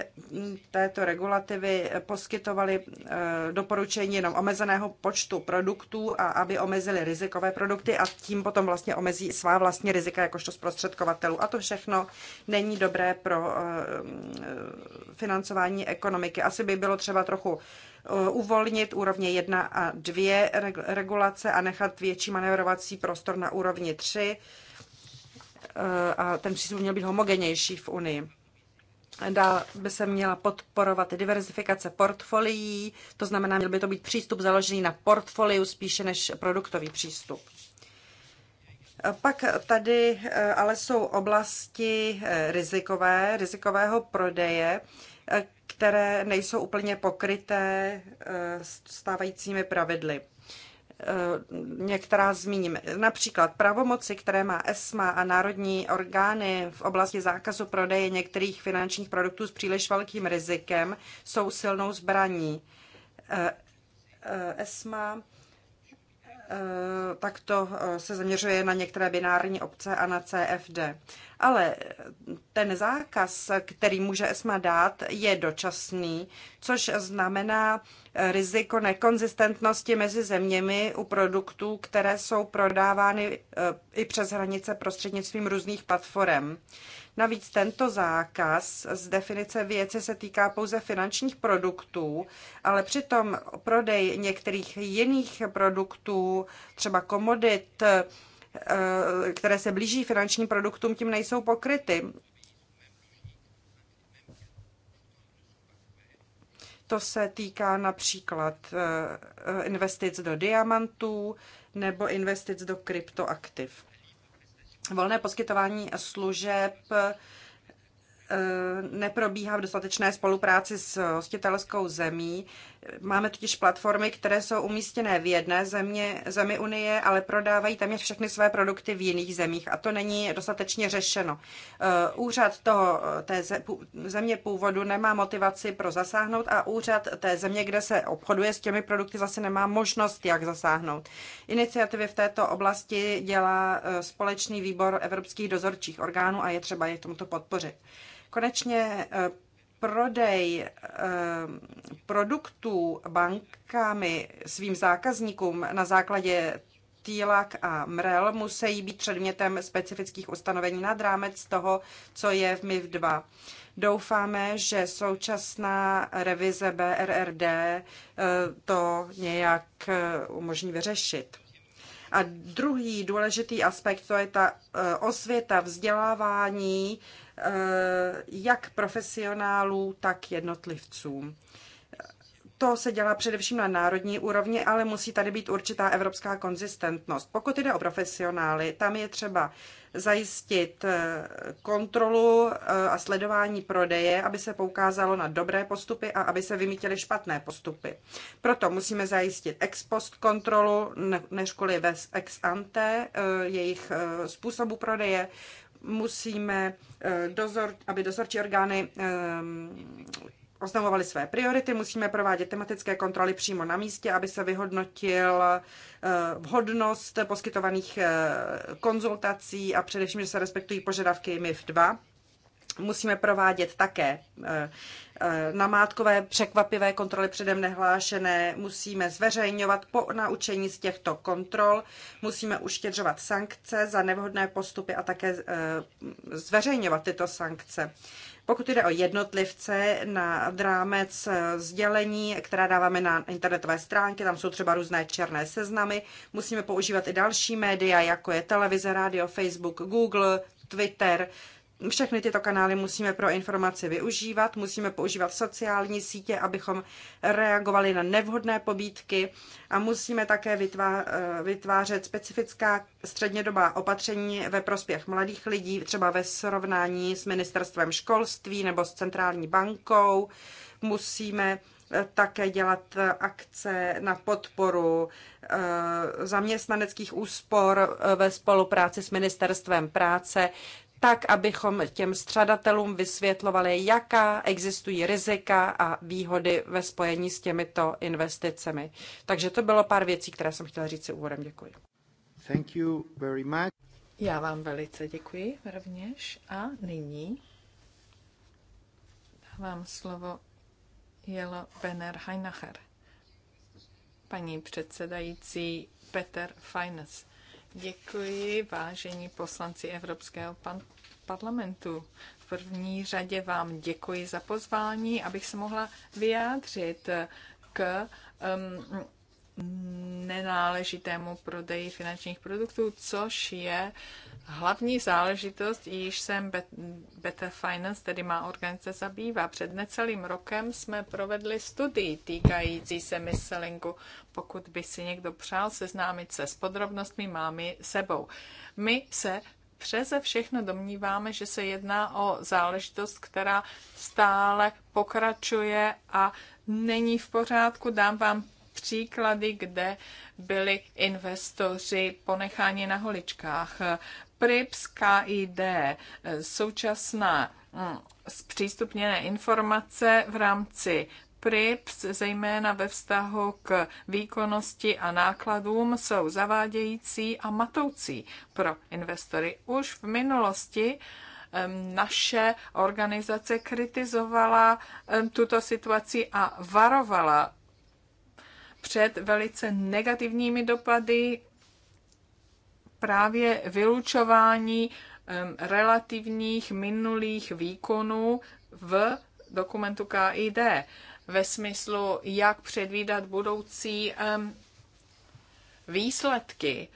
této regulativy poskytovali eh, doporučení jenom omezeného počtu produktů a aby omezili rizikové produkty a tím potom vlastně omezí svá vlastní rizika jakožto zprostředkovatelů. A to všechno není dobré pro financování ekonomiky. Asi by bylo třeba trochu Eh, uvolnit úrovně 1 a 2 regulace a nechat větší manevrovací prostor na úrovni 3 eh, a ten přístup měl být homogenější v Unii. Dál by se měla podporovat diverzifikace portfolií, to znamená, měl by to být přístup založený na portfoliu spíše než produktový přístup. Eh, pak tady ale jsou oblasti rizikové, rizikového prodeje, které nejsou úplně pokryté eh, stávajícími pravidly. Eh, některá zmíním. Například pravomoci, které má ESMA a národní orgány v oblasti zákazu prodeje některých finančních produktů s příliš velkým rizikem, jsou silnou zbraní. Eh, ESMA Eh, takto eh, se zaměřuje na některé binární obce a na CFD. Ale eh, ten zákaz, který může ESMA dát, je dočasný, což znamená riziko nekonzistentnosti mezi zeměmi u produktů, které jsou prodávány i přes hranice prostřednictvím různých platform. Navíc tento zákaz z definice věci se týká pouze finančních produktů, ale přitom prodej některých jiných produktů, třeba komodit, eh, které se blíží finančním produktům, tím nejsou pokryty. To se týká například eh, investic do diamantů nebo investic do kryptoaktiv volné poskytování služeb eh, neprobíhá v dostatečné spolupráci s hostitelskou zemí. Máme totiž platformy, které jsou umístěné v jedné země, zemi Unie, ale prodávají téměř všechny své produkty v jiných zemích a to není dostatečně řešeno. Eh, úřad toho, eh, té země původu nemá motivaci pro zasáhnout a úřad té země, kde se obchoduje s těmi produkty, zase nemá možnost, jak zasáhnout. Iniciativy v této oblasti dělá eh, společný výbor evropských dozorčích orgánů a je třeba je tomuto podpořit. Konečně prodej ehm, produktů bankami svým zákazníkům na základě Týlak a MREL musí být předmětem specifických ustanovení nad rámec toho, co je v MIF 2. Doufáme, že současná revize BRRD eh, to nějak eh, umožní vyřešit. A druhý důležitý aspekt to je ta eh, osvěta, vzdělávání Eh, jak profesionálů, tak jednotlivcům. To se dělá především na národní úrovni, ale musí tady být určitá evropská konzistentnost. Pokud jde o profesionály, tam je třeba zajistit eh, kontrolu eh, a sledování prodeje, aby se poukázalo na dobré postupy a aby se vymítily špatné postupy. Proto musíme zajistit ex post kontrolu, než kvůli ex ante jejich způsobu prodeje musíme, eh, dozor, aby dozorčí orgány eh, oznamovaly své priority, musíme provádět tematické kontroly přímo na místě, aby se vyhodnotil eh, vhodnost poskytovaných konzultací a především, že se respektují požadavky MIF 2 musíme provádět také eh, eh, namátkové překvapivé kontroly předem nehlášené, musíme zveřejňovat po naučení z těchto kontrol, musíme uštědřovat sankce za nevhodné postupy a také eh, zveřejňovat tyto sankce. Pokud jde o jednotlivce na rámec sdělení, která dáváme na internetové stránky, tam jsou třeba různé černé seznamy, musíme používat i další média, jako je televize, rádio, Facebook, Google, Twitter, všechny tyto kanály musíme pro informace využívat, musíme používat sociální sítě, abychom reagovali na nevhodné pobídky a musíme také eh, vytvářet specifická střednědobá opatření ve prospěch mladých lidí, třeba ve srovnání s ministerstvem školství nebo s centrální bankou. Musíme eh, také dělat eh, akce na podporu zaměstnaneckých úspor ve spolupráci s Ministerstvem práce tak, abychom těm střadatelům vysvětlovali, jaká existují rizika a výhody ve spojení s těmito investicemi. Takže to bylo pár věcí, které jsem chtěla říct si úvodem. Děkuji. Thank you very much. Já vám velice děkuji rovněž a nyní dávám slovo Jelo Benner Heinacher. Paní předsedající Peter Feines. Děkuji, vážení poslanci Evropského parlamentu. V první řadě vám děkuji za pozvání, abych se mohla vyjádřit k um, nenáležitému prodeji finančních produktů, což je hlavní záležitost, již jsem Better Finance, tedy má organizace, zabývá. Před necelým rokem jsme provedli studii týkající se miscellingu, Pokud by si někdo přál seznámit se s podrobnostmi, máme sebou. My se přeze všechno domníváme, že se jedná o záležitost, která stále pokračuje a není v pořádku. Dám vám příklady, kde byli investoři ponecháni na holičkách. PRIPS KID, současná mm, zpřístupněné informace v rámci PRIPS, zejména ve vztahu k výkonnosti a nákladům, jsou zavádějící a matoucí pro investory. Už v minulosti naše organizace kritizovala tuto situaci a varovala před velice negativními dopady právě vylučování relativních minulých výkonů v dokumentu KID ve smyslu, jak předvídat budoucí výsledky.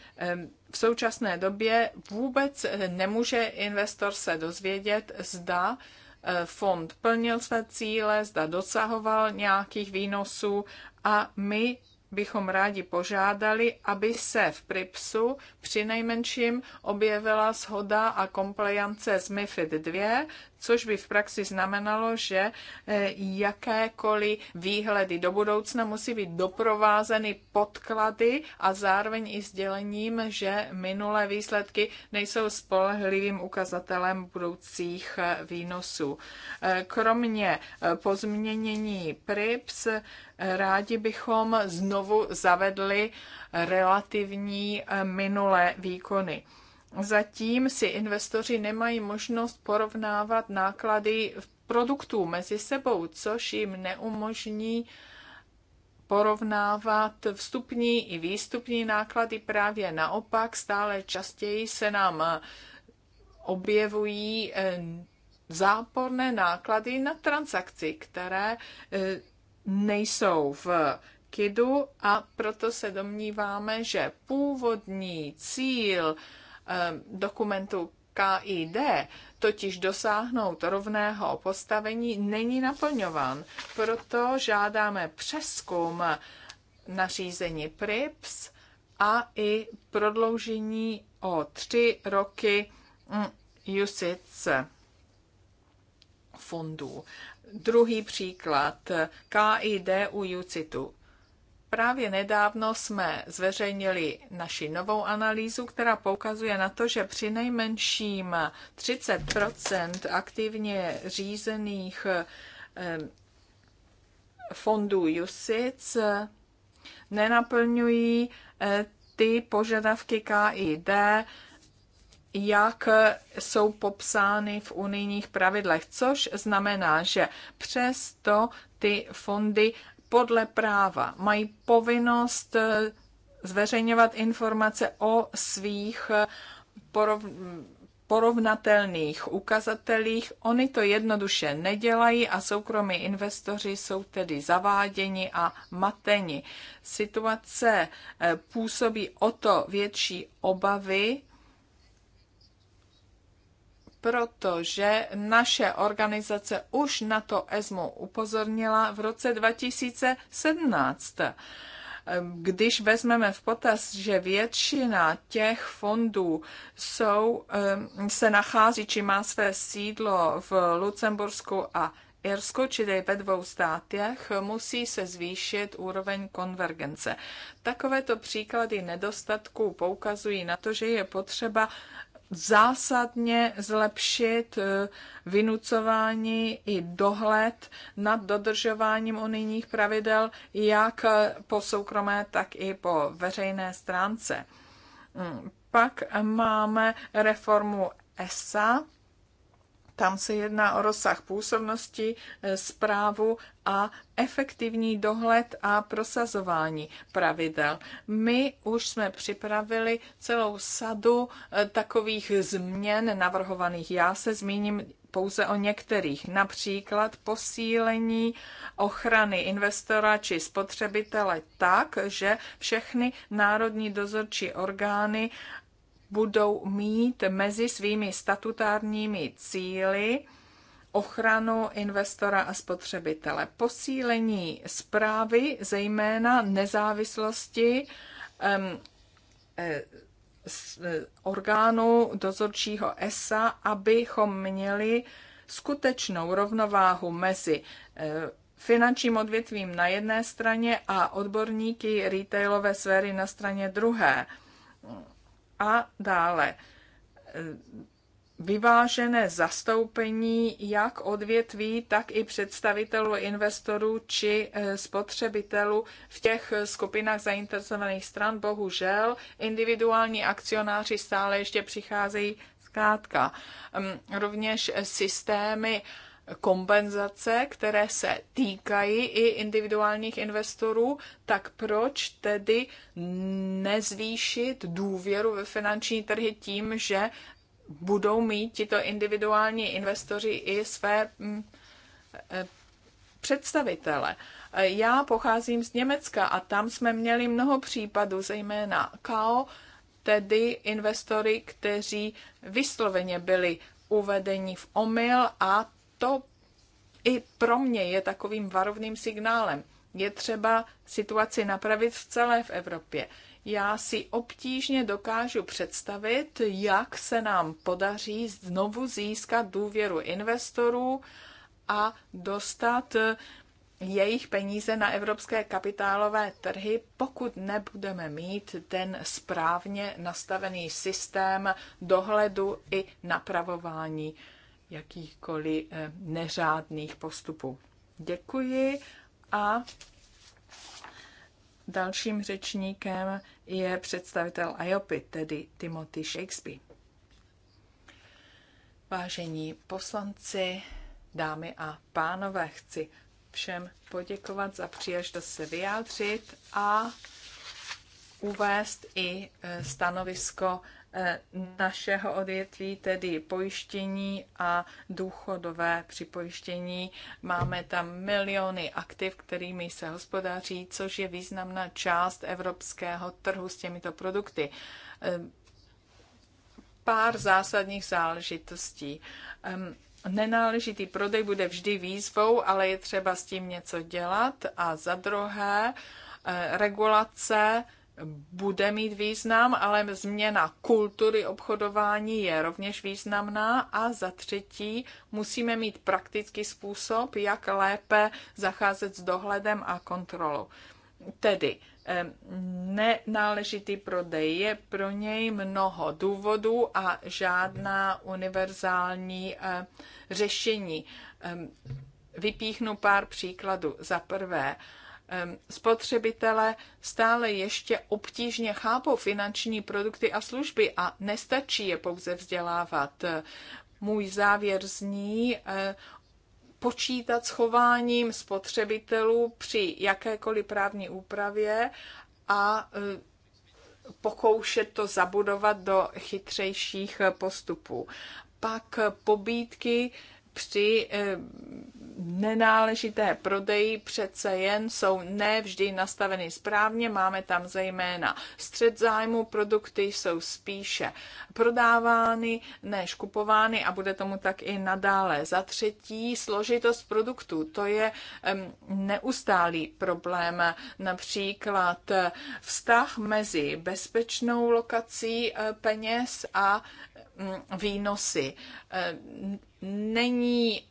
V současné době vůbec nemůže investor se dozvědět, zda eh, fond plnil své cíle, zda dosahoval nějakých výnosů a my bychom rádi požádali, aby se v PRIPSu nejmenším objevila shoda a komplejance z MIFID 2, což by v praxi znamenalo, že eh, jakékoliv výhledy do budoucna musí být doprovázeny podklady a zároveň i sdělením, že minulé výsledky nejsou spolehlivým ukazatelem budoucích eh, výnosů. Eh, kromě pozměnění PRIPS rádi bychom znovu zavedli relativní minulé výkony. Zatím si investoři nemají možnost porovnávat náklady produktů mezi sebou, což jim neumožní porovnávat vstupní i výstupní náklady. Právě naopak stále častěji se nám objevují eh, záporné náklady na transakci, které eh, nejsou v KIDu a proto se domníváme, že původní cíl Eh, dokumentu KID, totiž dosáhnout rovného postavení, není naplňován. Proto žádáme přeskum nařízení PRIPS a i prodloužení o tři roky justice hm, fondů. Druhý příklad KID u Jucitu. Právě nedávno jsme zveřejnili naši novou analýzu, která poukazuje na to, že při nejmenším 30 aktivně řízených eh, fondů USIC nenaplňují eh, ty požadavky KID, jak jsou popsány v unijních pravidlech, což znamená, že přesto ty fondy podle práva. Mají povinnost eh, zveřejňovat informace o svých eh, porov, porovnatelných ukazatelích. Oni to jednoduše nedělají a soukromí investoři jsou tedy zaváděni a mateni. Situace eh, působí o to větší obavy protože naše organizace už na to ESMO upozornila v roce 2017. Když vezmeme v potaz, že většina těch fondů jsou, se nachází či má své sídlo v Lucembursku a Irsku, čili ve dvou státech, musí se zvýšit úroveň konvergence. Takovéto příklady nedostatků poukazují na to, že je potřeba zásadně zlepšit eh, vynucování i dohled nad dodržováním unijních pravidel, jak po soukromé, tak i po veřejné stránce. Mm, Pak máme reformu ESA, tam se jedná o rozsah působnosti, zprávu eh, a efektivní dohled a prosazování pravidel. My už jsme připravili celou sadu eh, takových změn navrhovaných. Já se zmíním pouze o některých, například posílení ochrany investora či spotřebitele tak, že všechny národní dozorčí orgány budou mít mezi svými statutárními cíly ochranu investora a spotřebitele. Posílení zprávy, zejména nezávislosti um, e, orgánu dozorčího ESA, abychom měli skutečnou rovnováhu mezi e, finančním odvětvím na jedné straně a odborníky retailové sféry na straně druhé. A dále vyvážené zastoupení jak odvětví, tak i představitelů investorů či eh, spotřebitelů v těch skupinách zainteresovaných stran. Bohužel individuální akcionáři stále ještě přicházejí zkrátka. Hm, rovněž systémy kompenzace, které se týkají i individuálních investorů, tak proč tedy nezvýšit důvěru ve finanční trhy tím, že budou mít tito individuální investoři i své mm, e, představitele. Já pocházím z Německa a tam jsme měli mnoho případů, zejména KAO, tedy investory, kteří vysloveně byli uvedení v omyl a to i pro mě je takovým varovným signálem. Je třeba situaci napravit v celé v Evropě. Já si obtížně dokážu představit, jak se nám podaří znovu získat důvěru investorů a dostat jejich peníze na evropské kapitálové trhy, pokud nebudeme mít ten správně nastavený systém dohledu i napravování jakýchkoliv eh, neřádných postupů. Děkuji a dalším řečníkem je představitel IOPy, tedy Timothy Shakespeare. Vážení poslanci, dámy a pánové, chci všem poděkovat za příležitost se vyjádřit a uvést i eh, stanovisko našeho odvětví, tedy pojištění a důchodové připojištění. Máme tam miliony aktiv, kterými se hospodaří, což je významná část evropského trhu s těmito produkty. Pár zásadních záležitostí. Nenáležitý prodej bude vždy výzvou, ale je třeba s tím něco dělat. A za druhé, eh, regulace bude mít význam, ale změna kultury obchodování je rovněž významná. A za třetí, musíme mít praktický způsob, jak lépe zacházet s dohledem a kontrolou. Tedy nenáležitý prodej je pro něj mnoho důvodů a žádná univerzální řešení. Vypíchnu pár příkladů. Za prvé, spotřebitele stále ještě obtížně chápou finanční produkty a služby a nestačí je pouze vzdělávat. Můj závěr zní, eh, počítat s chováním spotřebitelů při jakékoliv právní úpravě a eh, pokoušet to zabudovat do chytřejších postupů. Pak pobídky při eh, nenáležité prodeji přece jen jsou nevždy nastaveny správně. Máme tam zejména střed zájmu, produkty jsou spíše prodávány než kupovány a bude tomu tak i nadále. Za třetí, složitost produktů. To je neustálý problém. Například eh, vztah mezi bezpečnou lokací eh, peněz a mm, výnosy není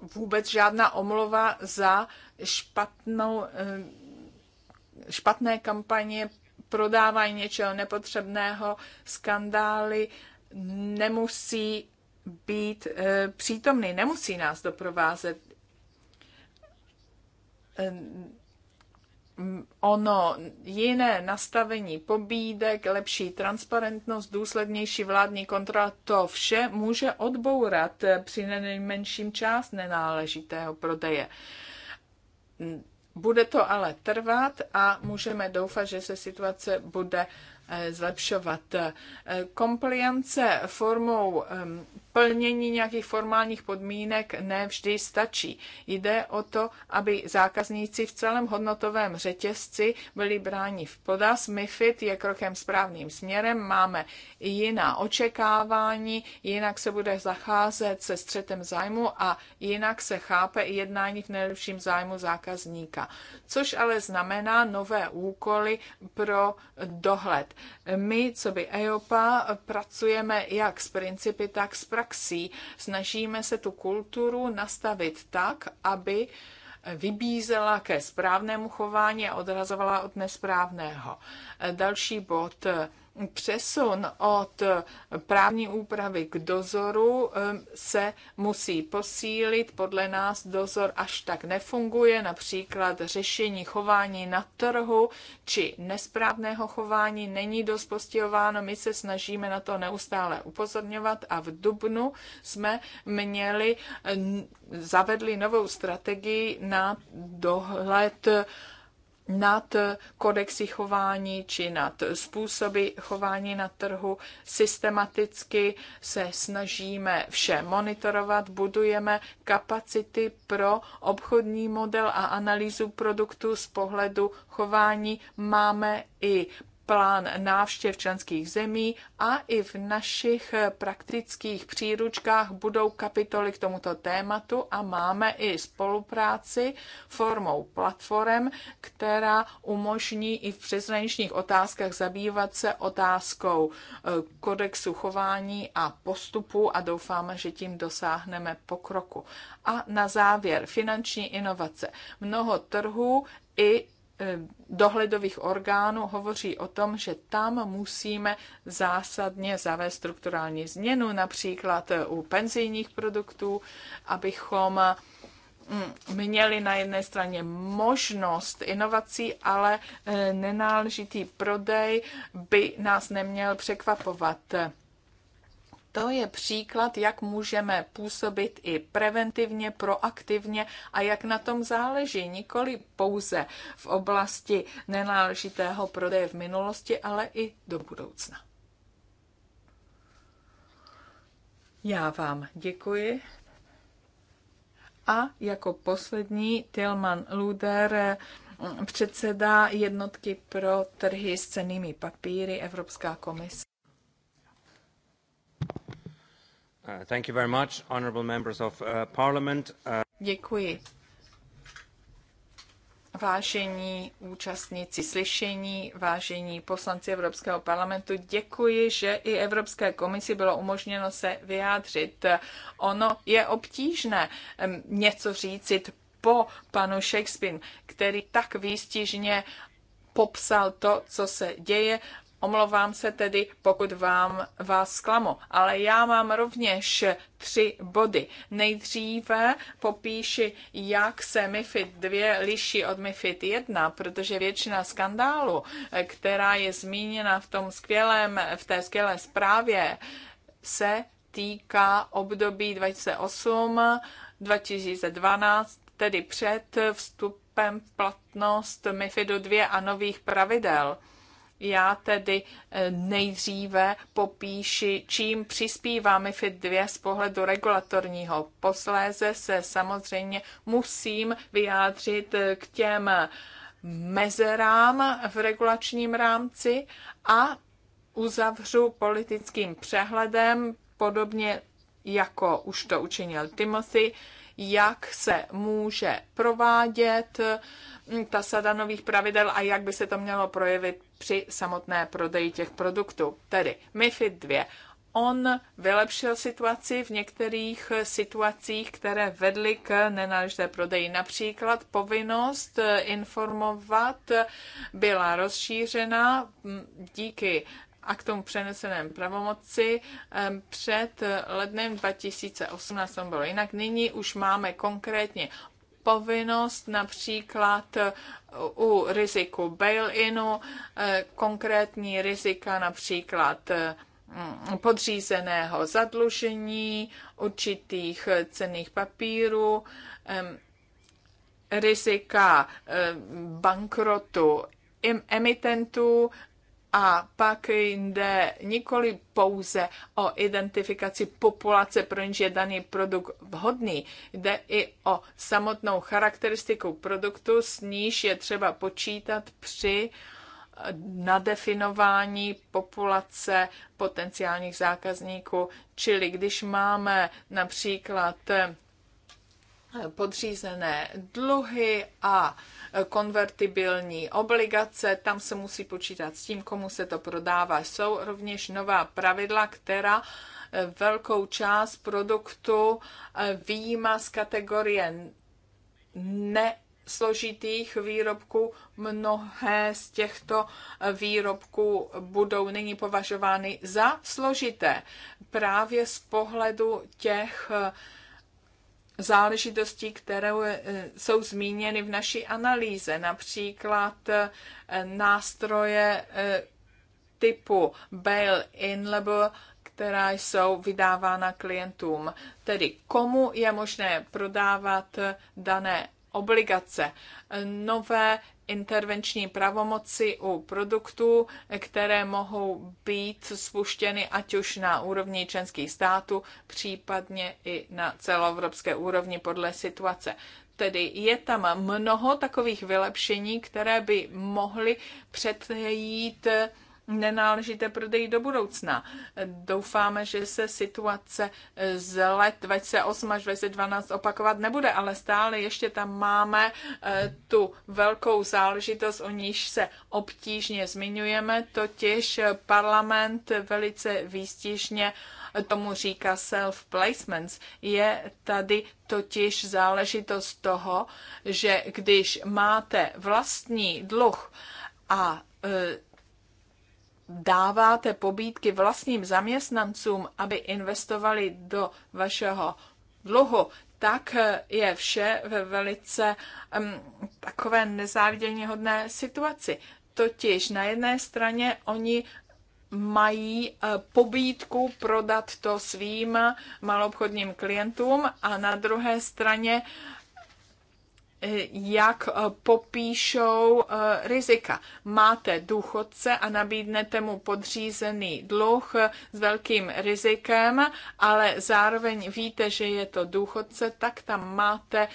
vůbec žádná omluva za špatnou, špatné kampaně, prodávání něčeho nepotřebného, skandály nemusí být eh, přítomný, nemusí nás doprovázet ono jiné nastavení pobídek, lepší transparentnost, důslednější vládní kontrola, to vše může odbourat při nejmenším část nenáležitého prodeje. Bude to ale trvat a můžeme doufat, že se situace bude eh, zlepšovat. Kompliance eh, formou ehm, plnění nějakých formálních podmínek ne vždy stačí. Jde o to, aby zákazníci v celém hodnotovém řetězci byli bráni v podaz. MIFID je krokem správným směrem, máme jiná očekávání, jinak se bude zacházet se střetem zájmu a jinak se chápe i jednání v nejlepším zájmu zákazníka. Což ale znamená nové úkoly pro dohled. My, co by EOPA, pracujeme jak s principy, tak s praktikou praxí. Snažíme se tu kulturu nastavit tak, aby vybízela ke správnému chování a odrazovala od nesprávného. Další bod přesun od právní úpravy k dozoru se musí posílit. Podle nás dozor až tak nefunguje, například řešení chování na trhu či nesprávného chování není dost postihováno. My se snažíme na to neustále upozorňovat a v Dubnu jsme měli, zavedli novou strategii na dohled nad kodexy chování či nad způsoby chování na trhu. Systematicky se snažíme vše monitorovat, budujeme kapacity pro obchodní model a analýzu produktu z pohledu chování. Máme i plán návštěv členských zemí a i v našich praktických příručkách budou kapitoly k tomuto tématu a máme i spolupráci formou platform, která umožní i v přeshraničních otázkách zabývat se otázkou eh, kodexu chování a postupu a doufáme, že tím dosáhneme pokroku. A na závěr finanční inovace. Mnoho trhů i Eh, dohledových orgánů hovoří o tom, že tam musíme zásadně zavést strukturální změnu, například eh, u penzijních produktů, abychom mm, měli na jedné straně možnost inovací, ale eh, nenáležitý prodej by nás neměl překvapovat. To je příklad, jak můžeme působit i preventivně, proaktivně a jak na tom záleží, nikoli pouze v oblasti nenáležitého prodeje v minulosti, ale i do budoucna. Já vám děkuji. A jako poslední Tilman Luder, předseda jednotky pro trhy s cenými papíry Evropská komise. Uh, thank you very much, honorable members of uh, parliament. Uh, děkuji. Vážení účastníci slyšení, vážení poslanci Evropského parlamentu, děkuji, že i Evropské komisi bylo umožněno se vyjádřit. Ono je obtížné um, něco říct po panu Shakespeare, který tak výstižně popsal to, co se děje Omlouvám se tedy, pokud vám vás zklamu, ale já mám rovněž tři body. Nejdříve popíši, jak se MIFID 2 liší od MIFID 1, protože většina skandálu, která je zmíněna v tom skvělém, v té skvělé zprávě, se týká období 2008 2012, tedy před vstupem v platnost MIFIDu 2 a nových pravidel já tedy eh, nejdříve popíši, čím přispívá MIFID 2 z pohledu regulatorního. Posléze se samozřejmě musím vyjádřit eh, k těm mezerám v regulačním rámci a uzavřu politickým přehledem, podobně jako už to učinil Timothy, jak se může provádět mm, ta sada nových pravidel a jak by se to mělo projevit při samotné prodeji těch produktů. Tedy MIFID 2. On vylepšil situaci v některých situacích, které vedly k nenáležité prodeji. Například povinnost eh, informovat eh, byla rozšířena mm, díky a k tomu přeneseném pravomoci. Před lednem 2018 bylo jinak. Nyní už máme konkrétně povinnost například eh, u riziku bail-inu, eh, konkrétní rizika například eh, mm, podřízeného zadlužení, určitých cených papírů, rizika bankrotu emitentů, a pak jde nikoli pouze o identifikaci populace, pro níž je daný produkt vhodný, jde i o samotnou charakteristiku produktu, s níž je třeba počítat při eh, nadefinování populace potenciálních zákazníků. Čili když máme například eh, podřízené dluhy a konvertibilní obligace, tam se musí počítat s tím, komu se to prodává. Jsou rovněž nová pravidla, která eh, velkou část produktu eh, výjima z kategorie ne složitých výrobků. Mnohé z těchto eh, výrobků budou nyní považovány za složité právě z pohledu těch záležitostí, které eh, jsou zmíněny v naší analýze, například eh, nástroje eh, typu bail-in, nebo která jsou vydávána klientům. Tedy komu je možné prodávat dané obligace, nové intervenční pravomoci u produktů, které mohou být spuštěny ať už na úrovni členských států, případně i na celoevropské úrovni podle situace. Tedy je tam mnoho takových vylepšení, které by mohly předjít nenáležité prodeji do budoucna. Doufáme, že se situace eh, z let 2008 až 2012 opakovat nebude, ale stále ještě tam máme eh, tu velkou záležitost, o níž se obtížně zmiňujeme, totiž parlament velice výstižně tomu říká self-placements. Je tady totiž záležitost toho, že když máte vlastní dluh a eh, dáváte pobídky vlastním zaměstnancům, aby investovali do vašeho dluhu, tak je vše ve velice um, takové nezávidění hodné situaci. Totiž na jedné straně oni mají eh, pobídku prodat to svým malobchodním klientům a na druhé straně Eh, jak eh, popíšou eh, rizika. Máte důchodce a nabídnete mu podřízený dluh s velkým rizikem, ale zároveň víte, že je to důchodce, tak tam máte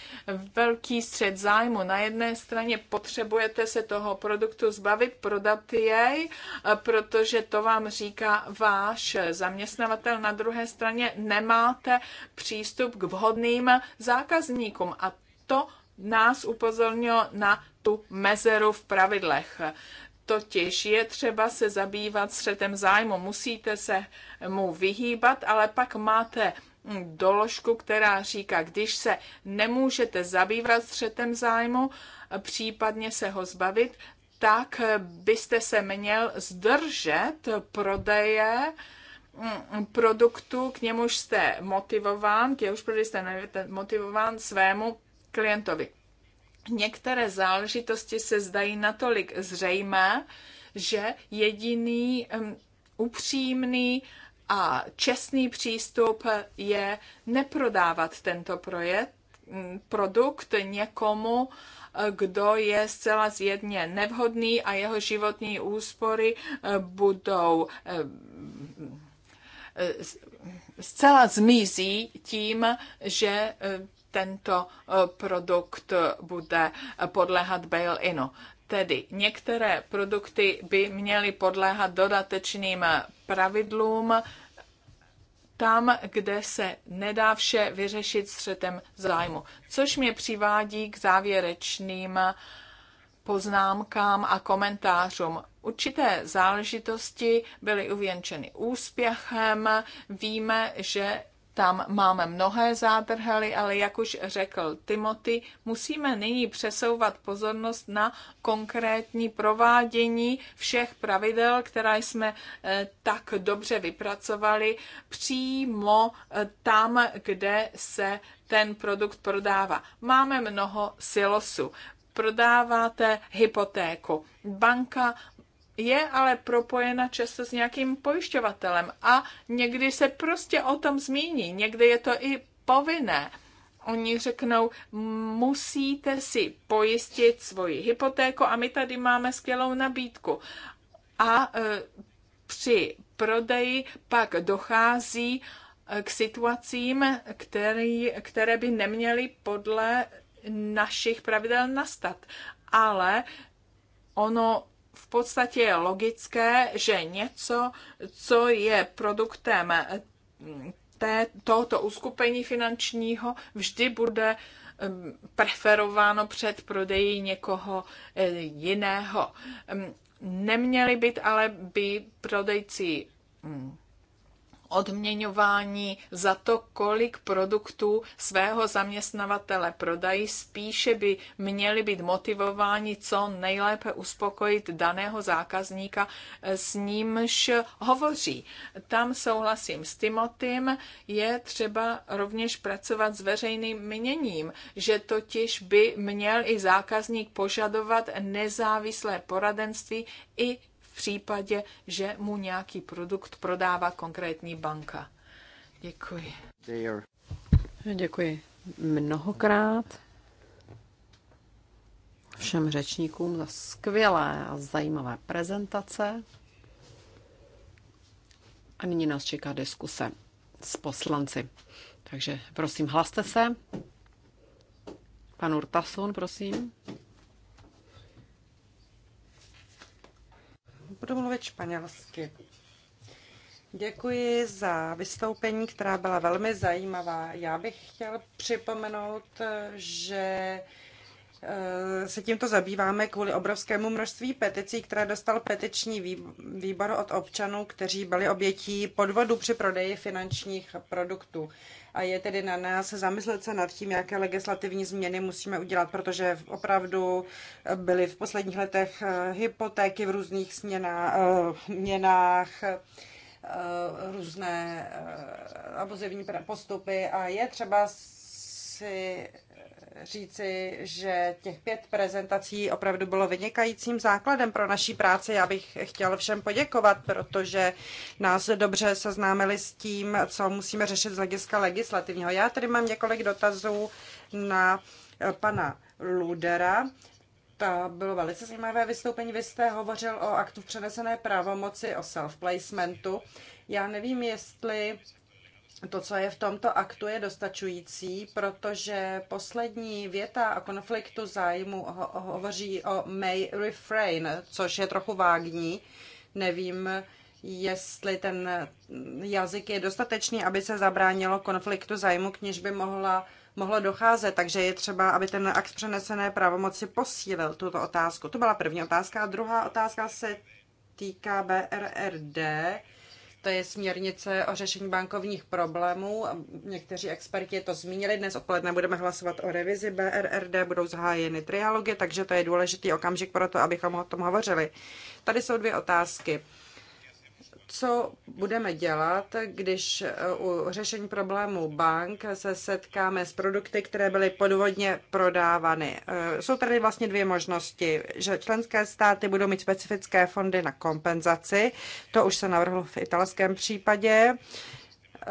velký střed zájmu. Na jedné straně potřebujete se toho produktu zbavit, prodat jej, protože to vám říká váš zaměstnavatel. Na druhé straně nemáte přístup k vhodným zákazníkům a to nás upozornilo na tu mezeru v pravidlech. Totiž je třeba se zabývat střetem zájmu, musíte se mu vyhýbat, ale pak máte doložku, která říká, když se nemůžete zabývat střetem zájmu, případně se ho zbavit, tak byste se měl zdržet prodeje mm, produktu, k němuž jste motivován, k jehož prodeji jste motivován svému klientovi. Některé záležitosti se zdají natolik zřejmé, že jediný um, upřímný a čestný přístup je neprodávat tento projekt, produkt někomu, eh, kdo je zcela zjedně nevhodný a jeho životní úspory eh, budou eh, zcela zmizí tím, že tento eh, produkt bude podléhat bail-inu. Tedy některé produkty by měly podléhat dodatečným pravidlům tam, kde se nedá vše vyřešit střetem zájmu. Což mě přivádí k závěrečným poznámkám a komentářům. Určité záležitosti byly uvěnčeny úspěchem. Víme, že tam máme mnohé zádrhely, ale jak už řekl Timothy, musíme nyní přesouvat pozornost na konkrétní provádění všech pravidel, která jsme eh, tak dobře vypracovali, přímo eh, tam, kde se ten produkt prodává. Máme mnoho silosu prodáváte hypotéku. Banka je ale propojena často s nějakým pojišťovatelem a někdy se prostě o tom zmíní, někdy je to i povinné. Oni řeknou, musíte si pojistit svoji hypotéku a my tady máme skvělou nabídku. A e, při prodeji pak dochází e, k situacím, který, které by neměly podle našich pravidel nastat. Ale ono v podstatě je logické, že něco, co je produktem mm, té, tohoto uskupení finančního, vždy bude mm, preferováno před prodeji někoho eh, jiného. Mm, neměli být ale by prodejci odměňování za to, kolik produktů svého zaměstnavatele prodají. Spíše by měli být motivováni co nejlépe uspokojit daného zákazníka, s nímž hovoří. Tam souhlasím s Timotym, je třeba rovněž pracovat s veřejným měním, že totiž by měl i zákazník požadovat nezávislé poradenství i v případě, že mu nějaký produkt prodává konkrétní banka. Děkuji. Děkuji mnohokrát všem řečníkům za skvělé a zajímavé prezentace. A nyní nás čeká diskuse s poslanci. Takže prosím, hlaste se. Pan Urtasun, prosím. Budu mluvit španělsky. Děkuji za vystoupení, která byla velmi zajímavá. Já bych chtěl připomenout, že Eh, se tímto zabýváme kvůli obrovskému množství peticí, které dostal petiční výbor od občanů, kteří byli obětí podvodu při prodeji finančních produktů. A je tedy na nás zamyslet se nad tím, jaké legislativní změny musíme udělat, protože opravdu byly v posledních letech eh, hypotéky v různých směnách, eh, měnách, různé abuzivní postupy a je třeba si říci, že těch pět prezentací opravdu bylo vynikajícím základem pro naší práci. Já bych chtěl všem poděkovat, protože nás dobře seznámili s tím, co musíme řešit z hlediska legislativního. Já tady mám několik dotazů na pana Ludera. To bylo velice zajímavé vystoupení. Vy jste hovořil o aktu v přenesené pravomoci, o self-placementu. Já nevím, jestli to, co je v tomto aktu, je dostačující, protože poslední věta o konfliktu zájmu ho- hovoří o may refrain, což je trochu vágní. Nevím, jestli ten jazyk je dostatečný, aby se zabránilo konfliktu zájmu, k níž by mohla, mohlo docházet. Takže je třeba, aby ten akt přenesené pravomoci posílil tuto otázku. To byla první otázka. A druhá otázka se týká BRRD to je směrnice o řešení bankovních problémů. Někteří experti to zmínili. Dnes odpoledne budeme hlasovat o revizi BRRD, budou zahájeny trialogy, takže to je důležitý okamžik pro to, abychom o tom hovořili. Tady jsou dvě otázky co budeme dělat, když eh, u řešení problémů bank se setkáme s produkty, které byly podvodně prodávány. Eh, jsou tady vlastně dvě možnosti, že členské státy budou mít specifické fondy na kompenzaci, to už se navrhlo v italském případě, eh,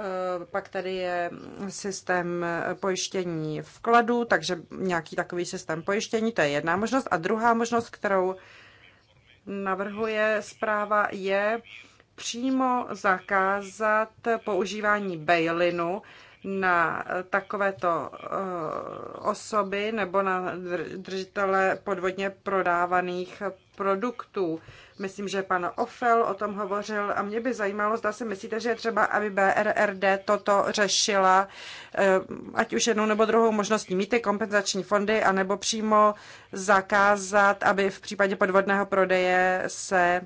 pak tady je systém pojištění vkladů, takže nějaký takový systém pojištění, to je jedna možnost. A druhá možnost, kterou navrhuje zpráva, je přímo zakázat používání bailinu na takovéto eh, osoby nebo na držitele podvodně prodávaných produktů. Myslím, že pan Ofel o tom hovořil a mě by zajímalo, zda si myslíte, že je třeba, aby BRRD toto řešila, eh, ať už jednou nebo druhou možností mít ty kompenzační fondy, anebo přímo zakázat, aby v případě podvodného prodeje se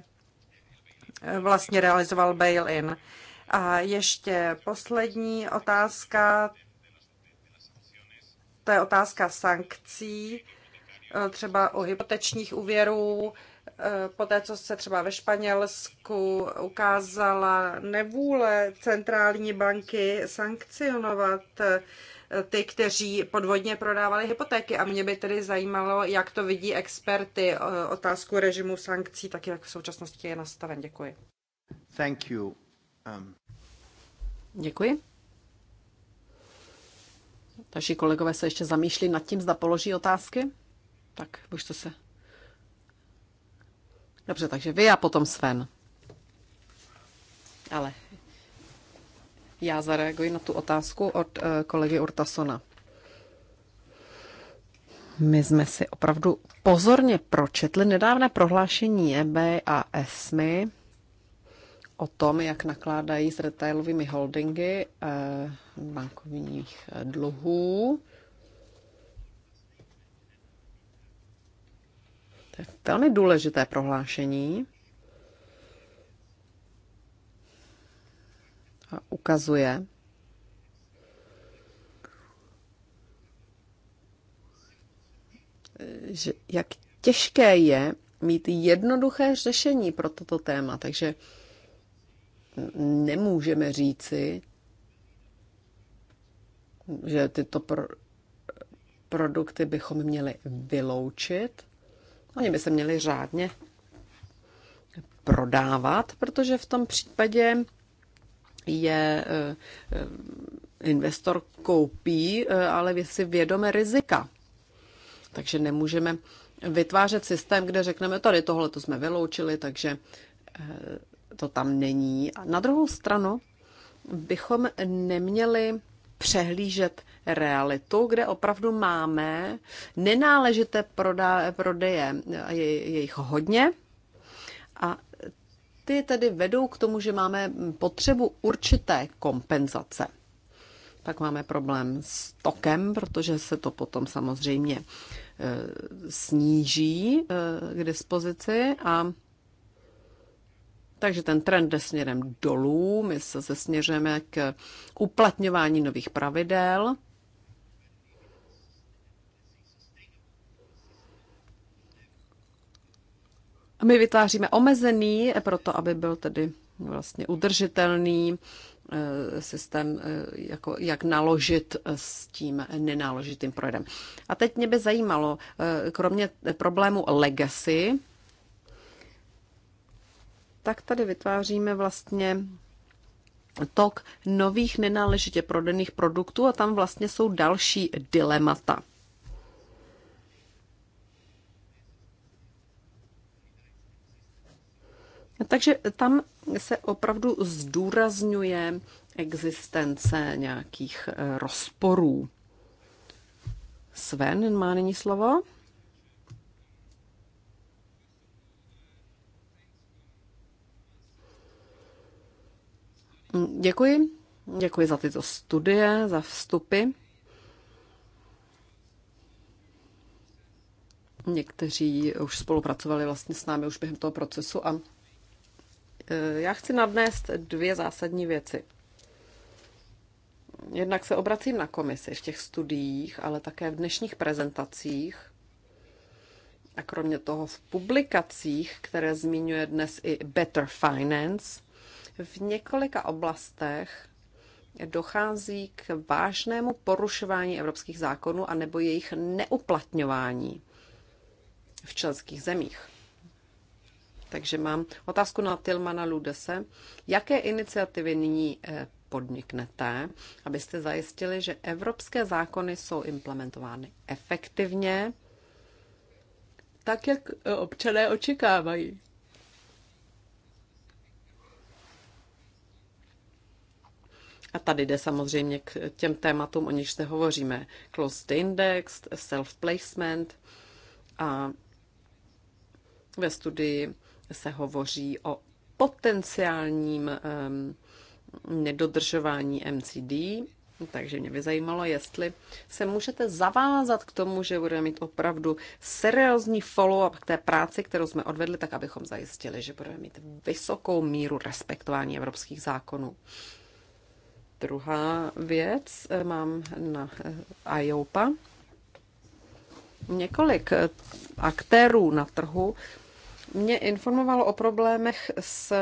vlastně realizoval bail-in. A ještě poslední otázka, to je otázka sankcí, eh, třeba u hypotečních úvěrů, eh, po té, co se třeba ve Španělsku ukázala nevůle centrální banky sankcionovat eh, ty, kteří podvodně prodávali hypotéky. A mě by tedy zajímalo, jak to vidí experty otázku režimu sankcí, tak jak v současnosti je nastaven. Děkuji. Thank you. Um... Děkuji. Naši kolegové se ještě zamýšlí nad tím, zda položí otázky. Tak, už to se. Dobře, takže vy a potom Sven. Ale já zareaguji na tu otázku od eh, kolegy Urtasona. My jsme si opravdu pozorně pročetli nedávné prohlášení EB a ESMY o tom, jak nakládají s retailovými holdingy eh, bankovních eh, dluhů. To je velmi důležité prohlášení. a ukazuje, že jak těžké je mít jednoduché řešení pro toto téma. Takže nemůžeme říci, že tyto pro, produkty bychom měli vyloučit. Oni by se měli řádně prodávat, protože v tom případě je eh, investor koupí, eh, ale je si vědome rizika. Takže nemůžeme vytvářet systém, kde řekneme, tady tohle to jsme vyloučili, takže eh, to tam není. A na druhou stranu bychom neměli přehlížet realitu, kde opravdu máme nenáležité prodeje je jich hodně. A ty tedy vedou k tomu, že máme potřebu určité kompenzace. Pak máme problém s tokem, protože se to potom samozřejmě eh, sníží eh, k dispozici a takže ten trend jde směrem dolů, my se směřujeme k uplatňování nových pravidel, my vytváříme omezený, proto aby byl tedy vlastně udržitelný eh, systém, eh, jako jak naložit eh, s tím nenáložitým projedem. A teď mě by zajímalo, kromě problému legacy, tak tady vytváříme vlastně tok nových nenáležitě prodaných produktů a tam vlastně jsou další dilemata. Takže tam se opravdu zdůrazňuje existence nějakých eh, rozporů. Sven má nyní slovo. Mm, děkuji. Děkuji za tyto studie, za vstupy. Někteří už spolupracovali vlastně s námi už během toho procesu a Eh, já chci nadnést dvě zásadní věci. Jednak se obracím na komisi v těch studiích, ale také v dnešních prezentacích a kromě toho v publikacích, které zmiňuje dnes i Better Finance, v několika oblastech dochází k vážnému porušování evropských zákonů a nebo jejich neuplatňování v členských zemích. Takže mám otázku na Tilmana Ludese. Jaké iniciativy nyní eh, podniknete, abyste zajistili, že evropské zákony jsou implementovány efektivně, tak, jak eh, občané očekávají? A tady jde samozřejmě k těm tématům, o nichž se hovoříme. Closed index, self-placement a ve studii se hovoří o potenciálním nedodržování MCD, takže mě by zajímalo, jestli se můžete zavázat k tomu, že budeme mít opravdu seriózní follow-up k té práci, kterou jsme odvedli, tak abychom zajistili, že budeme mít vysokou míru respektování evropských zákonů. Druhá věc eh, mám na eh, IOPA. Několik eh, aktérů na trhu mě informovalo o problémech s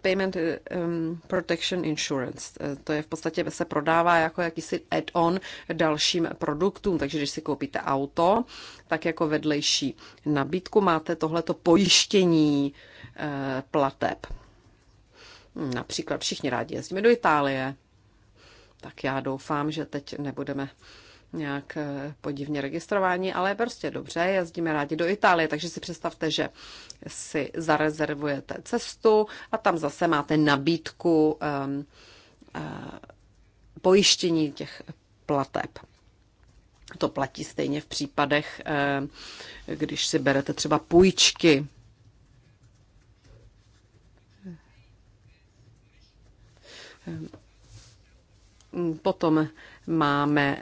Payment um, Protection Insurance. Eh, to je v podstatě se prodává jako jakýsi add-on dalším produktům, takže když si koupíte auto, tak jako vedlejší nabídku máte tohleto pojištění eh, plateb. Například všichni rádi jezdíme do Itálie, tak já doufám, že teď nebudeme nějak eh, podivně registrování, ale prostě dobře, jezdíme rádi do Itálie, takže si představte, že si zarezervujete cestu a tam zase máte nabídku um, uh, pojištění těch plateb. To platí stejně v případech, eh, když si berete třeba půjčky. Ehm, potom máme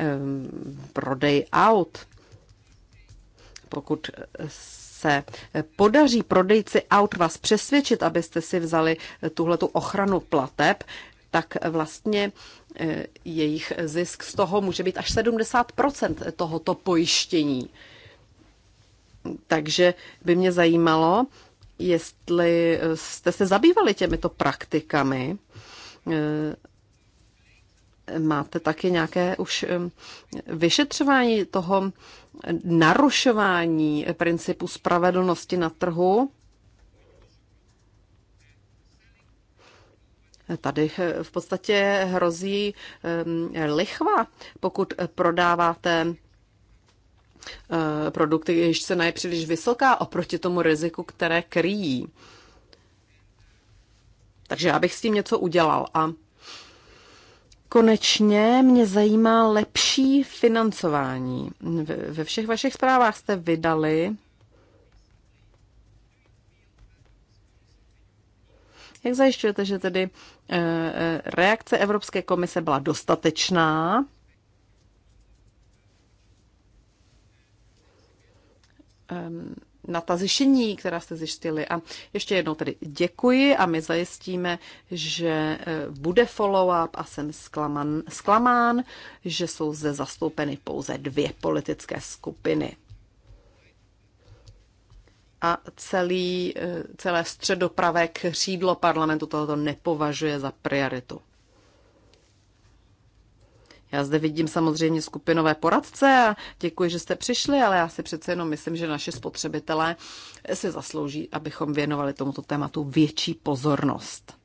prodej aut. Pokud se podaří prodejci aut vás přesvědčit, abyste si vzali tuhletu ochranu plateb, tak vlastně eh, jejich zisk z toho může být až 70 tohoto pojištění. Takže by mě zajímalo, jestli jste se zabývali těmito praktikami eh, máte taky nějaké už vyšetřování toho narušování principu spravedlnosti na trhu? Tady eh, v podstatě hrozí lichva, pokud prodáváte eh, produkty, jejichž cena je příliš vysoká oproti tomu riziku, které kryjí. Takže já bych s tím něco udělal a Konečně mě zajímá lepší financování. Ve všech vašich zprávách jste vydali Jak zajišťujete, že tedy eh, eh, reakce Evropské komise byla dostatečná? Ehm, na ta zjištění, která jste zjistili. A ještě jednou tedy děkuji a my zajistíme, že e, bude follow-up a jsem zklaman, zklamán, že jsou zde zastoupeny pouze dvě politické skupiny. A celý, e, celé středopravé křídlo parlamentu tohoto nepovažuje za prioritu. Já zde vidím samozřejmě skupinové poradce a děkuji, že jste přišli, ale já si přece jenom myslím, že naše spotřebitelé si zaslouží, abychom věnovali tomuto tématu větší pozornost.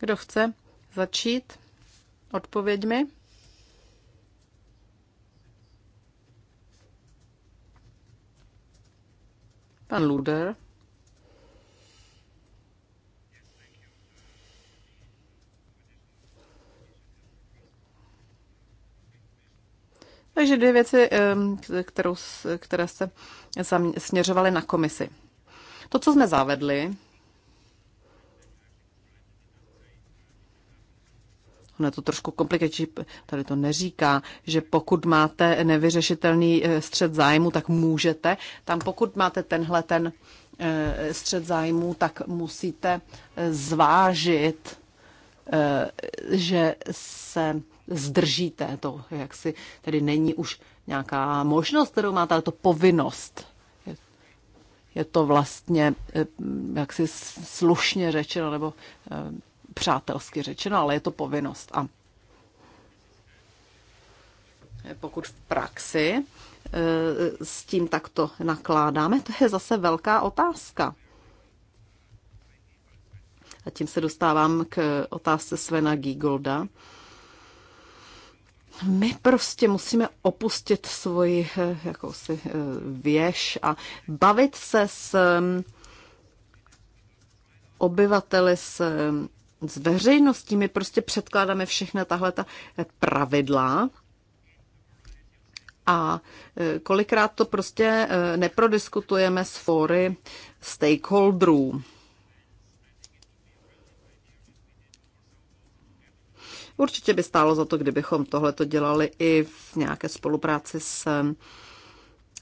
Kdo chce začít odpověďmi? Pan Luder. Takže dvě věci, kterou, které se směřovaly na komisi. To, co jsme zavedli, ono je to trošku komplikační, tady to neříká, že pokud máte nevyřešitelný eh, střed zájmu, tak můžete. Tam pokud máte tenhle ten eh, střed zájmu, tak musíte eh, zvážit, že se zdržíte. To jaksi tedy není už nějaká možnost, kterou máte, ale to povinnost. Je to vlastně, eh, jak si slušně řečeno, nebo eh, přátelsky řečeno, ale je to povinnost. A pokud v praxi eh, s tím takto nakládáme, to je zase velká otázka. A tím se dostávám k otázce Svena Gigolda, my prostě musíme opustit svoji eh, jakousi eh, věž a bavit se s mm, obyvateli, s, mm, s veřejností. My prostě předkládáme všechna tahle ta eh, pravidla a kolikrát to prostě neprodiskutujeme s fóry stakeholderů. Určitě by stálo za to, kdybychom tohle to dělali i v nějaké spolupráci s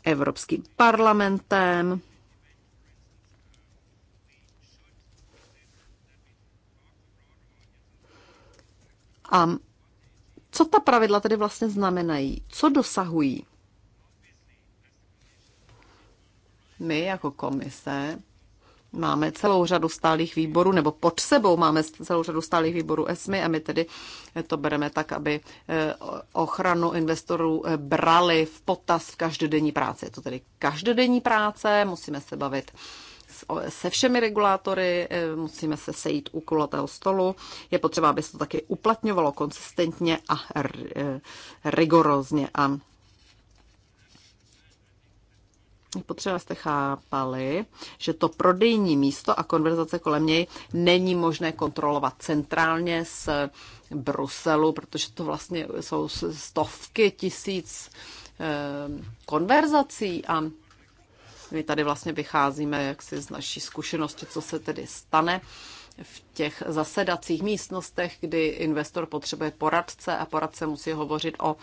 Evropským parlamentem. A co ta pravidla tedy vlastně znamenají? Co dosahují? My jako komise máme celou řadu stálých výborů, nebo pod sebou máme celou řadu stálých výborů ESMI a my tedy eh, to bereme tak, aby eh, ochranu investorů eh, brali v potaz v každodenní práci. Je to tedy každodenní práce, musíme se bavit se všemi regulátory, musíme se sejít u kulatého stolu. Je potřeba, aby se to taky uplatňovalo konsistentně a rigorózně. A potřeba jste chápali, že to prodejní místo a konverzace kolem něj není možné kontrolovat centrálně z Bruselu, protože to vlastně jsou stovky tisíc eh, konverzací a my tady vlastně vycházíme jaksi z naší zkušenosti, co se tedy stane v těch zasedacích místnostech, kdy investor potřebuje poradce a poradce musí hovořit o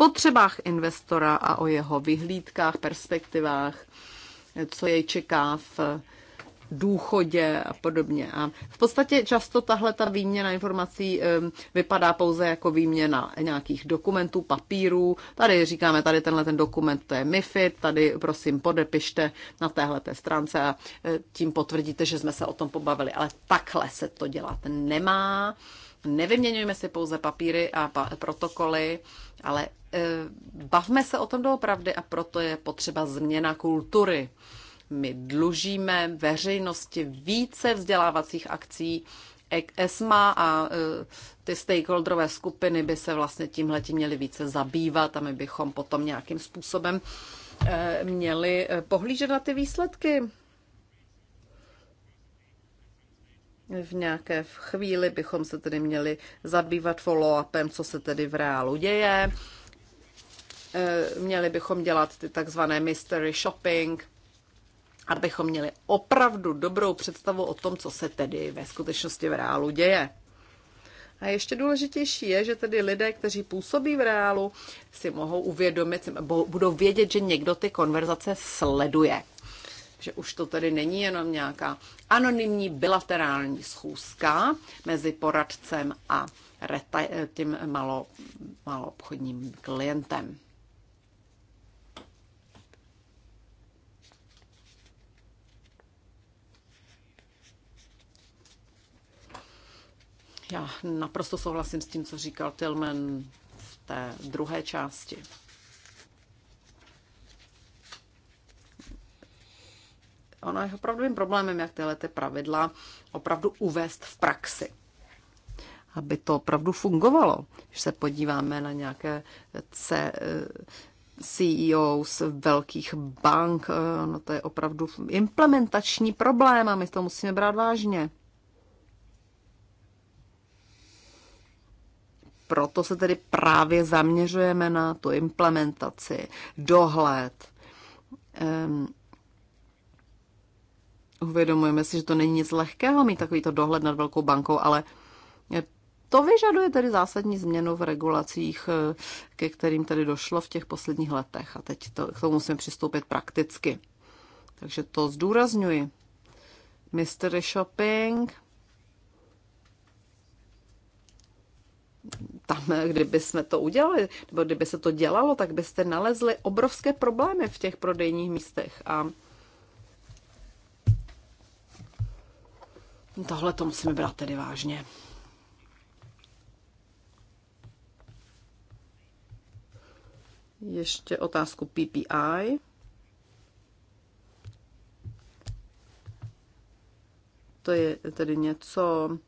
potřebách investora a o jeho vyhlídkách, perspektivách, co jej čeká v důchodě a podobně. A v podstatě často tahle ta výměna informací vypadá pouze jako výměna nějakých dokumentů, papírů. Tady říkáme, tady tenhle ten dokument, to je MIFID, tady prosím podepište na téhle té stránce a e, tím potvrdíte, že jsme se o tom pobavili. Ale takhle se to dělat nemá. Nevyměňujeme si pouze papíry a protokoly, ale Eh, bavme se o tom doopravdy a proto je potřeba změna kultury. My dlužíme veřejnosti více vzdělávacích akcí. ESMA a eh, ty stakeholderové skupiny by se vlastně tímhletím měly více zabývat a my bychom potom nějakým způsobem eh, měli pohlížet na ty výsledky. V nějaké chvíli bychom se tedy měli zabývat follow-upem, co se tedy v reálu děje Eh, měli bychom dělat ty takzvané mystery shopping, abychom měli opravdu dobrou představu o tom, co se tedy ve skutečnosti v reálu děje. A ještě důležitější je, že tedy lidé, kteří působí v reálu, si mohou uvědomit, budou vědět, že někdo ty konverzace sleduje. Že už to tedy není jenom nějaká anonymní bilaterální schůzka mezi poradcem a eh, tím malou, malou obchodním klientem. Já naprosto souhlasím s tím, co říkal Tilman v té druhé části. Ono je opravdovým problémem, jak tyhle ty pravidla opravdu uvést v praxi. Aby to opravdu fungovalo. Když se podíváme na nějaké C, CEO z velkých bank, no to je opravdu implementační problém a my to musíme brát vážně. proto se tedy právě zaměřujeme na tu implementaci, dohled. Um, uvědomujeme si, že to není nic lehkého mít takovýto dohled nad velkou bankou, ale e, to vyžaduje tedy zásadní změnu v regulacích, e, ke kterým tedy došlo v těch posledních letech. A teď to, k tomu musíme přistoupit prakticky. Takže to zdůrazňuji. Mystery shopping – tam, kdyby jsme to udělali, nebo kdyby se to dělalo, tak byste nalezli obrovské problémy v těch prodejních místech. A tohle to musíme brát tedy vážně. Ještě otázku PPI. To je tedy něco,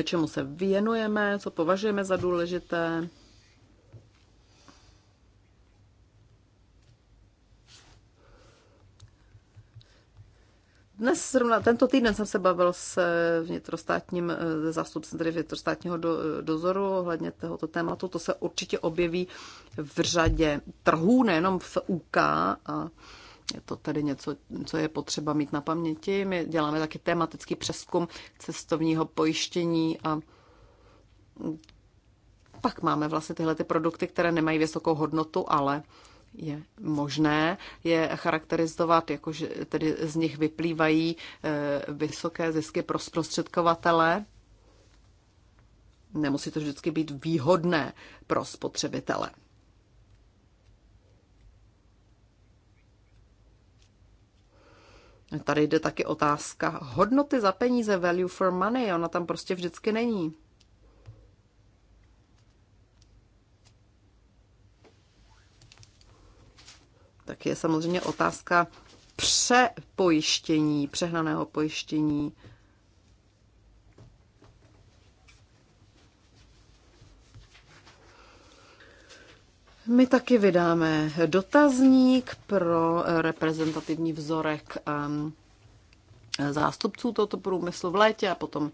čemu se věnujeme, co považujeme za důležité. Dnes zrovna, tento týden jsem se bavil s vnitrostátním eh, zástupcem tedy vnitrostátního do, eh, dozoru ohledně tohoto tématu. To se určitě objeví v řadě trhů, nejenom v UK. A, je to tedy něco, co je potřeba mít na paměti. My děláme taky tematický přeskum cestovního pojištění a pak máme vlastně tyhle ty produkty, které nemají vysokou hodnotu, ale je možné je charakterizovat, jakože tedy z nich vyplývají eh, vysoké zisky pro zprostředkovatele. Nemusí to vždycky být výhodné pro spotřebitele. Tady jde taky otázka hodnoty za peníze, value for money, ona tam prostě vždycky není. Tak je samozřejmě otázka přepojištění, přehnaného pojištění. My taky vydáme dotazník pro reprezentativní vzorek um, zástupců tohoto průmyslu v létě a potom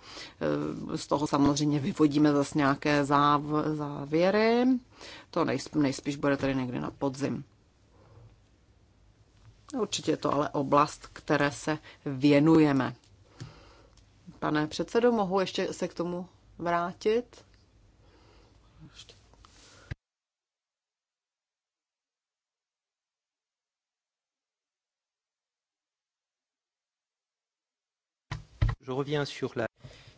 eh, z toho samozřejmě vyvodíme zase nějaké záv, závěry. To nejspíš bude tady někdy na podzim. Určitě je to ale oblast, které se věnujeme. Pane předsedo, mohu ještě se k tomu vrátit?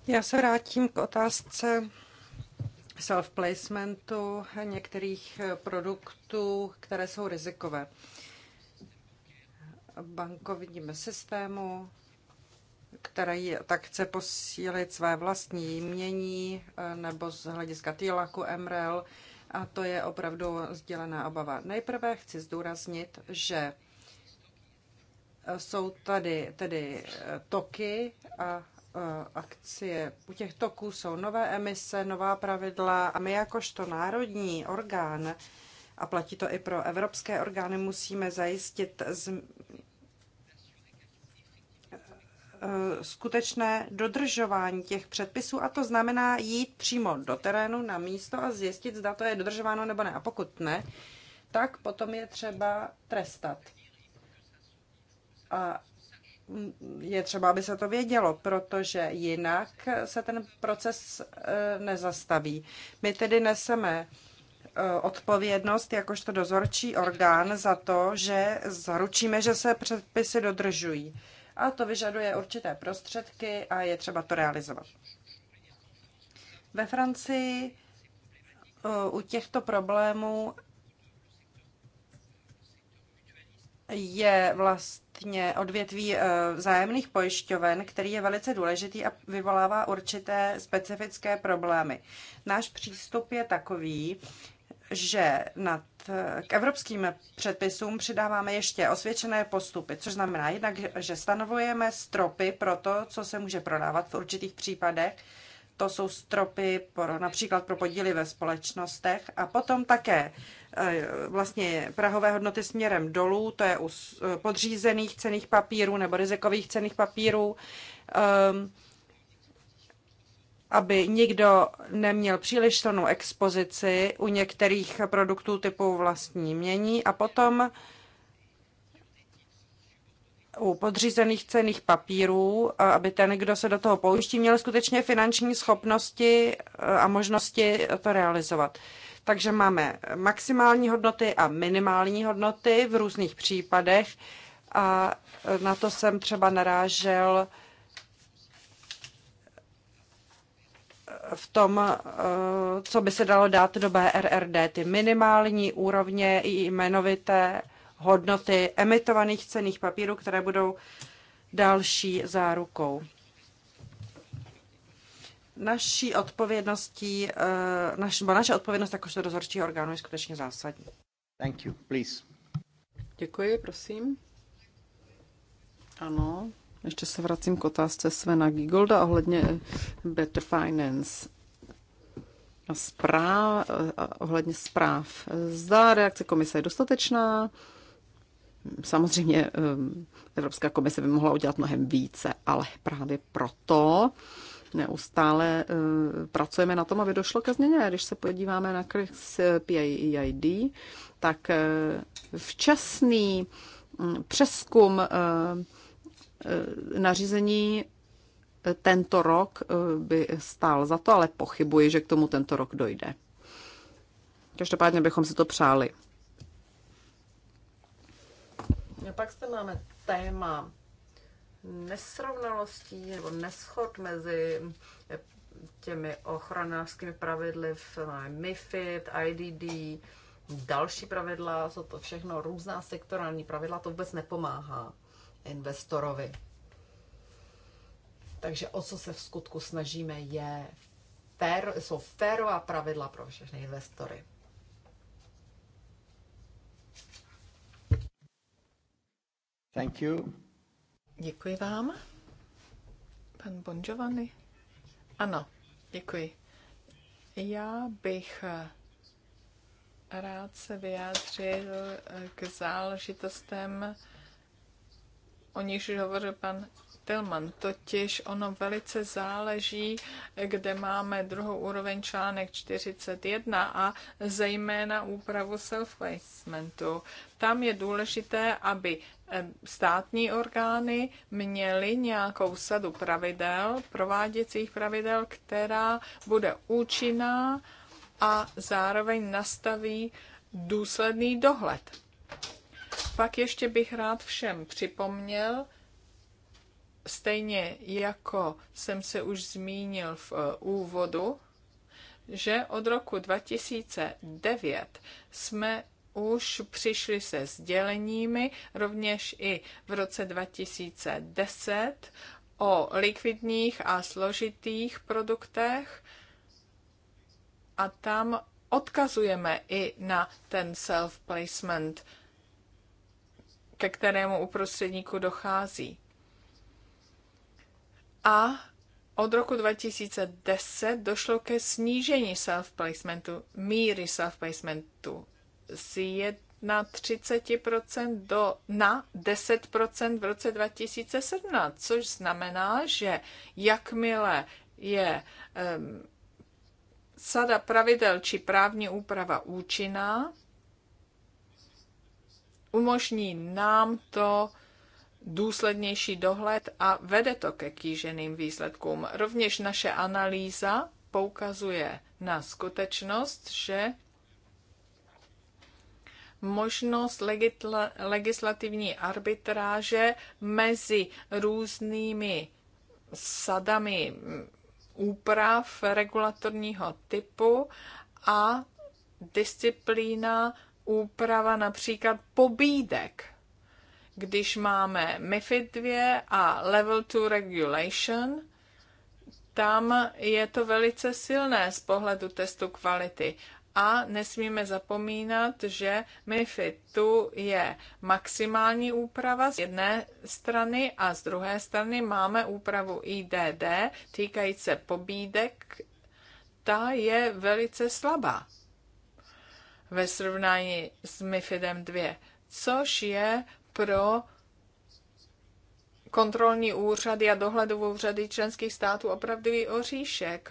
Já se vrátím k otázce self-placementu některých eh, produktů, které jsou rizikové. Bankovním systému, který tak chce posílit své vlastní jmění eh, nebo z hlediska TILAKu, MREL, a to je opravdu sdělená obava. Nejprve chci zdůraznit, že jsou tady tedy eh, toky a eh, akcie. U těch toků jsou nové emise, nová pravidla a my jakožto národní orgán, a platí to i pro evropské orgány, musíme zajistit z... Eh, skutečné dodržování těch předpisů a to znamená jít přímo do terénu na místo a zjistit, zda to je dodržováno nebo ne. A pokud ne, tak potom je třeba trestat. A je třeba, aby se to vědělo, protože jinak se ten proces e, nezastaví. My tedy neseme e, odpovědnost jakožto dozorčí orgán za to, že zaručíme, že se předpisy dodržují. A to vyžaduje určité prostředky a je třeba to realizovat. Ve Francii e, u těchto problémů je vlastně odvětví eh, zájemných pojišťoven, který je velice důležitý a vyvolává určité specifické problémy. Náš přístup je takový, že nad, eh, k evropským předpisům přidáváme ještě osvědčené postupy, což znamená jednak, že stanovujeme stropy pro to, co se může prodávat v určitých případech, to jsou stropy pro, například pro podíly ve společnostech a potom také e, vlastně prahové hodnoty směrem dolů, to je u e, podřízených cených papírů nebo rizikových cených papírů, ehm, aby nikdo neměl příliš silnou expozici u některých produktů typu vlastní mění a potom u podřízených cených papírů, aby ten, kdo se do toho pouští, měl skutečně finanční schopnosti eh, a možnosti to realizovat. Takže máme maximální hodnoty a minimální hodnoty v různých případech a na to jsem třeba narážel eh, v tom, eh, co by se dalo dát do BRRD, ty minimální úrovně i jmenovité hodnoty emitovaných cených papírů, které budou další zárukou. Naší odpovědností, eh, naš, naše odpovědnost jakožto dozorčího orgánu je skutečně zásadní. Thank you. Please. Děkuji, prosím. Ano, ještě se vracím k otázce Svena Gigolda ohledně eh, Better Finance. Zpráv, eh, ohledně zpráv. Zda reakce komise je dostatečná, Samozřejmě ehm, Evropská komise by mohla udělat mnohem více, ale právě proto neustále eh, pracujeme na tom, aby došlo ke změně. Když se podíváme na KRIX eh, PIEID, tak eh, včasný hm, přeskum nařízení tento rok by stál za to, ale pochybuji, že k tomu tento rok dojde. Každopádně bychom si to přáli. Pak zde máme téma nesrovnalostí nebo neschod mezi těmi ochranářskými pravidly v MIFID, IDD, další pravidla, jsou to všechno různá sektorální pravidla, to vůbec nepomáhá investorovi. Takže o co se v skutku snažíme je, fér, jsou férová pravidla pro všechny investory. Thank you. Děkuji vám. Pan Giovanni. Ano, děkuji. Já bych eh, rád se vyjádřil eh, k záležitostem, o nichž hovořil pan Tilman, totiž ono velice záleží, kde máme druhou úroveň článek 41 a zejména úpravu self-placementu. Tam je důležité, aby eh, státní orgány měly nějakou sadu pravidel, prováděcích pravidel, která bude účinná a zároveň nastaví důsledný dohled. Pak ještě bych rád všem připomněl, stejně jako jsem se už zmínil v eh, úvodu, že od roku 2009 jsme už přišli se sděleními, rovněž i v roce 2010 o likvidních a složitých produktech a tam odkazujeme i na ten self-placement, ke kterému u prostředníku dochází a od roku 2010 došlo ke snížení self-placementu, míry self-placementu z 31% do, na 10% v roce 2017, což znamená, že jakmile je um, sada pravidel či právní úprava účinná, umožní nám to důslednější dohled a vede to ke kýženým výsledkům. Rovněž naše analýza poukazuje na skutečnost, že možnost legislativní arbitráže mezi různými sadami úprav regulatorního typu a disciplína úprava například pobídek když máme MIFID 2 a Level 2 Regulation, tam je to velice silné z pohledu testu kvality. A nesmíme zapomínat, že MIFID tu je maximální úprava z jedné strany a z druhé strany máme úpravu IDD týkající se pobídek. Ta je velice slabá ve srovnání s MIFIDem 2, což je pro kontrolní úřady a dohledové úřady členských států opravdový oříšek.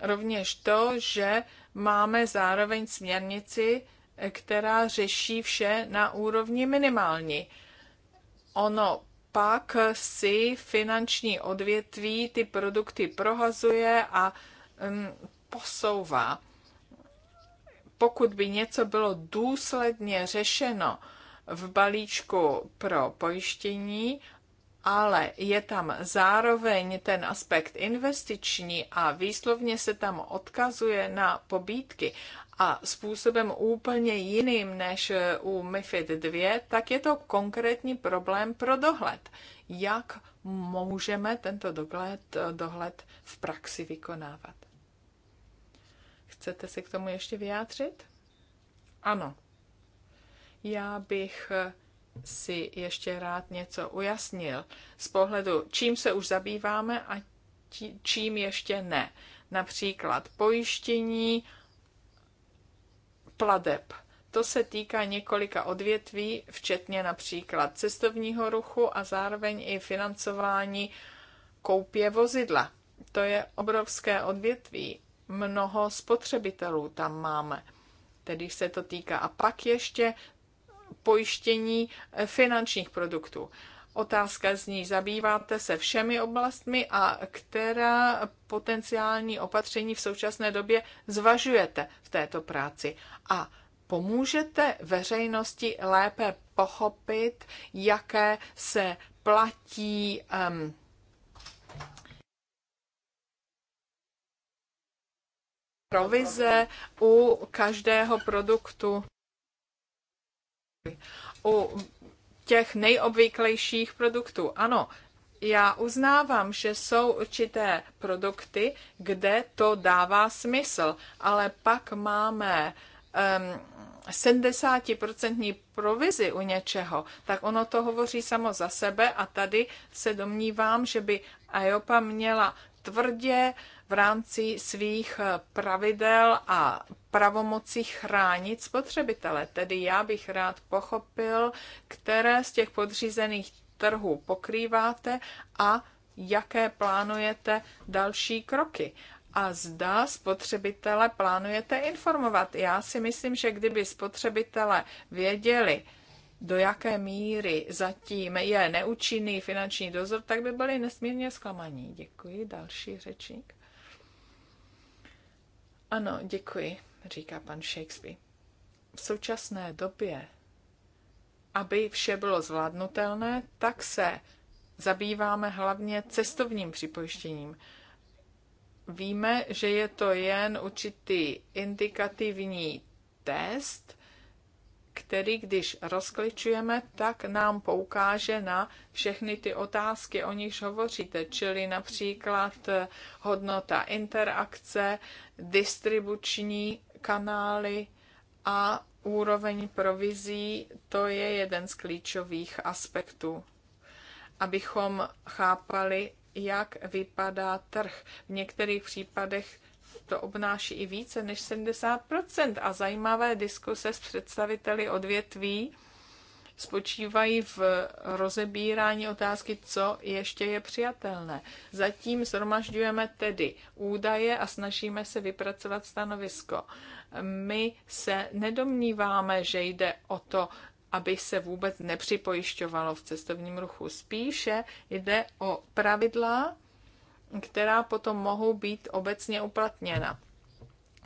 Rovněž to, že máme zároveň směrnici, která řeší vše na úrovni minimální. Ono pak si finanční odvětví ty produkty prohazuje a um, posouvá. Pokud by něco bylo důsledně řešeno, v balíčku pro pojištění, ale je tam zároveň ten aspekt investiční a výslovně se tam odkazuje na pobídky a způsobem úplně jiným než eh, u MIFID 2, tak je to konkrétní problém pro dohled. Jak můžeme tento dohled, eh, dohled v praxi vykonávat? Chcete se k tomu ještě vyjádřit? Ano. Já bych eh, si ještě rád něco ujasnil z pohledu, čím se už zabýváme a čím ještě ne. Například pojištění pladeb. To se týká několika odvětví, včetně například cestovního ruchu a zároveň i financování koupě vozidla. To je obrovské odvětví. Mnoho spotřebitelů tam máme tedy se to týká. A pak ještě pojištění eh, finančních produktů. Otázka zní, zabýváte se všemi oblastmi a která potenciální opatření v současné době zvažujete v této práci? A pomůžete veřejnosti lépe pochopit, jaké se platí um, provize u každého produktu? u těch nejobvyklejších produktů. Ano, já uznávám, že jsou určité produkty, kde to dává smysl, ale pak máme um, 70% provizi u něčeho, tak ono to hovoří samo za sebe a tady se domnívám, že by IOPA měla tvrdě v rámci svých eh, pravidel a pravomocí chránit spotřebitele. Tedy já bych rád pochopil, které z těch podřízených trhů pokrýváte a jaké plánujete další kroky a zda spotřebitele plánujete informovat. Já si myslím, že kdyby spotřebitele věděli, do jaké míry zatím je neúčinný finanční dozor, tak by byli nesmírně zklamaní. Děkuji. Další řečník. Ano, děkuji, říká pan Shakespeare. V současné době, aby vše bylo zvládnutelné, tak se zabýváme hlavně cestovním připojištěním. Víme, že je to jen určitý indikativní test, který, když rozkličujeme, tak nám poukáže na všechny ty otázky, o nichž hovoříte, čili například eh, hodnota interakce, distribuční kanály a úroveň provizí, to je jeden z klíčových aspektů, abychom chápali, jak vypadá trh. V některých případech to obnáší i více než 70%. A zajímavé diskuse s představiteli odvětví spočívají v rozebírání otázky, co ještě je přijatelné. Zatím zhromažďujeme tedy údaje a snažíme se vypracovat stanovisko. My se nedomníváme, že jde o to, aby se vůbec nepřipojišťovalo v cestovním ruchu. Spíše jde o pravidla, která potom mohou být obecně uplatněna.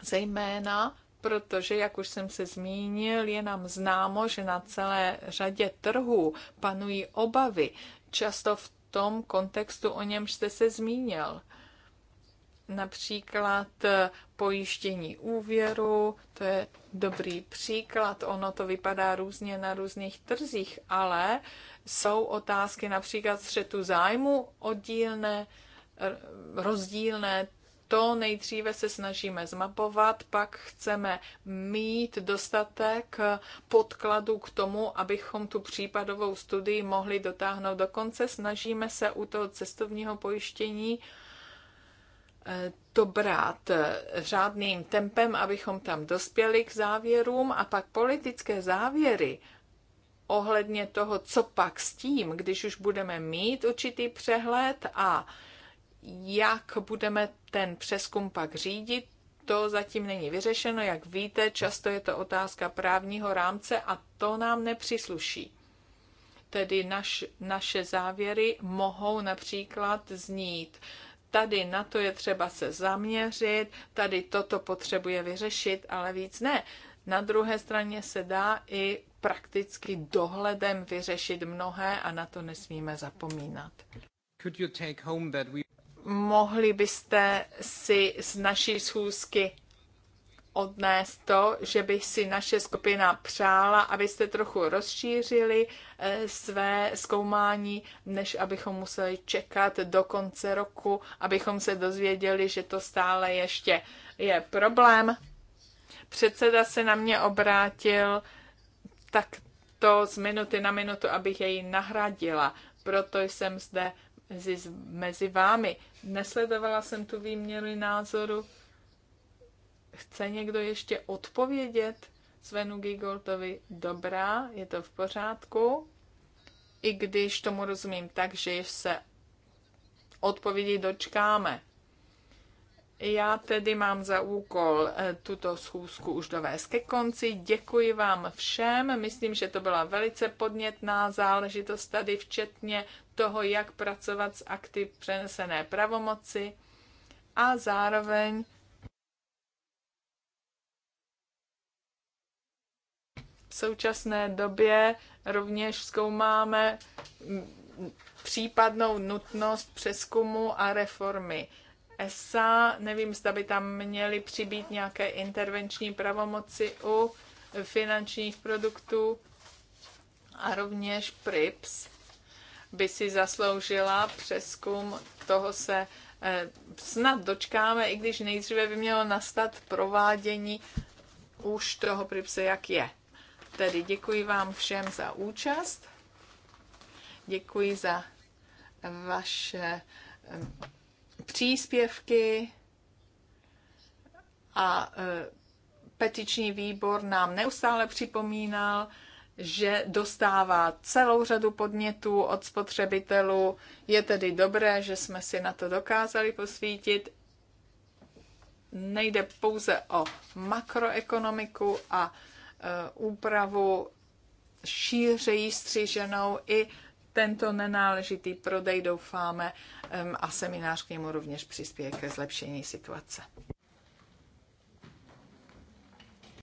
Zejména protože, jak už jsem se zmínil, je nám známo, že na celé řadě trhů panují obavy, často v tom kontextu, o němž jste se zmínil. Například eh, pojištění úvěru, to je dobrý příklad, ono to vypadá různě na různých trzích, ale jsou otázky například střetu zájmu oddílné rozdílné. To nejdříve se snažíme zmapovat, pak chceme mít dostatek podkladů k tomu, abychom tu případovou studii mohli dotáhnout do konce. Snažíme se u toho cestovního pojištění eh, to brát eh, řádným tempem, abychom tam dospěli k závěrům a pak politické závěry ohledně toho, co pak s tím, když už budeme mít určitý přehled a jak budeme ten přeskum pak řídit, to zatím není vyřešeno. Jak víte, často je to otázka právního rámce a to nám nepřisluší. Tedy naš, naše závěry mohou například znít, tady na to je třeba se zaměřit, tady toto potřebuje vyřešit, ale víc ne. Na druhé straně se dá i prakticky dohledem vyřešit mnohé a na to nesmíme zapomínat. Could you take home that we mohli byste si z naší schůzky odnést to, že by si naše skupina přála, abyste trochu rozšířili eh, své zkoumání, než abychom museli čekat do konce roku, abychom se dozvěděli, že to stále ještě je problém. Předseda se na mě obrátil tak to z minuty na minutu, abych jej nahradila. Proto jsem zde mezi, mezi vámi. Nesledovala jsem tu výměnu názoru. Chce někdo ještě odpovědět Svenu Gigoltovi? Dobrá, je to v pořádku. I když tomu rozumím tak, že se odpovědi dočkáme. Já tedy mám za úkol eh, tuto schůzku už dovést ke konci. Děkuji vám všem. Myslím, že to byla velice podnětná záležitost tady, včetně toho, jak pracovat s akty přenesené pravomoci a zároveň v současné době rovněž zkoumáme mm, případnou nutnost přeskumu a reformy ESA. Nevím, zda by tam měly přibýt nějaké intervenční pravomoci u finančních produktů a rovněž PRIPS by si zasloužila přeskum, toho se eh, snad dočkáme, i když nejdříve by mělo nastat provádění už toho PRIPSu, jak je. Tedy děkuji vám všem za účast, děkuji za vaše eh, příspěvky a e, petiční výbor nám neustále připomínal, že dostává celou řadu podnětů od spotřebitelů. Je tedy dobré, že jsme si na to dokázali posvítit. Nejde pouze o makroekonomiku a e, úpravu šířejí stříženou i tento nenáležitý prodej, doufáme, a seminář k němu rovněž přispěje ke zlepšení situace.